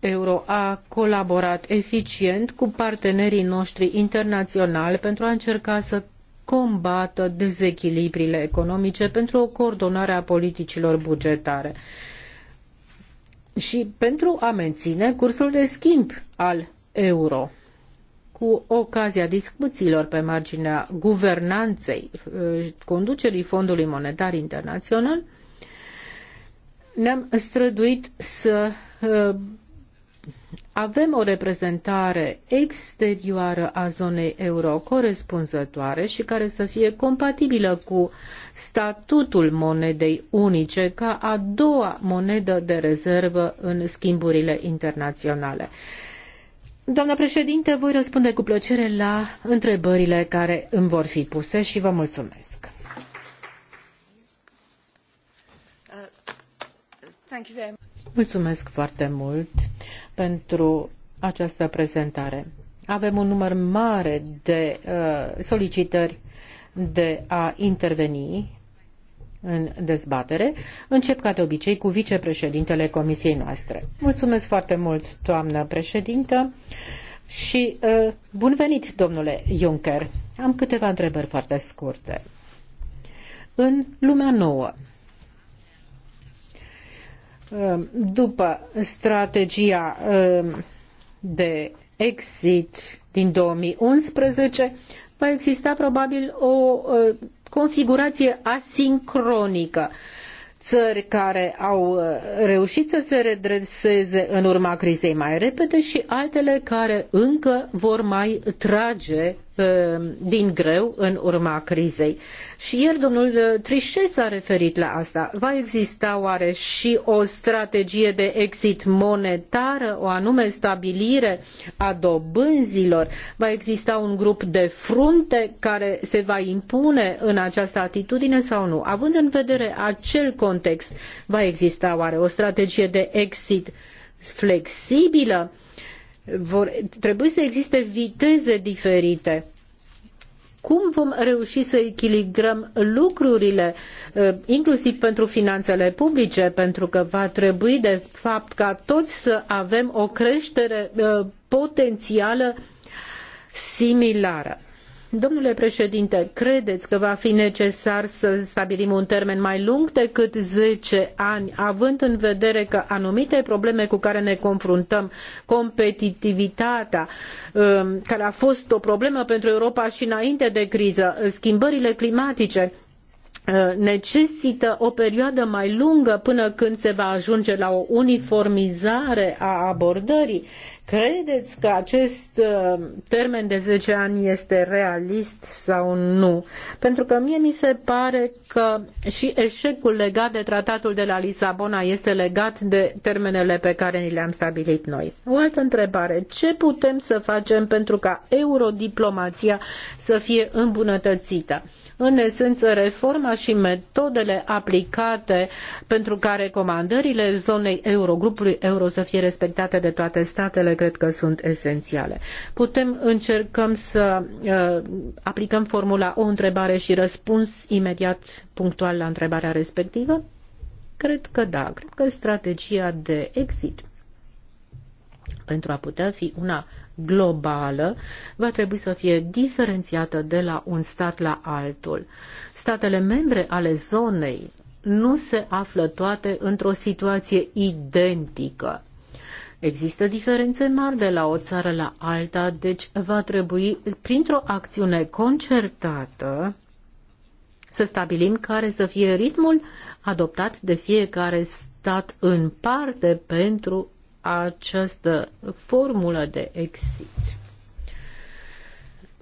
euro a colaborat eficient cu partenerii noștri internaționali pentru a încerca să combată dezechilibrile economice pentru o coordonare a politicilor bugetare și pentru a menține cursul de schimb al euro. Cu ocazia discuțiilor pe marginea guvernanței eh, conducerii Fondului Monetar Internațional, ne-am străduit să uh, avem o reprezentare exterioară a zonei euro corespunzătoare și care să fie compatibilă cu statutul monedei unice ca a doua monedă de rezervă în schimburile internaționale. Doamna președinte, voi răspunde cu plăcere la întrebările care îmi vor fi puse și vă mulțumesc. Mulțumesc foarte mult pentru această prezentare. Avem un număr mare de uh, solicitări de a interveni în dezbatere. Încep ca de obicei cu vicepreședintele comisiei noastre. Mulțumesc foarte mult, doamnă președintă, și uh, bun venit, domnule Juncker. Am câteva întrebări foarte scurte. În lumea nouă, Um, după strategia um, de exit din 2011, va exista probabil o uh, configurație asincronică. Țări care au uh, reușit să se redreseze în urma crizei mai repede și altele care încă vor mai trage Uh, din greu în urma crizei. Și ieri domnul uh, Trichet s-a referit la asta. Va exista oare și o strategie de exit monetară, o anume stabilire a dobânzilor? Va exista un grup de frunte care se va impune în această atitudine sau nu? Având în vedere acel context, va exista oare o strategie de exit flexibilă? vor trebui să existe viteze diferite. Cum vom reuși să echilibrăm lucrurile, uh, inclusiv pentru finanțele publice, pentru că va trebui, de fapt, ca toți să avem o creștere uh, potențială similară. Domnule președinte, credeți că va fi necesar să stabilim un termen mai lung decât zece ani, având în vedere că anumite probleme cu care ne confruntăm, competitivitatea, um, care a fost o problemă pentru Europa și înainte de criză, schimbările climatice, Uh, necesită o perioadă mai lungă până când se va ajunge la o uniformizare a abordării. Credeți că acest uh, termen de zece ani este realist sau nu? Pentru că mie mi se pare că și eșecul legat de tratatul de la Lisabona este legat de termenele pe care ni le-am stabilit noi. O altă întrebare. Ce putem să facem pentru ca eurodiplomația să fie îmbunătățită? În esență, reforma și metodele aplicate pentru ca recomandările zonei euro, grupului euro să fie respectate de toate statele, cred că sunt esențiale. Putem încercăm să uh, aplicăm formula o întrebare și răspuns imediat punctual la întrebarea respectivă? Cred că da. Cred că strategia de exit pentru a putea fi una globală va trebui să fie diferențiată de la un stat la altul. Statele membre ale zonei nu se află toate într-o situație identică. Există diferențe mari de la o țară la alta, deci va trebui, printr-o acțiune concertată, să stabilim care să fie ritmul adoptat de fiecare stat în parte pentru această formulă de exit.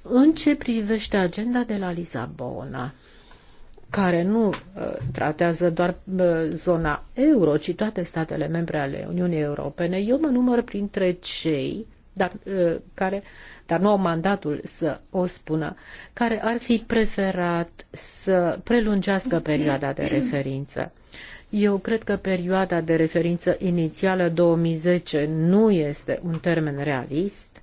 În ce privește agenda de la Lisabona, care nu uh, tratează doar uh, zona euro, ci toate statele membre ale Uniunii Europene, eu mă număr printre cei dar, uh, care, dar nu au mandatul să o spună, care ar fi preferat să prelungească perioada de referință. Eu cred că perioada de referință inițială 2010 nu este un termen realist.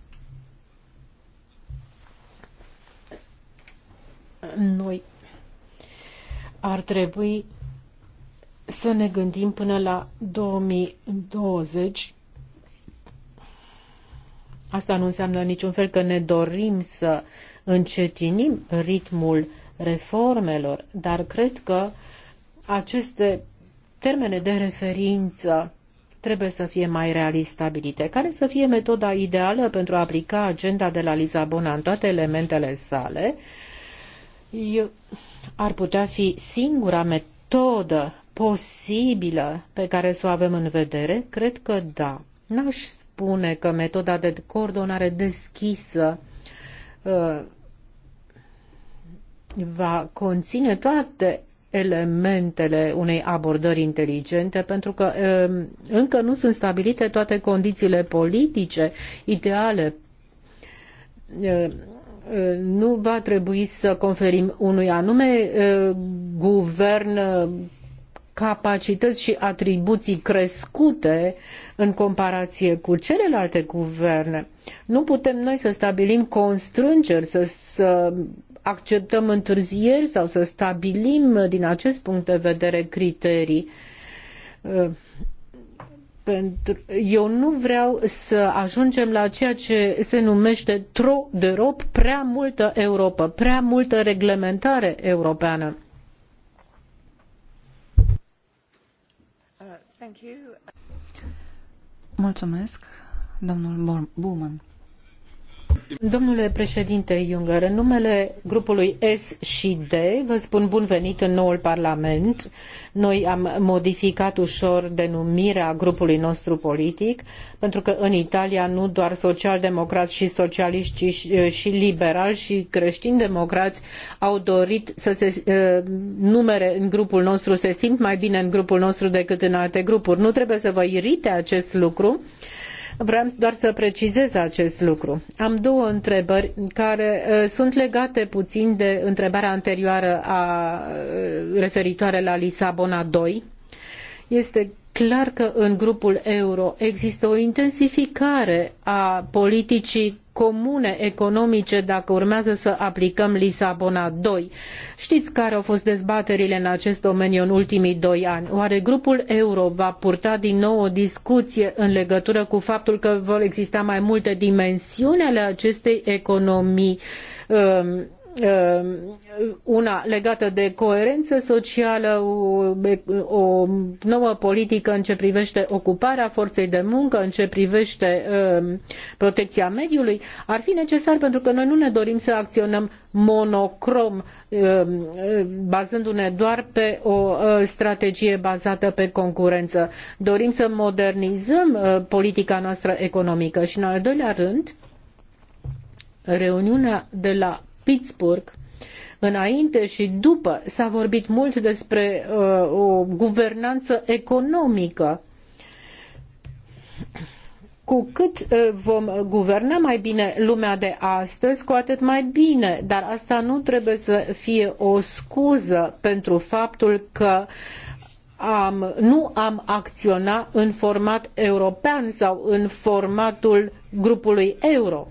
Noi ar trebui să ne gândim până la 2020. Asta nu înseamnă niciun fel că ne dorim să încetinim ritmul reformelor, dar cred că aceste termene de referință trebuie să fie mai realist stabilite. Care să fie metoda ideală pentru a aplica agenda de la Lisabona în toate elementele sale? Eu, ar putea fi singura metodă posibilă pe care să o avem în vedere? Cred că da. N-aș spune că metoda de coordonare deschisă uh, va conține toate elementele unei abordări inteligente, pentru că um, încă nu sunt stabilite toate condițiile politice ideale. Um, uh, nu va trebui să conferim unui anume uh, guvern uh, capacități și atribuții crescute în comparație cu celelalte guverne. Nu putem noi să stabilim constrângeri, să, să acceptăm întârzieri sau să stabilim din acest punct de vedere criterii. Uh, pentru, eu nu vreau să ajungem la ceea ce se numește tro de rob, prea multă Europa, prea multă reglementare europeană. Uh, Mulțumesc, domnul Buman. Domnule președinte Juncker, în numele grupului S și D vă spun bun venit în noul Parlament. Noi am modificat ușor denumirea grupului nostru politic, pentru că în Italia nu doar social democrai și socialiști, ci eh, și, liberali și cretini democrai au dorit să se eh, numere în grupul nostru, se simt mai bine în grupul nostru decât în alte grupuri. Nu trebuie să vă irite acest lucru. Uh, Vreau doar să precizez acest lucru. Am două întrebări care uh, sunt legate puțin de întrebarea anterioară a uh, referitoare la Lisabona 2. Este clar că în grupul euro există o intensificare a politicii comune economice dacă urmează să aplicăm Lisabona 2. Știți care au fost dezbaterile în acest domeniu în ultimii doi ani. Oare grupul euro va purta din nou o discuție în legătură cu faptul că vor exista mai multe dimensiuni ale acestei economii um, Um, una legată de coerență socială, o, nouă politică în ce privește ocuparea forței de muncă, în ce privește um, protecția mediului, ar fi necesar pentru că noi nu ne dorim să acționăm monocrom, um, bazându-ne doar pe o uh, strategie bazată pe concurență. Dorim să modernizăm uh, politica noastră economică și, în al doilea rând, reuniunea de la Pittsburgh, înainte și după s-a vorbit mult despre uh, o guvernanță economică. Cu cât uh, vom guverna mai bine lumea de astăzi, cu atât mai bine, dar asta nu trebuie să fie o scuză pentru faptul că am, nu am acționat în format european sau în formatul grupului euro.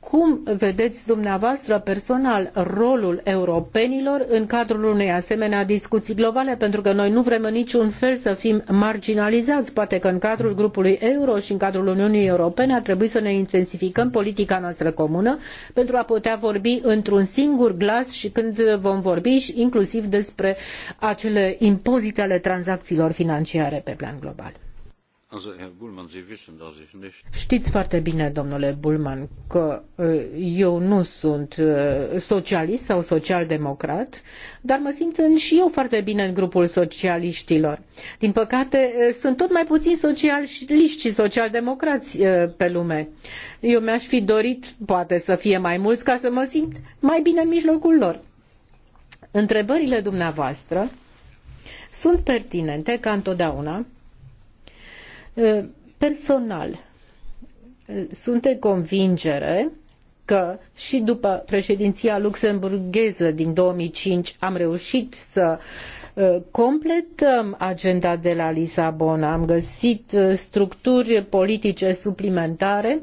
Cum vedeți dumneavoastră personal rolul europenilor în cadrul unei asemenea discuții globale? Pentru că noi nu vrem în niciun fel să fim marginalizați. Poate că în cadrul grupului euro și în cadrul Uniunii Europene ar trebui să ne intensificăm politica noastră comună pentru a putea vorbi într-un singur glas și când vom vorbi inclusiv despre acele impozite ale tranzacțiilor financiare pe plan global. Știți foarte bine, domnule Bulman, că uh, eu nu sunt uh, socialist sau social-democrat, dar mă simt în, și eu foarte bine în grupul socialiștilor. Din păcate, uh, sunt tot mai puțini socialiști și social-democrați pe lume. Eu mi-aș fi dorit, poate, să fie mai mulți ca să mă simt mai bine în mijlocul lor. Întrebările dumneavoastră sunt pertinente ca întotdeauna Uh, personal, sunt de convingere că și după președinția luxemburgheză din 2005 am reușit să uh, completăm agenda de la Lisabona, am găsit uh, structuri politice suplimentare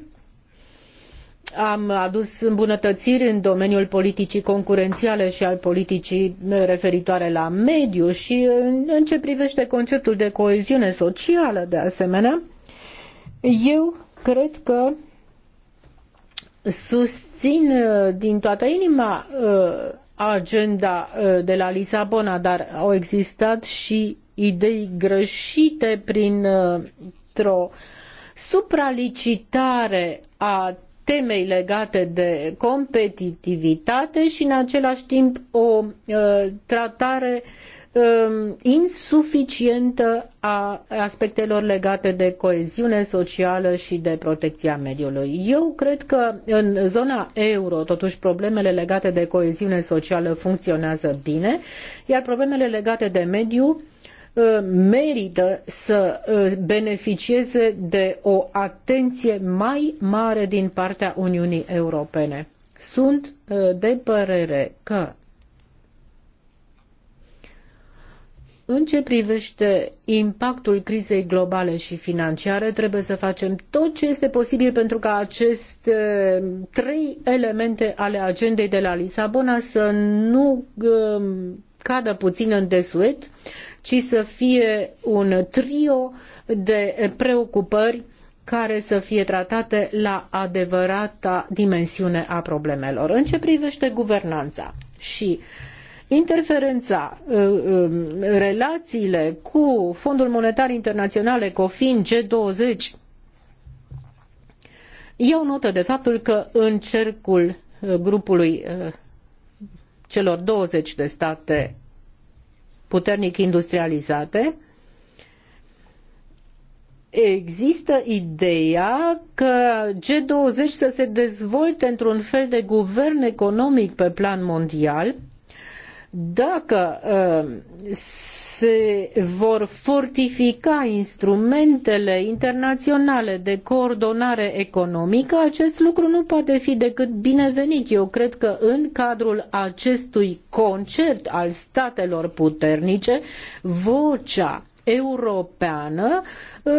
am adus îmbunătăiri în domeniul politicii concurențiale și al politicii referitoare la mediu și în ce privește conceptul de coeziune socială de asemenea, eu cred că susțin uh, din toată inima uh, agenda uh, de la Lisabona, dar au existat și idei greșite printr-o supralicitare a temei legate de competitivitate și în același timp o uh, tratare uh, insuficientă a aspectelor legate de coeziune socială și de protecția mediului. Eu cred că în zona euro, totuși, problemele legate de coeziune socială funcționează bine, iar problemele legate de mediu Uh, merită să uh, beneficieze de o atenție mai mare din partea Uniunii Europene. Sunt uh, de părere că În ce privește impactul crizei globale și financiare, trebuie să facem tot ce este posibil pentru ca aceste trei elemente ale agendei de la Lisabona să nu um, cadă puțin în desuet, ci să fie un trio de preocupări care să fie tratate la adevărata dimensiune a problemelor. În ce privește guvernanța și interferența, uh, um, relațiile cu Fondul Monetar Internațional, (CoFin G20, iau notă de faptul că în cercul uh, grupului uh, celor 20 de state puternic industrializate, există ideea că G20 să se dezvolte într-un fel de guvern economic pe plan mondial – dacă uh, se vor fortifica instrumentele internaționale de coordonare economică, acest lucru nu poate fi decât binevenit. Eu cred că în cadrul acestui concert al statelor puternice, vocea europeană uh,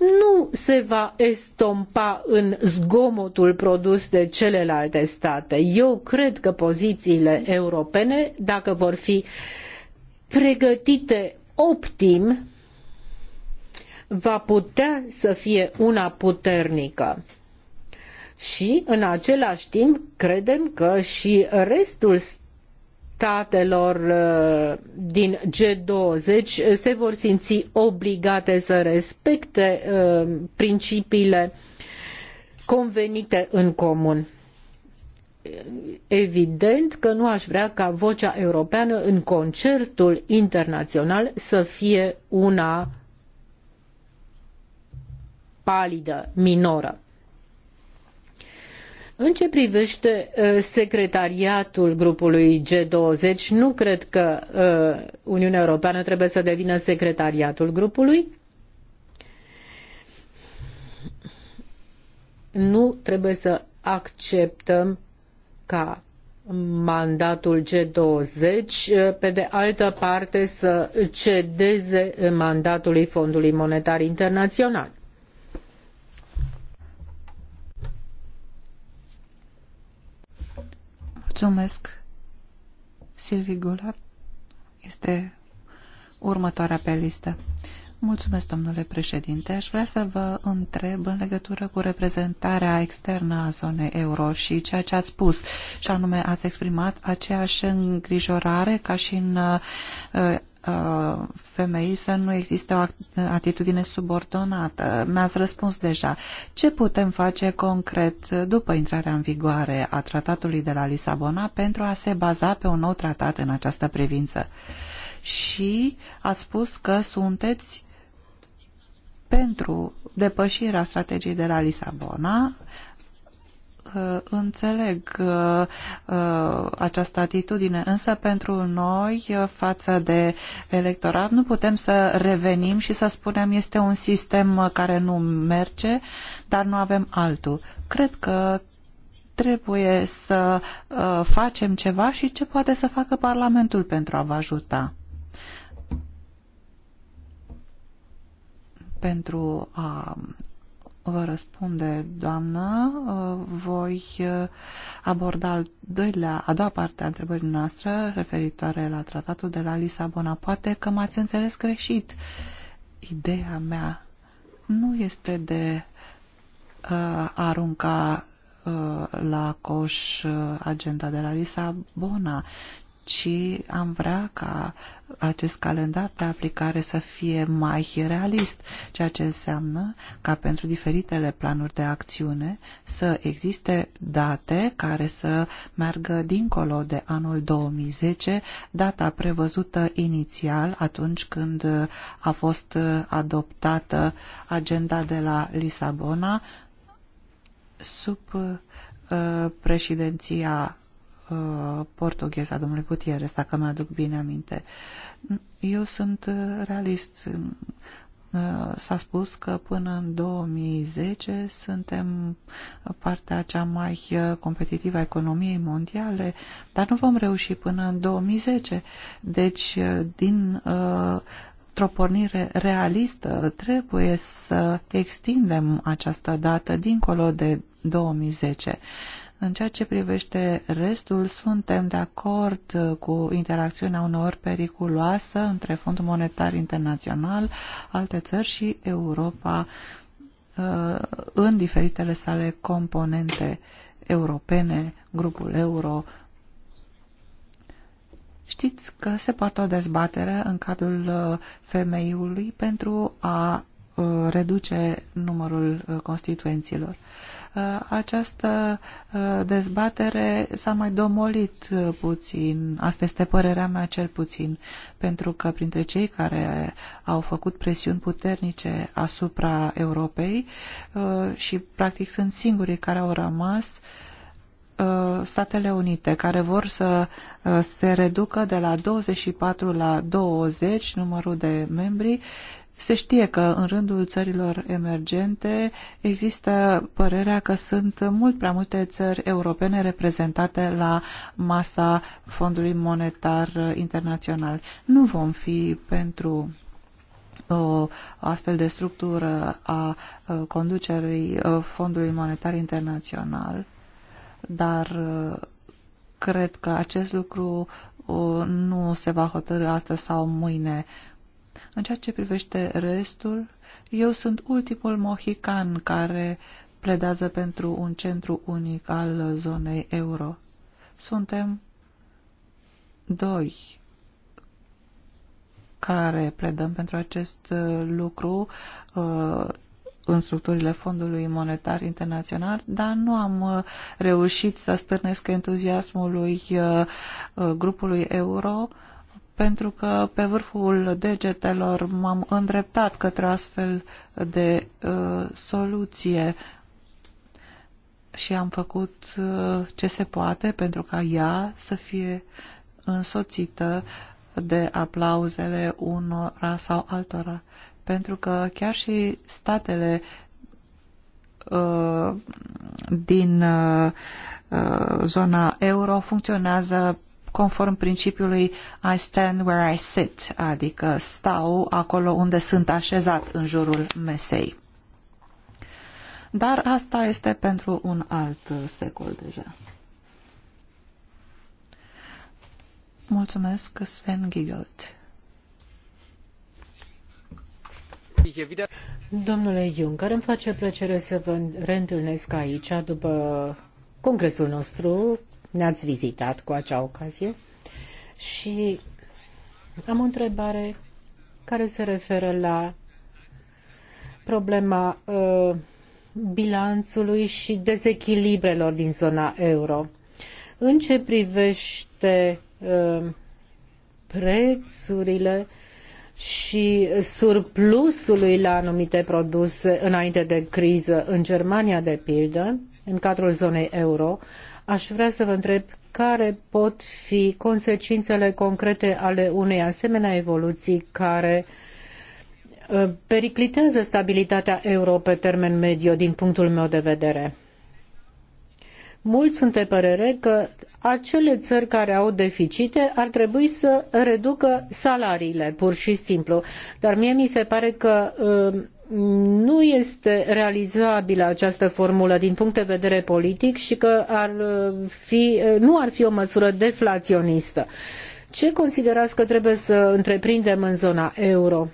nu se va estompa în zgomotul produs de celelalte state. Eu cred că pozițiile europene, dacă vor fi pregătite optim, va putea să fie una puternică. Și, în același timp, credem că și restul statelor uh, din G20 uh, se vor simți obligate să respecte uh, principiile convenite în comun. Evident că nu aș vrea ca vocea europeană în concertul internațional să fie una palidă, minoră. În ce privește uh, secretariatul grupului G20, nu cred că uh, Uniunea Europeană trebuie să devină secretariatul grupului. Nu trebuie să acceptăm ca mandatul G20, uh, pe de altă parte să cedeze mandatului Fondului Monetar Internațional. Mulțumesc. Silvi Gular este următoarea pe listă. Mulțumesc, domnule președinte. Aș vrea să vă întreb în legătură cu reprezentarea externă a zonei euro și ceea ce ați spus, și anume ați exprimat aceeași îngrijorare ca și în uh, femei să nu existe o atitudine subordonată. Mi-ați răspuns deja. Ce putem face concret după intrarea în vigoare a tratatului de la Lisabona pentru a se baza pe un nou tratat în această privință? Și ați spus că sunteți pentru depășirea strategiei de la Lisabona, înțeleg uh, uh, această atitudine, însă pentru noi, uh, față de electorat, nu putem să revenim și să spunem este un sistem care nu merge, dar nu avem altul. Cred că trebuie să facem ceva și ce poate să facă Parlamentul pentru a vă ajuta. pentru a vă răspunde doamna, uh, voi uh, aborda al doilea, a doua parte a întrebării noastre referitoare la tratatul de la Lisabona. Poate că m-ați înțeles greșit. Ideea mea nu este de uh, a arunca la coș agenda de la Lisabona, ci am vrea ca acest calendar de aplicare să fie mai realist, ceea ce înseamnă ca pentru diferitele planuri de acțiune să existe date care să meargă dincolo de anul 2010, data prevăzută inițial atunci când a fost adoptată agenda de la Lisabona sub uh, președinția Uh, portugheză a domnului Gutierrez, dacă mi-aduc bine aminte. Eu sunt uh, realist. Uh, s-a spus că până în 2010 suntem partea cea mai competitivă a economiei mondiale, dar nu vom reuși până în 2010. Deci, din o pornire realistă, trebuie să extindem această dată dincolo de 2010. În ceea ce privește restul, suntem de acord uh, cu interacțiunea uneori periculoasă între Fondul Monetar Internațional, alte țări și Europa uh, în diferitele sale componente europene, grupul euro. Știți că se poartă o dezbatere în cadrul uh, femeiului pentru a reduce numărul constituenților. Uh, această uh, dezbatere s-a mai domolit uh, puțin, asta este părerea mea cel puțin, pentru că printre cei care au făcut presiuni puternice asupra Europei și practic sunt singurii care au rămas uh, Uh, Statele Unite, care vor să uh, se reducă de la 24 la 20 numărul de membri, se știe că în rândul țărilor emergente există părerea că sunt mult prea multe țări europene reprezentate la masa Fondului Monetar Internațional. Nu vom fi pentru o uh, astfel de structură a conducerii Fondului Monetar Internațional dar uh, cred că acest lucru uh, nu se va hotărâ astăzi sau mâine. În ceea ce privește restul, eu sunt ultimul mohican care pledează pentru un centru unic al zonei euro. Suntem doi care pledăm pentru acest uh, lucru, în structurile Fondului Monetar Internațional, dar nu am uh, reușit să stârnesc entuziasmul uh, uh, grupului euro pentru că pe vârful degetelor m-am îndreptat către astfel de uh, soluție și am făcut uh, ce se poate pentru ca ea să fie însoțită de aplauzele unora sau altora pentru că chiar și statele uh, din uh, uh, zona euro funcționează conform principiului I stand where I sit, adică stau acolo unde sunt așezat în jurul mesei. Dar asta este pentru un alt secol deja. Mulțumesc, Sven Giegelt. Domnule Juncker, îmi face plăcere să vă reîntâlnesc aici după congresul nostru. Ne-ați vizitat cu acea ocazie și am o întrebare care se referă la problema uh, bilanțului și dezechilibrelor din zona euro. În ce privește uh, prețurile și surplusului la anumite produse înainte de criză în Germania, de pildă, în cadrul zonei euro, aș vrea să vă întreb care pot fi consecințele concrete ale unei asemenea evoluții care uh, periclitează stabilitatea euro pe termen mediu din punctul meu de vedere. Mulți sunt de părere că acele țări care au deficite ar trebui să reducă salariile, pur și simplu. Dar mie mi se pare că um, nu este realizabilă această formulă din punct de vedere politic și că ar uh, fi, uh, nu ar fi o măsură deflaționistă. Ce considerați că trebuie să întreprindem în zona euro?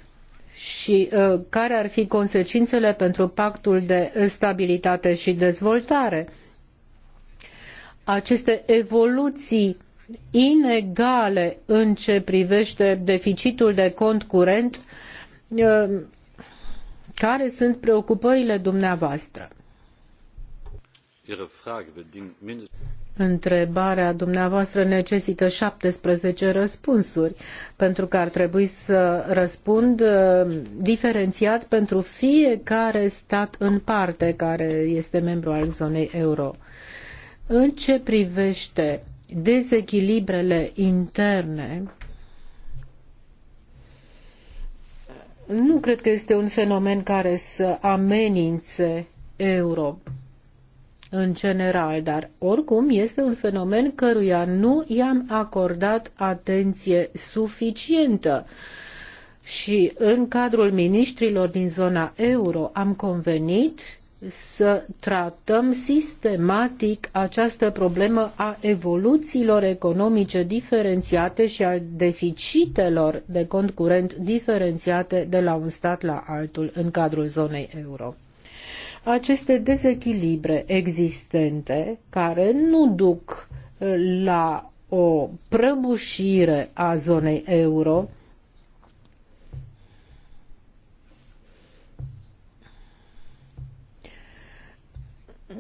și uh, care ar fi consecințele pentru pactul de stabilitate și dezvoltare? aceste evoluții inegale în ce privește deficitul de cont curent, uh, care sunt preocupările dumneavoastră? Întrebarea dumneavoastră necesită 17 răspunsuri, pentru că ar trebui să răspund uh, diferențiat pentru fiecare stat în parte care este membru al zonei euro. În ce privește dezechilibrele interne, nu cred că este un fenomen care să amenințe euro în general, dar oricum este un fenomen căruia nu i-am acordat atenție suficientă. Și în cadrul ministrilor din zona euro am convenit să tratăm sistematic această problemă a evoluțiilor economice diferențiate și a deficitelor de cont curent diferențiate de la un stat la altul în cadrul zonei euro. Aceste dezechilibre existente care nu duc la o prăbușire a zonei euro,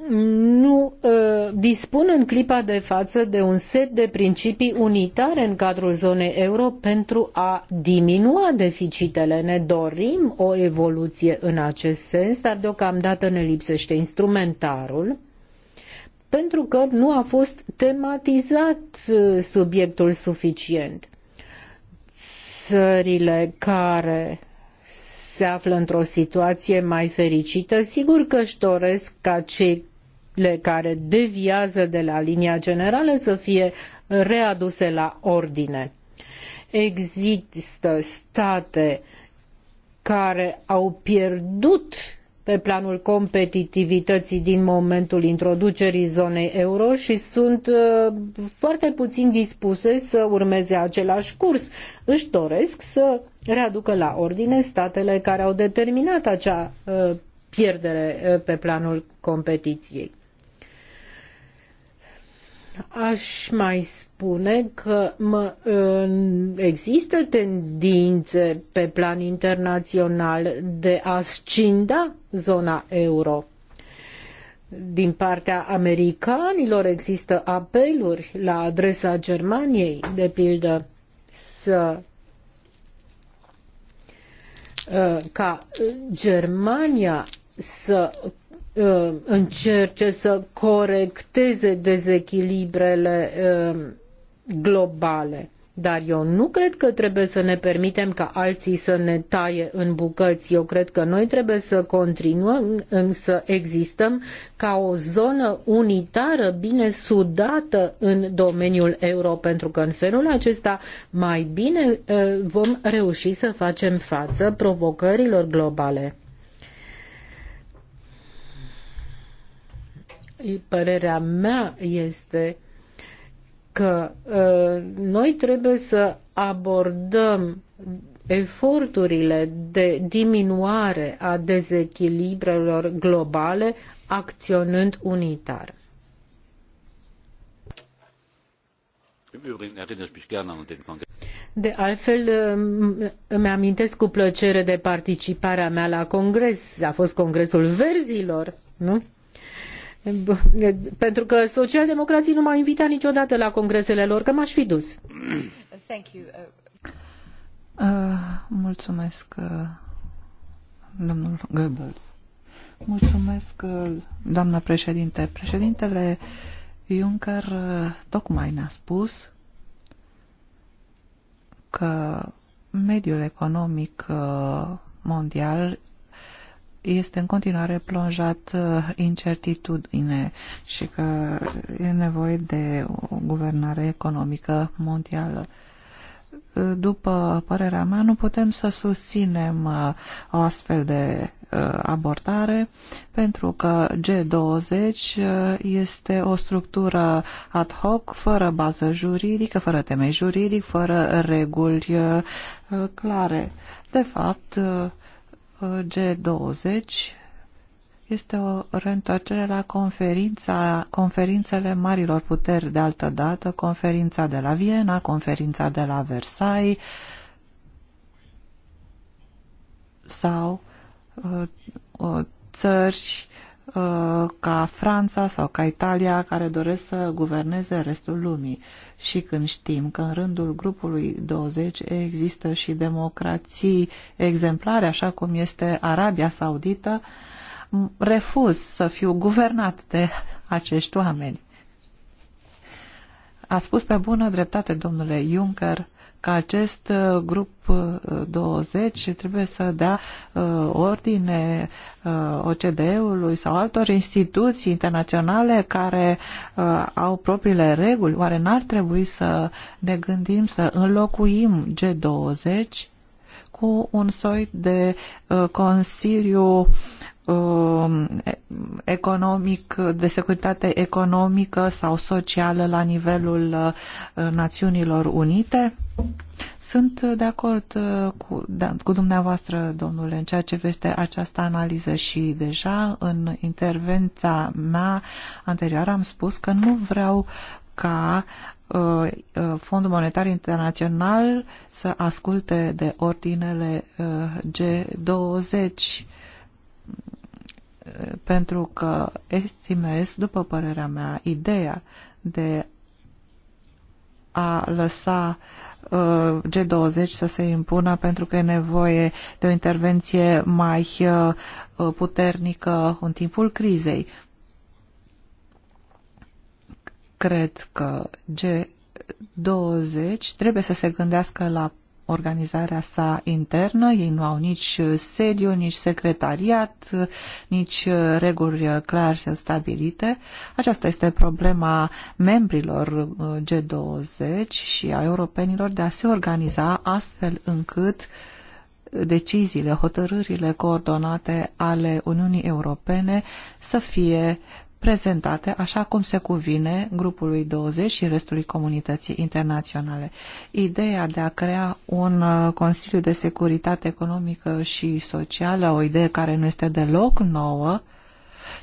nu ă, dispun în clipa de față de un set de principii unitare în cadrul zonei euro pentru a diminua deficitele. Ne dorim o evoluție în acest sens, dar deocamdată ne lipsește instrumentarul pentru că nu a fost tematizat ă, subiectul suficient. Țările care se află într-o situație mai fericită, sigur că își doresc ca cei cele care deviază de la linia generală să fie readuse la ordine. Există state care au pierdut pe planul competitivității din momentul introducerii zonei euro și sunt uh, foarte puțin dispuse să urmeze același curs. Își doresc să readucă la ordine statele care au determinat acea uh, pierdere uh, pe planul competiției. Aș mai spune că mă, există tendințe pe plan internațional de a scinda zona euro. Din partea americanilor există apeluri la adresa Germaniei, de pildă, să uh, ca Germania să Uh, încerce să corecteze dezechilibrele uh, globale. Dar eu nu cred că trebuie să ne permitem ca alții să ne taie în bucăți. Eu cred că noi trebuie să continuăm să existăm ca o zonă unitară, bine sudată în domeniul euro, pentru că în felul acesta mai bine uh, vom reuși să facem față provocărilor globale. părerea mea este că ă, noi trebuie să abordăm eforturile de diminuare a dezechilibrelor globale acționând unitar. De altfel, îmi amintesc cu plăcere de participarea mea la congres. A fost congresul verzilor, nu? Pentru că socialdemocrații nu m-au invitat niciodată la congresele lor, că m-aș fi dus. Uh, uh, mulțumesc, uh, domnul Goebbels. Mulțumesc, uh, doamnă președinte. Președintele Juncker uh, tocmai ne-a spus că mediul economic mondial este în continuare plonjat uh, incertitudine și că e nevoie de o guvernare economică mondială. Uh, după părerea mea, nu putem să susținem uh, o astfel de abordare pentru că G20 este o structură ad hoc, fără bază juridică, fără temei juridic, fără reguli clare. De fapt, G20 este o reîntoarcere la conferința, conferințele marilor puteri de altă dată, conferința de la Viena, conferința de la Versailles sau uh, uh țări Uh, ca Franța sau ca Italia care doresc să guverneze restul lumii și când știm că în rândul grupului 20 există și democrații exemplare, așa cum este Arabia Saudită, refuz să fiu guvernat de acești oameni. A spus pe bună dreptate domnule Juncker că acest uh, grup 20 uh, trebuie să dea uh, ordine OCDE-ului sau altor instituții internaționale care au propriile reguli. Oare n-ar trebui să ne gândim să înlocuim G20 cu un soi de consiliu Um, economic, de securitate economică sau socială la nivelul uh, Națiunilor Unite? Sunt de acord uh, cu, da, cu dumneavoastră, domnule, în ceea ce vește această analiză și deja în intervenția mea anterioară am spus că nu vreau ca uh, uh Fondul Monetar Internațional să asculte de ordinele uh, G20 pentru că estimez, după părerea mea, ideea de a lăsa uh, G20 să se impună pentru că e nevoie de o intervenție mai uh, puternică în timpul crizei. Cred că G20 trebuie să se gândească la organizarea sa internă. Ei nu au nici sediu, nici secretariat, nici reguli clar stabilite. Aceasta este problema membrilor uh, G20 și a europenilor de a se organiza astfel încât deciziile, hotărârile coordonate ale Uniunii Europene să fie prezentate așa cum se cuvine grupului 20 și restului comunității internaționale. Ideea de a crea un uh, Consiliu de Securitate Economică și Socială, o idee care nu este deloc nouă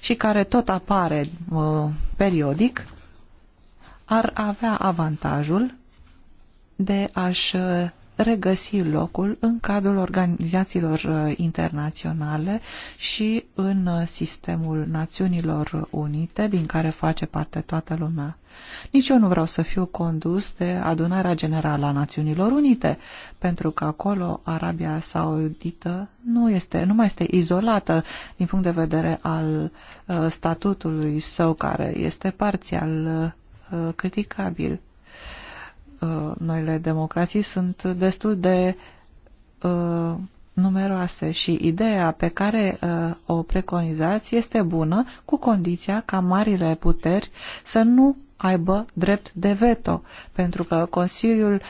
și care tot apare uh, periodic, ar avea avantajul de a-și uh, regăsi locul în cadrul organizațiilor uh, internaționale și în uh, sistemul Națiunilor Unite, din care face parte toată lumea. Nici eu nu vreau să fiu condus de adunarea generală a Națiunilor Unite, pentru că acolo Arabia Saudită nu, este, nu mai este izolată din punct de vedere al uh, statutului său, care este parțial criticabil Uh, noile democrații sunt destul de uh, numeroase și ideea pe care uh, o preconizați este bună cu condiția ca marile puteri să nu aibă drept de veto, pentru că Consiliul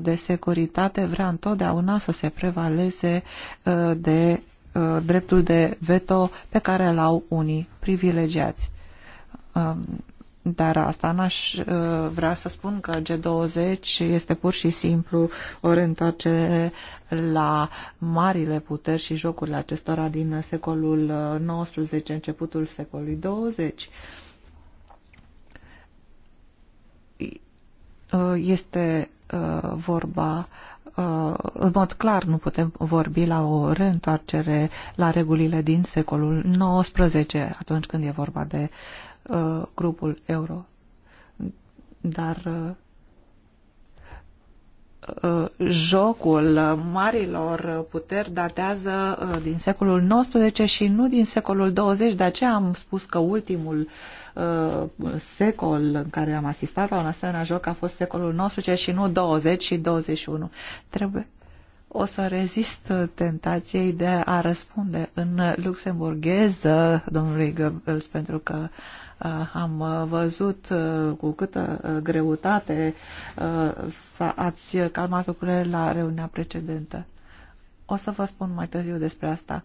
de Securitate vrea întotdeauna să se prevaleze de dreptul de veto pe care l-au unii privilegiați. Um, dar asta n-aș ă, vrea să spun că G20 este pur și simplu o reîntoarcere la marile puteri și jocurile acestora din secolul XIX, ă, începutul secolului 20. Ă, este vorba în mod clar nu putem vorbi la o reîntoarcere la regulile din secolul XIX atunci când e vorba de uh, uh, grupul euro. Dar uh, uh, jocul marilor puteri datează uh, din secolul XIX și nu din secolul XX, de aceea am spus că ultimul uh, secol în care am asistat la un asemenea joc a fost secolul XIX și nu 20 și 21. Trebuie o să rezist tentației de a răspunde în luxemburgheză domnului Goebbels pentru că Uh, am uh, văzut uh, cu câtă greutate să ați calmat lucrurile la reuniunea precedentă. O să vă spun mai târziu despre asta.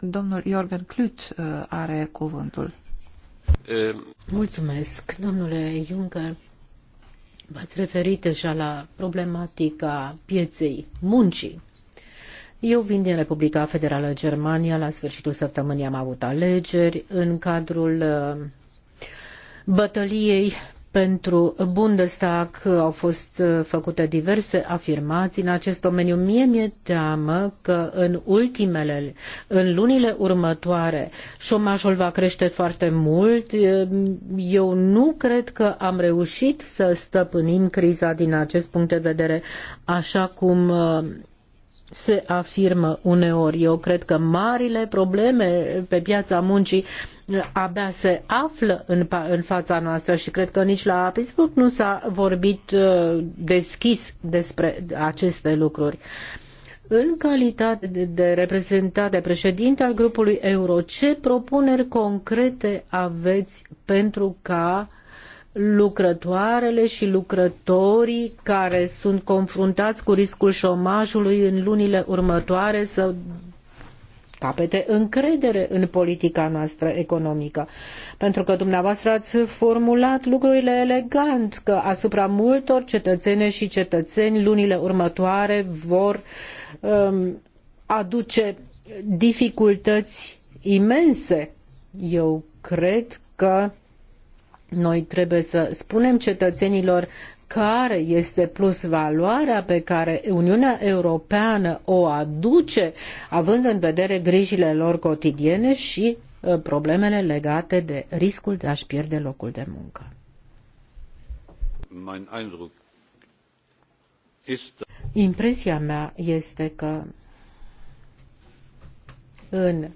Domnul Jorgen Kluc are cuvântul. Mulțumesc, domnule Juncker. V-ați referit deja la problematica pieței muncii eu vin din Republica Federală Germania. La sfârșitul săptămânii am avut alegeri în cadrul uh, bătăliei pentru Bundestag au fost uh, făcute diverse afirmații în acest domeniu. Mie mi-e teamă că în ultimele, în lunile următoare, șomajul va crește foarte mult. Uh, eu nu cred că am reușit să stăpânim criza din acest punct de vedere, așa cum se afirmă uneori. Eu cred că marile probleme pe piața muncii eh, abia se află în, în fața noastră și cred că nici la Pittsburgh nu s-a vorbit eh, deschis despre aceste lucruri. În calitate de reprezentant, de președinte al grupului euro, ce propuneri concrete aveți pentru ca lucrătoarele și lucrătorii care sunt confruntați cu riscul șomajului în lunile următoare să capete încredere în politica noastră economică. Pentru că dumneavoastră ați formulat lucrurile elegant, că asupra multor cetățene și cetățeni lunile următoare vor um, aduce dificultăți imense. Eu cred că noi trebuie să spunem cetățenilor care este plus valoarea pe care Uniunea Europeană o aduce, având în vedere grijile lor cotidiene și uh, problemele legate de riscul de a-și pierde locul de muncă. Impresia mea este că în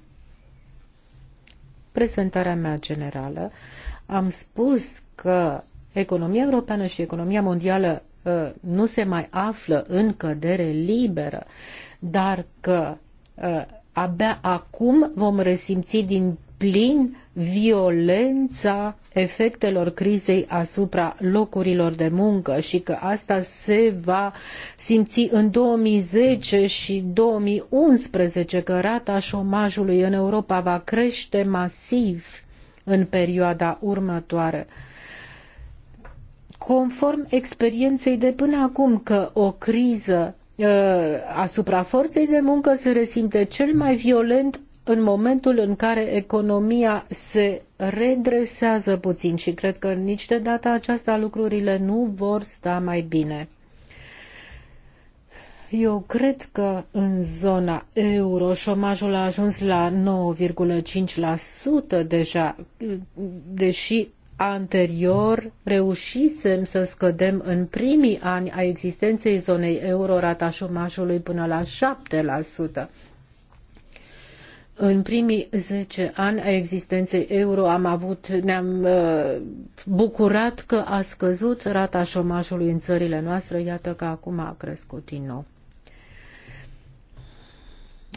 prezentarea mea generală am spus că economia europeană și economia mondială uh, nu se mai află în cădere liberă, dar că uh, abia acum vom resimți din plin violența efectelor crizei asupra locurilor de muncă și că asta se va simți în 2010 și 2011 că rata șomajului în Europa va crește masiv în perioada următoare. Conform experienței de până acum că o criză ă, asupra forței de muncă se resimte cel mai violent în momentul în care economia se redresează puțin și cred că nici de data aceasta lucrurile nu vor sta mai bine. Eu cred că în zona euro șomajul a ajuns la 9,5% deja, deși anterior reușisem să scădem în primii ani a existenței zonei euro rata șomajului până la 7%. În primii 10 ani a existenței euro am avut, ne-am uh, bucurat că a scăzut rata șomajului în țările noastre, iată că acum a crescut din nou.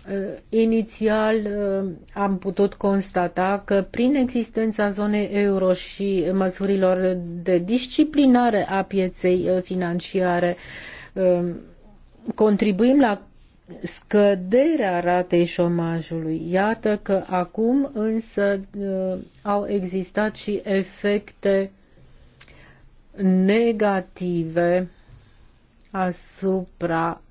Eh, inițial eh, am putut constata că prin existența zonei euro și măsurilor de disciplinare a pieței eh, financiare contribuim la scăderea ratei șomajului. Iată că acum însă au existat și efecte negative asupra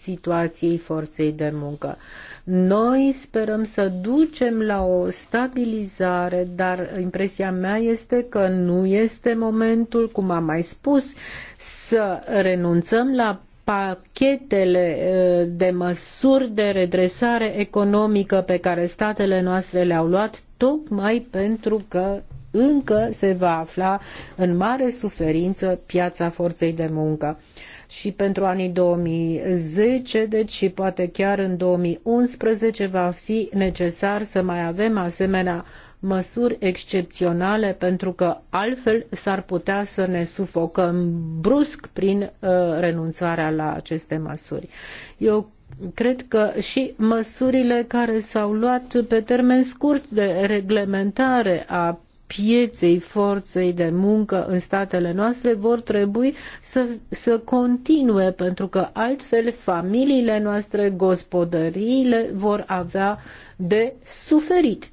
situației forței de muncă. Noi sperăm să ducem la o stabilizare, dar impresia mea este că nu este momentul, cum am mai spus, să renunțăm la pachetele uh, de măsuri de redresare economică pe care statele noastre le-au luat, tocmai pentru că încă se va afla în mare suferință piața forței de muncă și pentru anii 2010, deci și poate chiar în 2011 va fi necesar să mai avem asemenea măsuri excepționale pentru că altfel s-ar putea să ne sufocăm brusc prin uh, renunțarea la aceste măsuri. Eu cred că și măsurile care s-au luat pe termen scurt de reglementare a pieței forței de muncă în statele noastre vor trebui să, să continue, pentru că altfel familiile noastre, gospodăriile vor avea de suferit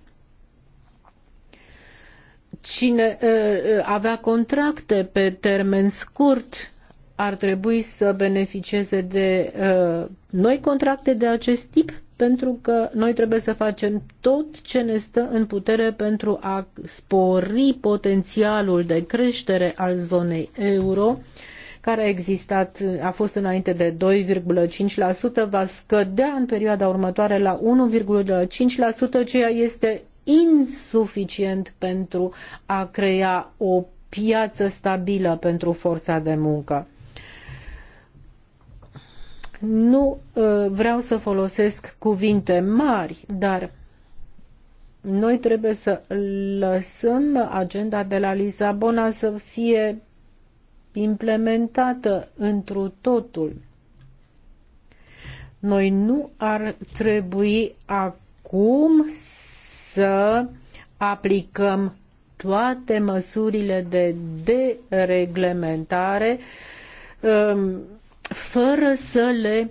cine uh, uh, avea contracte pe termen scurt ar trebui să beneficieze de uh, noi contracte de acest tip pentru că noi trebuie să facem tot ce ne stă în putere pentru a spori potențialul de creștere al zonei euro care a existat, a fost înainte de 2,5%, va scădea în perioada următoare la 1,5%, ceea este insuficient pentru a crea o piață stabilă pentru forța de muncă. Nu ă, vreau să folosesc cuvinte mari, dar noi trebuie să lăsăm agenda de la Lisabona să fie implementată întru totul. Noi nu ar trebui acum să aplicăm toate măsurile de dereglementare um, fără să le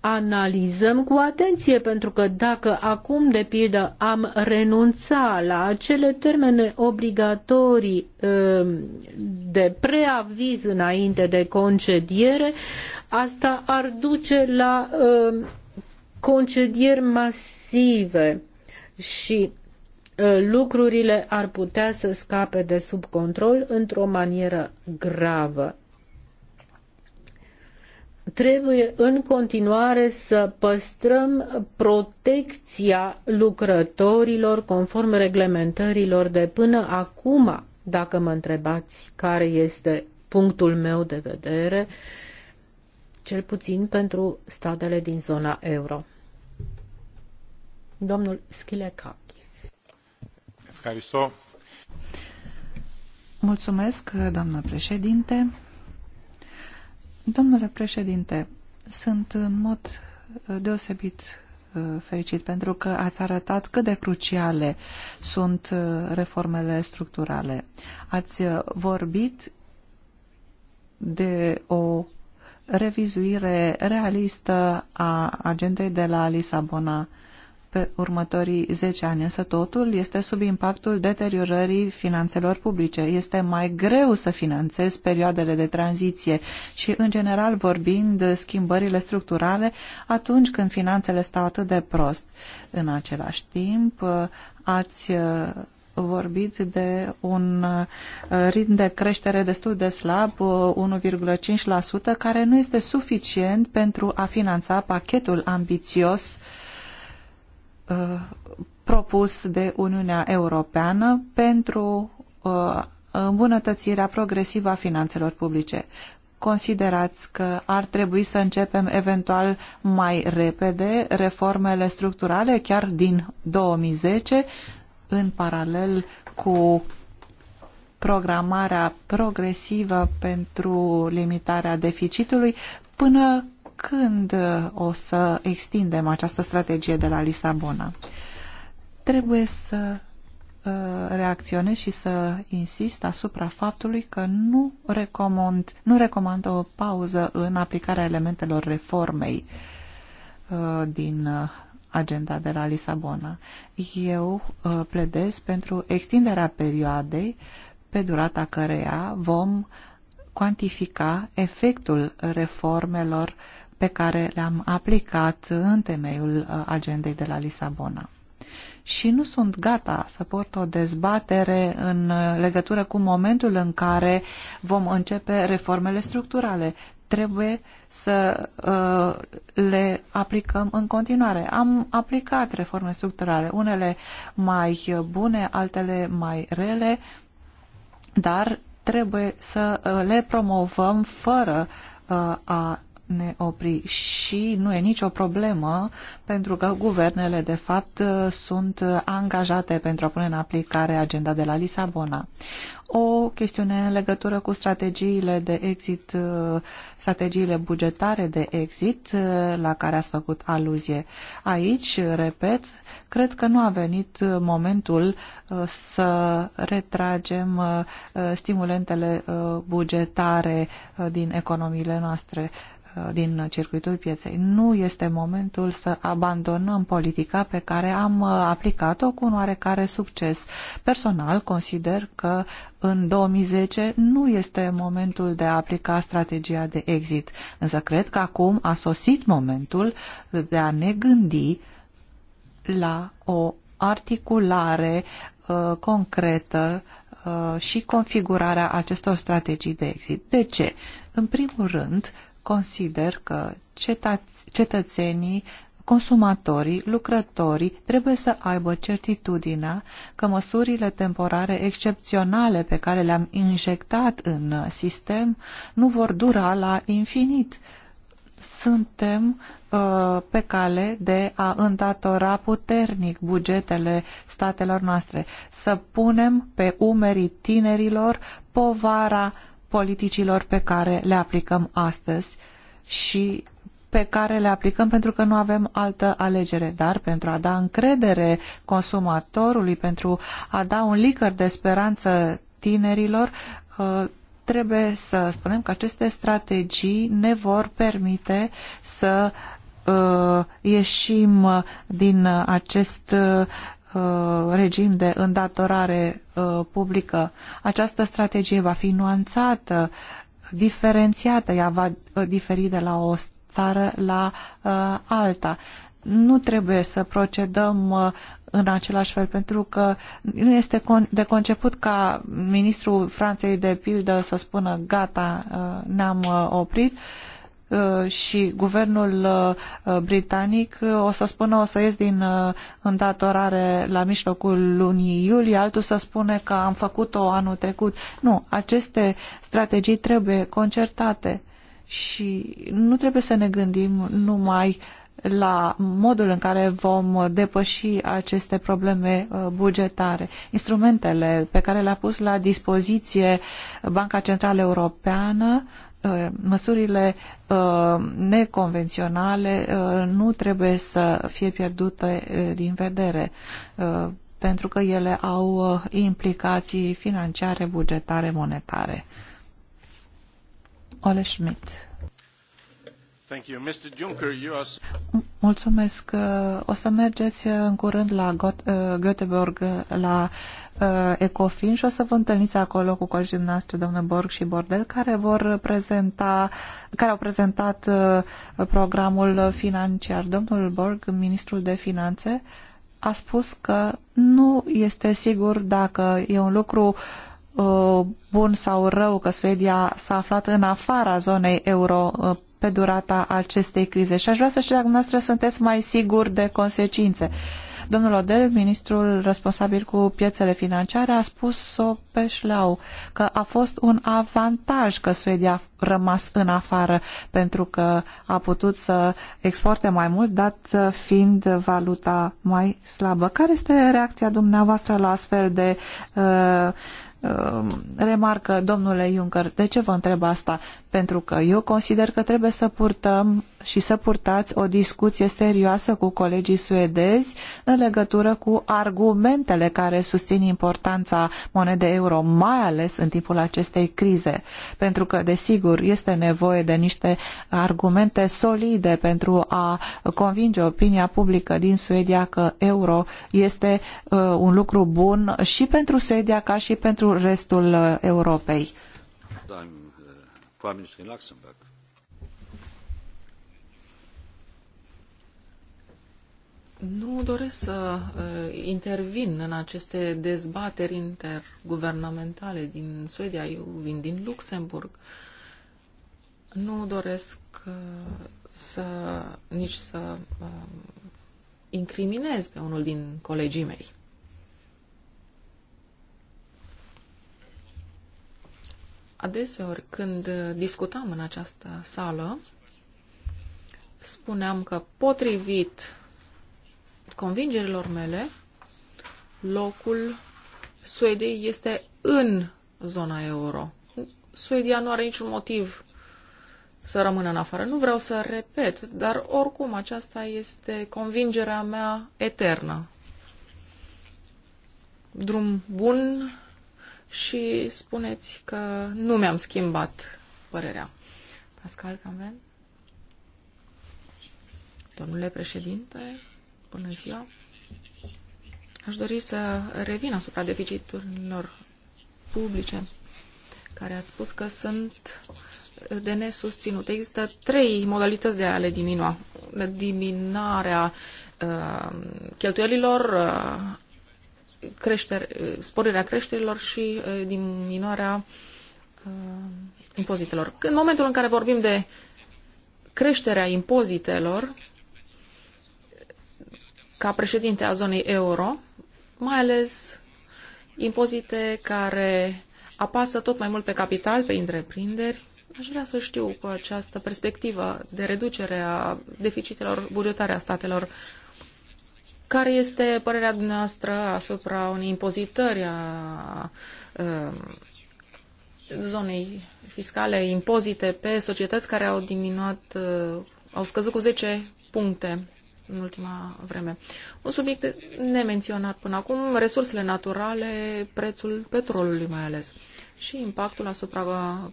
analizăm cu atenție, pentru că dacă acum, de pildă, am renunțat la acele termene obligatorii um, de preaviz înainte de concediere, asta ar duce la um, concedieri masive și uh, lucrurile ar putea să scape de sub control într-o manieră gravă trebuie în continuare să păstrăm protecția lucrătorilor conform reglementărilor de până acum, dacă mă întrebați care este punctul meu de vedere, cel puțin pentru statele din zona euro. Domnul Schilekakis. Mulțumesc, doamnă președinte. Domnule președinte, sunt în mod uh, deosebit uh, fericit pentru că ați arătat cât de cruciale sunt uh, reformele structurale. Ați vorbit de o revizuire realistă a agendei de la Lisabona pe următorii 10 ani, însă totul este sub impactul deteriorării finanțelor publice. Este mai greu să finanțezi perioadele de tranziție și, în general vorbind, schimbările structurale atunci când finanțele stau atât de prost. În același timp, ați uh, vorbit de un uh, ritm de creștere destul de slab, 1,5%, uh, care nu este suficient pentru a finanța pachetul ambițios uh, Uh, propus de Uniunea Europeană pentru uh, îmbunătățirea progresivă a finanțelor publice. Considerați că ar trebui să începem eventual mai repede reformele structurale, chiar din 2010, în paralel cu programarea progresivă pentru limitarea deficitului, până când uh, o să extindem această strategie de la Lisabona. Trebuie să uh, reacționez și să insist asupra faptului că nu recomand, nu recomand o pauză în aplicarea elementelor reformei uh, din agenda de la Lisabona. Eu pledez pentru extinderea perioadei pe durata căreia vom cuantifica efectul reformelor uh, pe care le-am aplicat în temeiul uh, agendei de la Lisabona. Și nu sunt gata să port o dezbatere în uh, legătură cu momentul în care vom începe reformele structurale. Trebuie să uh, le aplicăm în continuare. Am aplicat reforme structurale, unele mai bune, altele mai rele, dar trebuie să uh, le promovăm fără uh, a ne opri și nu e nicio problemă pentru că guvernele de fapt sunt angajate pentru a pune în aplicare agenda de la Lisabona. O chestiune în legătură cu strategiile de exit, strategiile bugetare de exit la care ați făcut aluzie. Aici, repet, cred că nu a venit momentul uh, să retragem uh, stimulentele uh, bugetare din economiile noastre. Uh, din circuitul pieței. Nu este momentul să abandonăm politica pe care am uh, aplicat-o cu un oarecare succes. Personal, consider că în 2010 nu este momentul de a aplica strategia de exit, însă cred că acum a sosit momentul de a ne gândi la o articulare uh, concretă uh, și configurarea acestor strategii de exit. De ce? În primul rând, uh, consider că cetățenii, consumatorii, lucrătorii trebuie să aibă certitudinea că măsurile temporare excepționale pe care le-am injectat în sistem nu vor dura la infinit. Suntem uh, pe cale de a îndatora puternic bugetele statelor noastre, să punem pe umerii tinerilor povara uh, politicilor pe care le aplicăm astăzi și pe care le aplicăm pentru că nu avem altă alegere, dar pentru a da încredere consumatorului, pentru a da un licăr de speranță tinerilor, ă, trebuie să spunem că aceste strategii ne vor permite să ă, ieșim din acest Uh, regim de îndatorare uh, publică. Această strategie va fi nuanțată, diferențiată, ea va uh, diferi de la o țară la alta. Nu trebuie să procedăm în același fel, pentru că nu este de conceput ca ministrul Franței, de pildă, să spună gata, ne-am oprit, Uh, și guvernul uh, britanic uh, o să spună o să ies din îndatorare la mijlocul lunii iulie, altul să spune că am făcut-o anul trecut. Nu, aceste strategii trebuie concertate și nu trebuie să ne gândim numai la modul în care vom depăși aceste probleme bugetare. Instrumentele pe care le-a pus la dispoziție Banca Centrală Europeană Uh, măsurile uh, neconvenționale uh, nu trebuie să fie pierdute din vedere pentru că ele au implicații financiare, bugetare, monetare. Ole Schmidt Mulțumesc. O să mergeți în curând la uh, Göteborg, la uh, Ecofin și o să vă întâlniți acolo cu colegii noastre, domnul Borg și Bordel, care vor prezenta, care au prezentat uh, programul financiar. Domnul Borg, ministrul de finanțe, a spus că nu este sigur dacă e un lucru bun sau rău că Suedia s-a aflat în afara zonei euro pe durata acestei crize. Și aș vrea să știu dacă dumneavoastră sunteți mai siguri de consecințe. Domnul Odel, ministrul responsabil cu piețele financiare, a spus-o pe șleau că a fost un avantaj că Suedia a rămas în afară pentru că a putut să exporte mai mult, dat fiind valuta mai slabă. Care este reacția dumneavoastră la astfel de uh, Ehm, remarcă, domnule Juncker, de ce vă întreb asta? Pentru că eu consider că trebuie să purtăm și să purtați o discuție serioasă cu colegii suedezi în legătură cu argumentele care susțin importanța monedei euro, mai ales în timpul acestei crize. Pentru că, desigur, este nevoie de niște argumente solide pentru a convinge opinia publică din Suedia că euro este uh, un lucru bun și pentru Suedia ca și pentru restul uh, Europei. Uh, Prime Minister in Luxembourg. Nu doresc să uh, intervin în aceste dezbateri interguvernamentale din Suedia. Eu vin din Luxemburg. Nu doresc uh, să nici să uh, incriminez pe unul din colegii mei. Adeseori, când discutam în această sală, spuneam că potrivit convingerilor mele, locul Suediei este în zona euro. Suedia nu are niciun motiv să rămână în afară. Nu vreau să repet, dar oricum aceasta este convingerea mea eternă. Drum bun și spuneți că nu mi-am schimbat părerea. Pascal Camven? Domnule președinte, Bună ziua! Aș dori să revin asupra deficiturilor publice, care ați spus că sunt de nesusținut. Există trei modalități de a le diminua. Diminarea uh, cheltuielilor, uh, sporirea creșterilor și uh, diminuarea uh, impozitelor. În momentul în care vorbim de creșterea impozitelor, ca președinte a zonei euro, mai ales impozite care apasă tot mai mult pe capital, pe întreprinderi. Aș vrea să știu cu această perspectivă de reducere a deficitelor bugetare a statelor care este părerea dumneavoastră asupra unei impozitări a a um, zonei fiscale, impozite pe societăți care au diminuat, a, uh, au scăzut cu 10 puncte în ultima vreme. Un subiect nemenționat până acum, resursele naturale, prețul petrolului mai ales și impactul asupra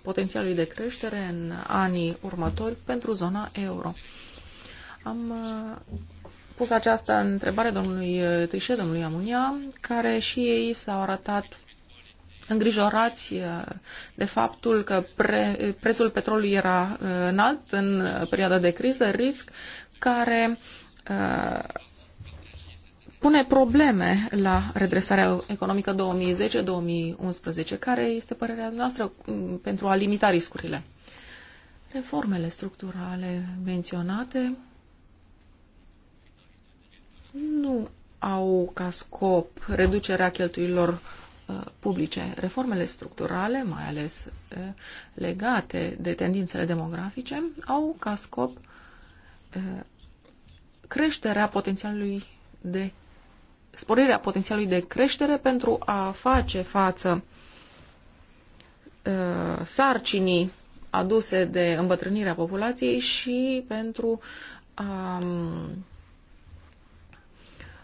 potențialului de creștere în anii următori pentru zona euro. Am uh, pus această întrebare domnului uh, Trișe, domnului Amunia, care și ei s-au arătat îngrijorați uh, de faptul că pre, prețul petrolului era înalt în perioada de criză, risc care Uh, pune probleme la redresarea economică 2010-2011. Care este părerea noastră mm, pentru a limita riscurile? Reformele structurale menționate nu au ca scop reducerea cheltuielor uh, publice. Reformele structurale, mai ales uh, legate de tendințele demografice, au ca scop creșterea potențialului de sporirea potențialului de creștere pentru a face față uh, sarcinii aduse de îmbătrânirea populației și pentru a um,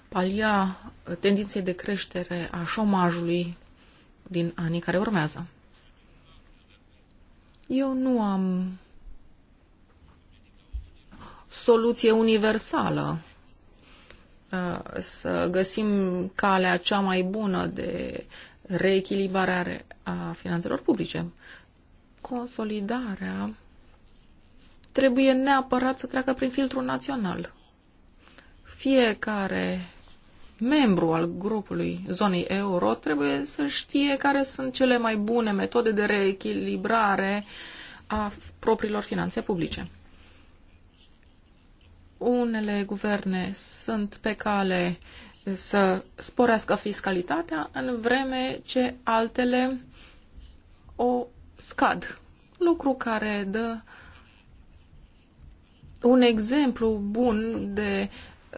palia tendinței de creștere a șomajului din anii care urmează. Eu nu am soluție universală, uh, să găsim calea cea mai bună de reechilibrare a finanțelor publice. Consolidarea trebuie neapărat să treacă prin filtrul național. Fiecare membru al grupului zonei euro trebuie să știe care sunt cele mai bune metode de reechilibrare a propriilor finanțe publice. Unele guverne sunt pe cale să sporească fiscalitatea, în vreme ce altele o scad. Lucru care dă un exemplu bun de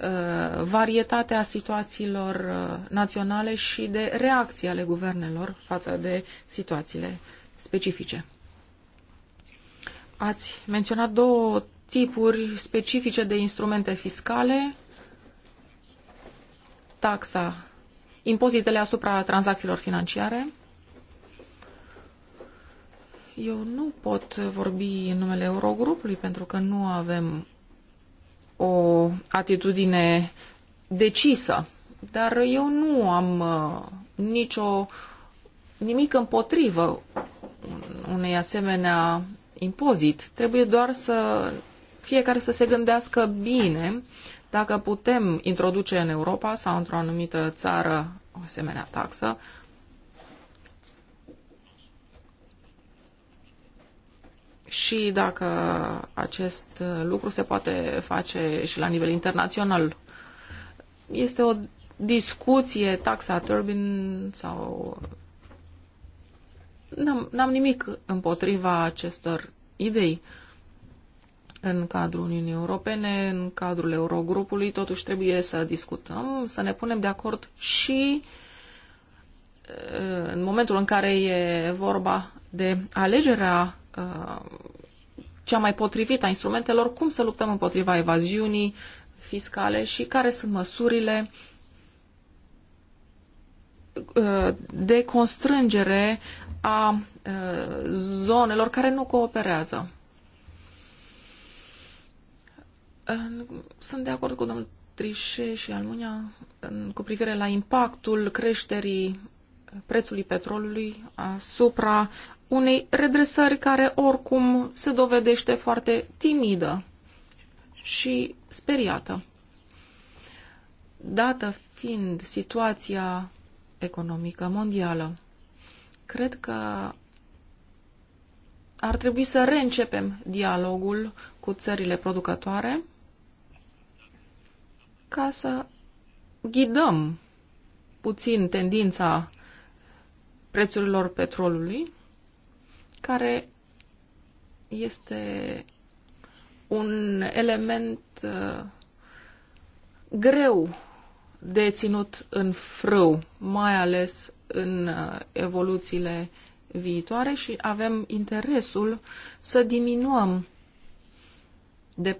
uh, varietatea situațiilor uh, naționale și de reacții ale guvernelor față de situațiile specifice. Ați menționat două tipuri specifice de instrumente fiscale, taxa, impozitele asupra tranzacțiilor financiare. Eu nu pot vorbi în numele Eurogrupului pentru că nu avem o atitudine decisă, dar eu nu am uh, nicio nimic împotrivă unei asemenea impozit. Trebuie doar să fiecare să se gândească bine dacă putem introduce în Europa sau într-o anumită țară o asemenea taxă, și dacă acest lucru se poate face și la nivel internațional. Este o discuție, taxa turbin sau... N-am, nimic împotriva acestor idei în cadrul Uniunii Europene, în cadrul Eurogrupului, totuși trebuie să discutăm, să ne punem de acord și uh, în momentul în care e vorba de alegerea uh, cea mai potrivită a instrumentelor, cum să luptăm împotriva evaziunii fiscale și care sunt măsurile uh, de constrângere a zonelor care nu cooperează. Sunt de acord cu domnul Trișe și Almunia cu privire la impactul creșterii prețului petrolului asupra unei redresări care oricum se dovedește foarte timidă și speriată. Dată fiind situația economică mondială, cred că ar trebui să reîncepem dialogul cu țările producătoare ca să ghidăm puțin tendința prețurilor petrolului, care este un element uh, greu de ținut în frâu, mai ales în uh, evoluțiile viitoare și avem interesul să diminuăm de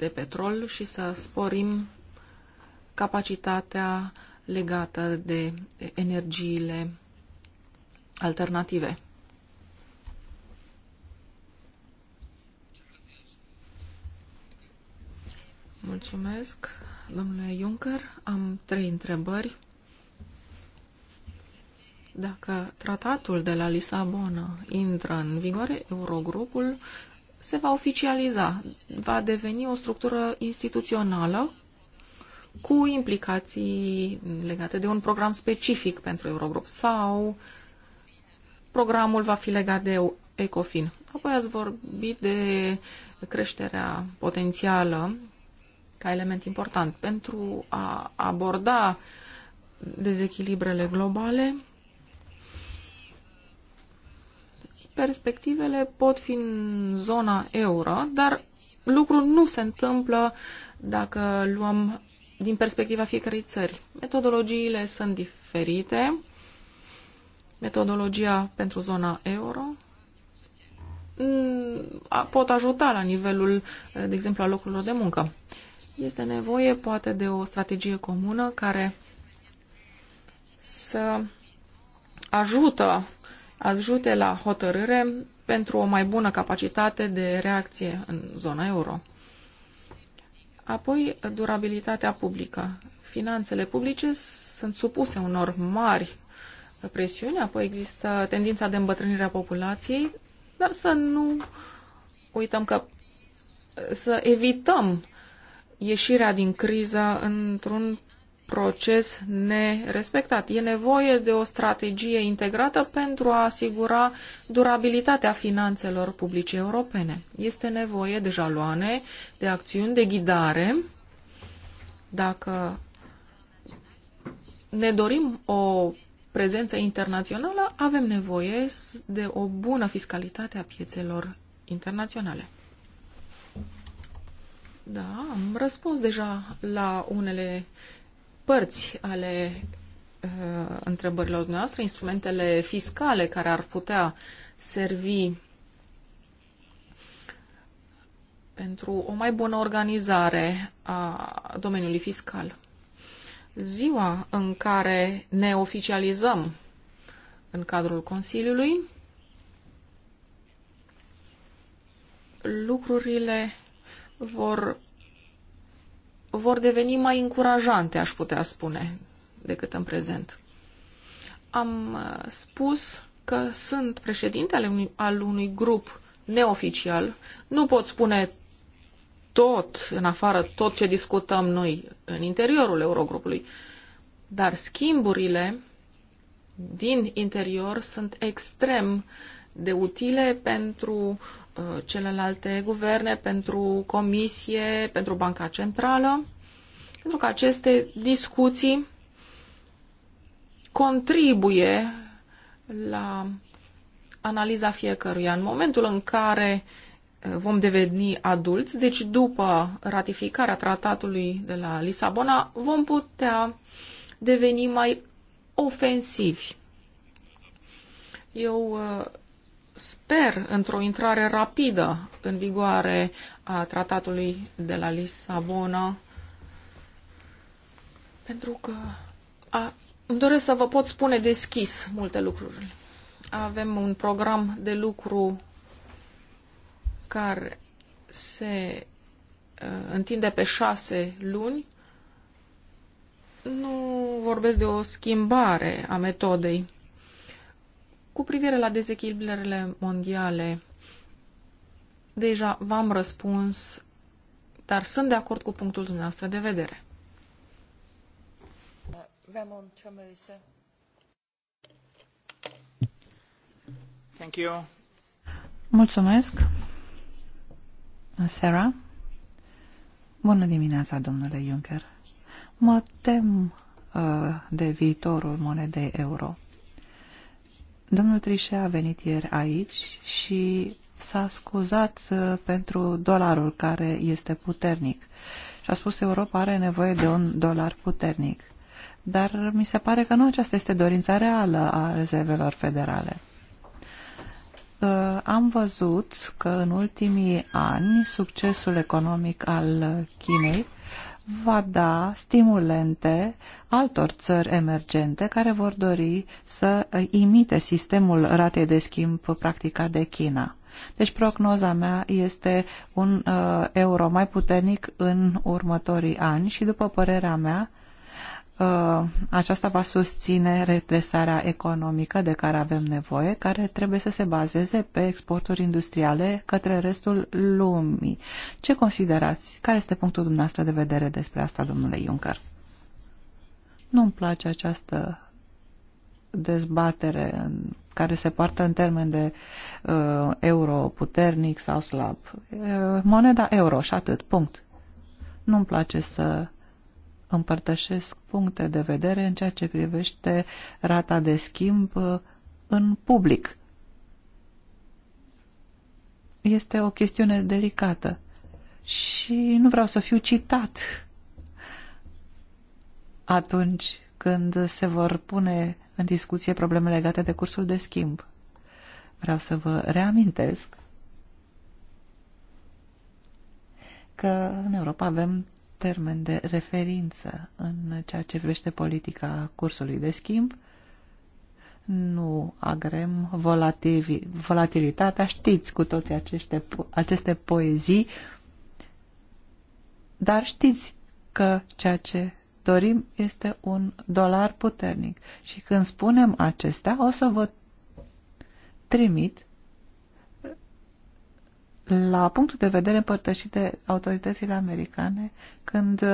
de petrol și să sporim capacitatea legată de energiile alternative. Mulțumesc, domnule Juncker. Am trei întrebări. Dacă tratatul de la Lisabona intră în vigoare, Eurogrupul se va oficializa, va deveni o structură instituțională cu implicații legate de un program specific pentru Eurogrup sau programul va fi legat de ECOFIN. Apoi ați vorbit de creșterea potențială ca element important pentru a aborda dezechilibrele globale perspectivele pot fi în zona euro, dar lucrul nu se întâmplă dacă luăm din perspectiva fiecărei țări. Metodologiile sunt diferite. Metodologia pentru zona euro mm, pot ajuta la nivelul, eh, de exemplu, a locurilor de muncă. Este nevoie, poate, de o strategie comună care să ajută ajute la hotărâre pentru o mai bună capacitate de reacție în zona euro. Apoi, durabilitatea publică. Finanțele publice sunt supuse unor mari presiuni, apoi există tendința de îmbătrânire a populației, dar să nu uităm că să evităm ieșirea din criză într-un proces nerespectat. E nevoie de o strategie integrată pentru a asigura durabilitatea finanțelor publice europene. Este nevoie de jaloane, de acțiuni de ghidare. Dacă ne dorim o prezență internațională, avem nevoie de o bună fiscalitate a piețelor internaționale. Da, am răspuns deja la unele părți ale uh, întrebărilor noastre, instrumentele fiscale care ar putea servi pentru o mai bună organizare a domeniului fiscal. Ziua în care ne oficializăm în cadrul Consiliului, lucrurile vor vor deveni mai încurajante, aș putea spune, decât în prezent. Am uh, spus că sunt președinte al unui, al unui grup neoficial. Nu pot spune tot, în afară, tot ce discutăm noi în interiorul Eurogrupului, dar schimburile din interior sunt extrem de utile pentru Uh, celelalte guverne, pentru Comisie, pentru Banca Centrală, pentru că aceste discuții contribuie la analiza fiecăruia. În momentul în care uh, vom deveni adulți, deci după ratificarea tratatului de la Lisabona, vom putea deveni mai ofensivi. Eu uh, sper într-o intrare rapidă în vigoare a tratatului de la Lisabona, pentru că a, îmi doresc să vă pot spune deschis multe lucruri. Avem un program de lucru care se uh, întinde pe șase luni. Nu vorbesc de o schimbare a metodei cu privire la dezechilibrele mondiale, deja v-am răspuns, dar sunt de acord cu punctul dumneavoastră de vedere. Thank you. Mulțumesc. Sarah. Bună dimineața, domnule Juncker. Mă tem uh, de viitorul monedei euro. Domnul Trișe a venit ieri aici și s-a scuzat uh, pentru dolarul care este puternic. Și a spus că Europa are nevoie de un dolar puternic. Dar mi se pare că nu aceasta este dorința reală a rezervelor federale. Uh, am văzut că în ultimii ani succesul economic al Chinei va da stimulente altor țări emergente care vor dori să imite sistemul ratei de schimb practicat de China. Deci prognoza mea este un uh, euro mai puternic în următorii ani și, după părerea mea, Uh, aceasta va susține redresarea economică de care avem nevoie, care trebuie să se bazeze pe exporturi industriale către restul lumii. Ce considerați? Care este punctul dumneavoastră de vedere despre asta, domnule Juncker? Nu-mi place această dezbatere în care se poartă în termen de uh, euro puternic sau slab. Uh, moneda euro și atât, punct. Nu-mi place să împărtășesc puncte de vedere în ceea ce privește rata de schimb uh, în public. Este o chestiune delicată și nu vreau să fiu citat atunci când se vor pune în discuție probleme legate de cursul de schimb. Vreau să vă reamintesc că în Europa avem termen de referință în ceea ce vrește politica cursului de schimb. Nu agrem volatilitatea, știți cu toate aceste, aceste poezii, dar știți că ceea ce dorim este un dolar puternic. Și când spunem acestea, o să vă trimit la punctul de vedere împărtășit de autoritățile americane când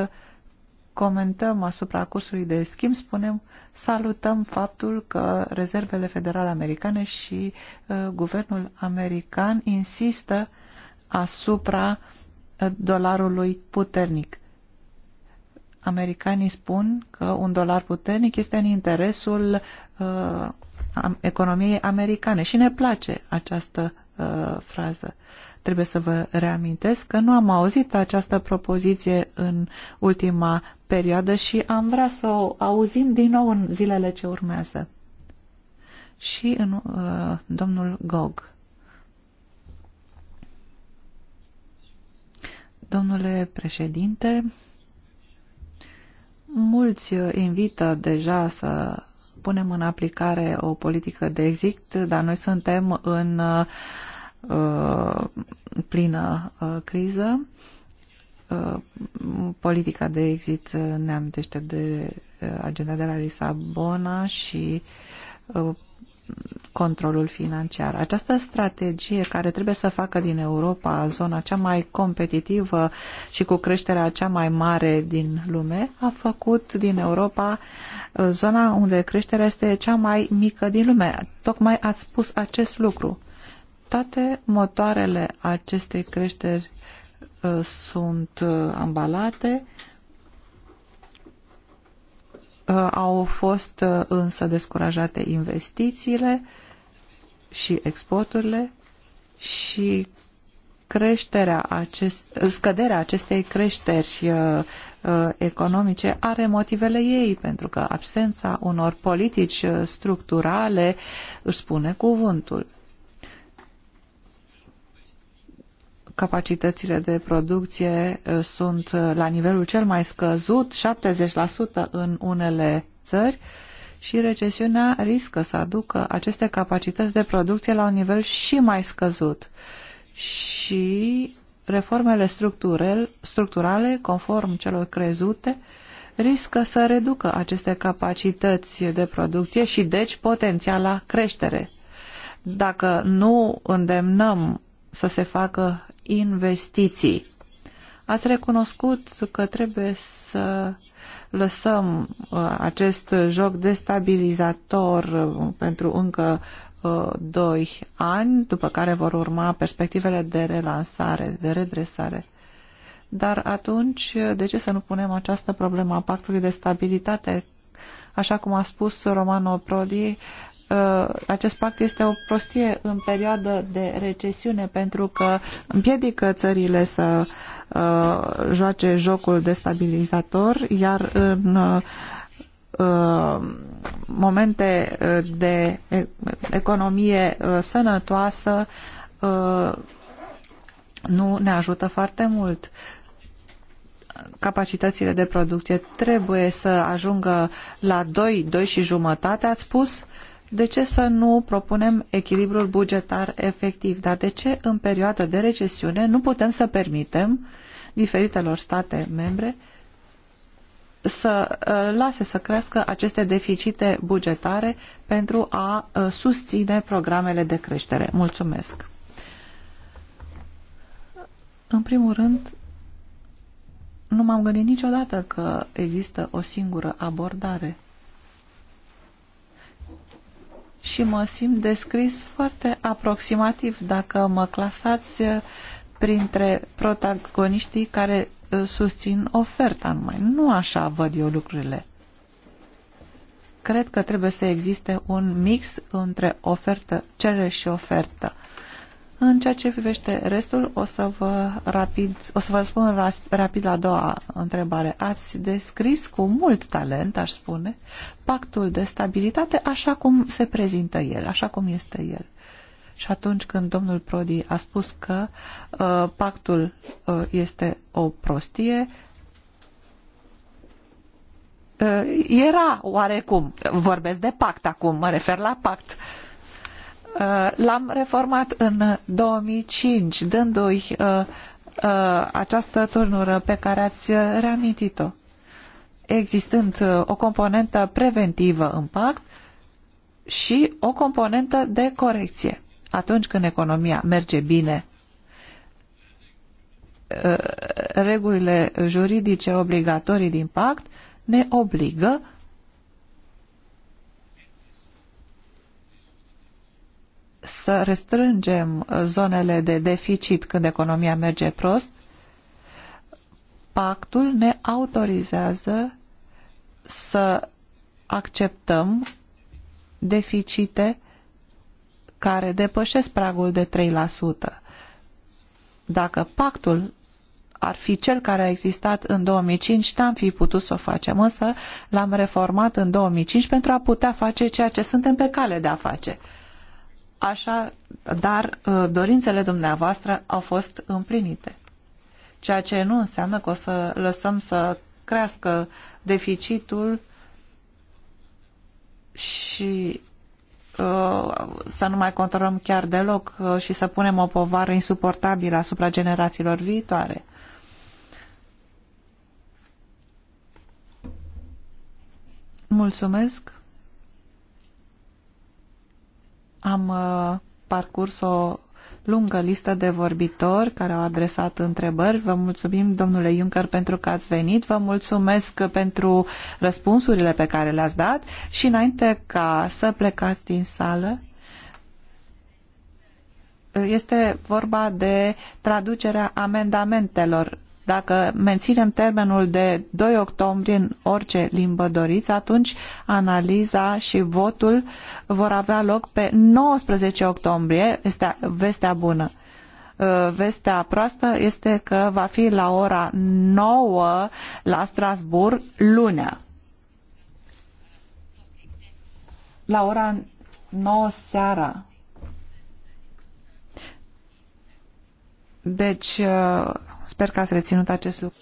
comentăm asupra cursului de schimb, spunem, salutăm faptul că rezervele federale americane și uh, guvernul american insistă asupra uh, dolarului puternic. Americanii spun că un dolar puternic este în interesul uh, economiei americane și ne place această uh, frază. Uh, Trebuie să vă reamintesc că nu am auzit această propoziție în ultima perioadă și am vrea să o auzim din nou în zilele ce urmează. Și în, uh, domnul Gog. Domnule președinte, mulți invită deja să punem în aplicare o politică de exit, dar noi suntem în uh, Uh, plină uh, criză. Uh, politica de exit ne amintește de agenda de la Lisabona și controlul financiar. Această strategie care trebuie să facă din Europa zona cea mai competitivă și cu creșterea cea mai mare din lume a făcut din Europa zona unde creșterea este cea mai mică din lume. Tocmai ați spus acest lucru. Toate motoarele acestei creșteri uh, sunt uh, ambalate, uh, au fost uh, însă descurajate investițiile și exporturile și creșterea acest, uh, scăderea acestei creșteri uh, uh, economice are motivele ei, pentru că absența unor politici uh, structurale își spune cuvântul. capacitățile de producție uh, sunt uh, la nivelul cel mai scăzut, 70% în unele țări, și recesiunea riscă să aducă aceste capacități de producție la un nivel și mai scăzut. Și reformele structurale, conform celor crezute, riscă să reducă aceste capacități de producție și deci potențiala creștere. Dacă nu îndemnăm să se facă investiții. Ați recunoscut că trebuie să lăsăm uh, acest joc destabilizator uh, pentru încă uh, doi ani, după care vor urma perspectivele de relansare, de redresare. Dar atunci, de ce să nu punem această problemă a pactului de stabilitate? Așa cum a spus Romano Prodi, Uh, acest pact este o prostie în perioadă de recesiune pentru că împiedică țările să uh, joace jocul destabilizator, iar în uh, momente de economie sănătoasă nu ne ajută foarte mult capacitățile de producție trebuie să ajungă la 2, 2 și jumătate, ați spus? de ce să nu propunem echilibrul bugetar efectiv? Dar de ce în perioada de recesiune nu putem să permitem diferitelor state membre să uh, lase să crească aceste deficite bugetare pentru a uh, susține programele de creștere? Mulțumesc! În primul rând, nu m-am gândit niciodată că există o singură abordare și mă simt descris foarte aproximativ dacă mă clasați eh, printre protagoniștii care eh, susțin oferta numai. Nu așa văd eu lucrurile. Cred că trebuie să existe un mix între ofertă, cerere și ofertă. În ceea ce privește restul, o să vă, rapid, o să vă spun rapid la a doua întrebare. Ați descris cu mult talent, aș spune, pactul de stabilitate așa cum se prezintă el, așa cum este el. Și atunci când domnul Prodi a spus că uh, pactul uh, este o prostie, uh, era oarecum, vorbesc de pact acum, mă refer la pact, uh, Uh, l-am reformat în 2005, dându-i uh, uh, această turnură pe care ați reamintit-o. Existând o componentă preventivă în pact și o componentă de corecție. Atunci când economia merge bine, regulile juridice obligatorii din pact ne obligă să restrângem uh, zonele de deficit când economia merge prost, pactul ne autorizează să acceptăm deficite care depășesc pragul de 3%. Dacă pactul ar fi cel care a existat în 2005, n-am fi putut să o facem, însă l-am reformat în 2005 pentru a putea face ceea ce suntem pe cale de a face așa, dar uh, dorințele dumneavoastră au fost împlinite. Ceea ce nu înseamnă că o să lăsăm să crească deficitul și uh, să nu mai controlăm chiar deloc uh, și să punem o povară insuportabilă asupra generațiilor viitoare. Mulțumesc. Am uh, parcurs o lungă listă de vorbitori care au adresat întrebări. Vă mulțumim, domnule Juncker, pentru că ați venit. Vă mulțumesc pentru răspunsurile pe care le-ați dat și înainte ca să plecați din sală, este vorba de traducerea amendamentelor dacă menținem termenul de 2 octombrie în orice limbă doriți, atunci analiza și votul vor avea loc pe 19 octombrie, este vestea bună uh, vestea proastă este că va fi la ora 9 la Strasbourg lunea. La ora 9 seara. Deci uh, Sper că te-ai reinut acest lucru.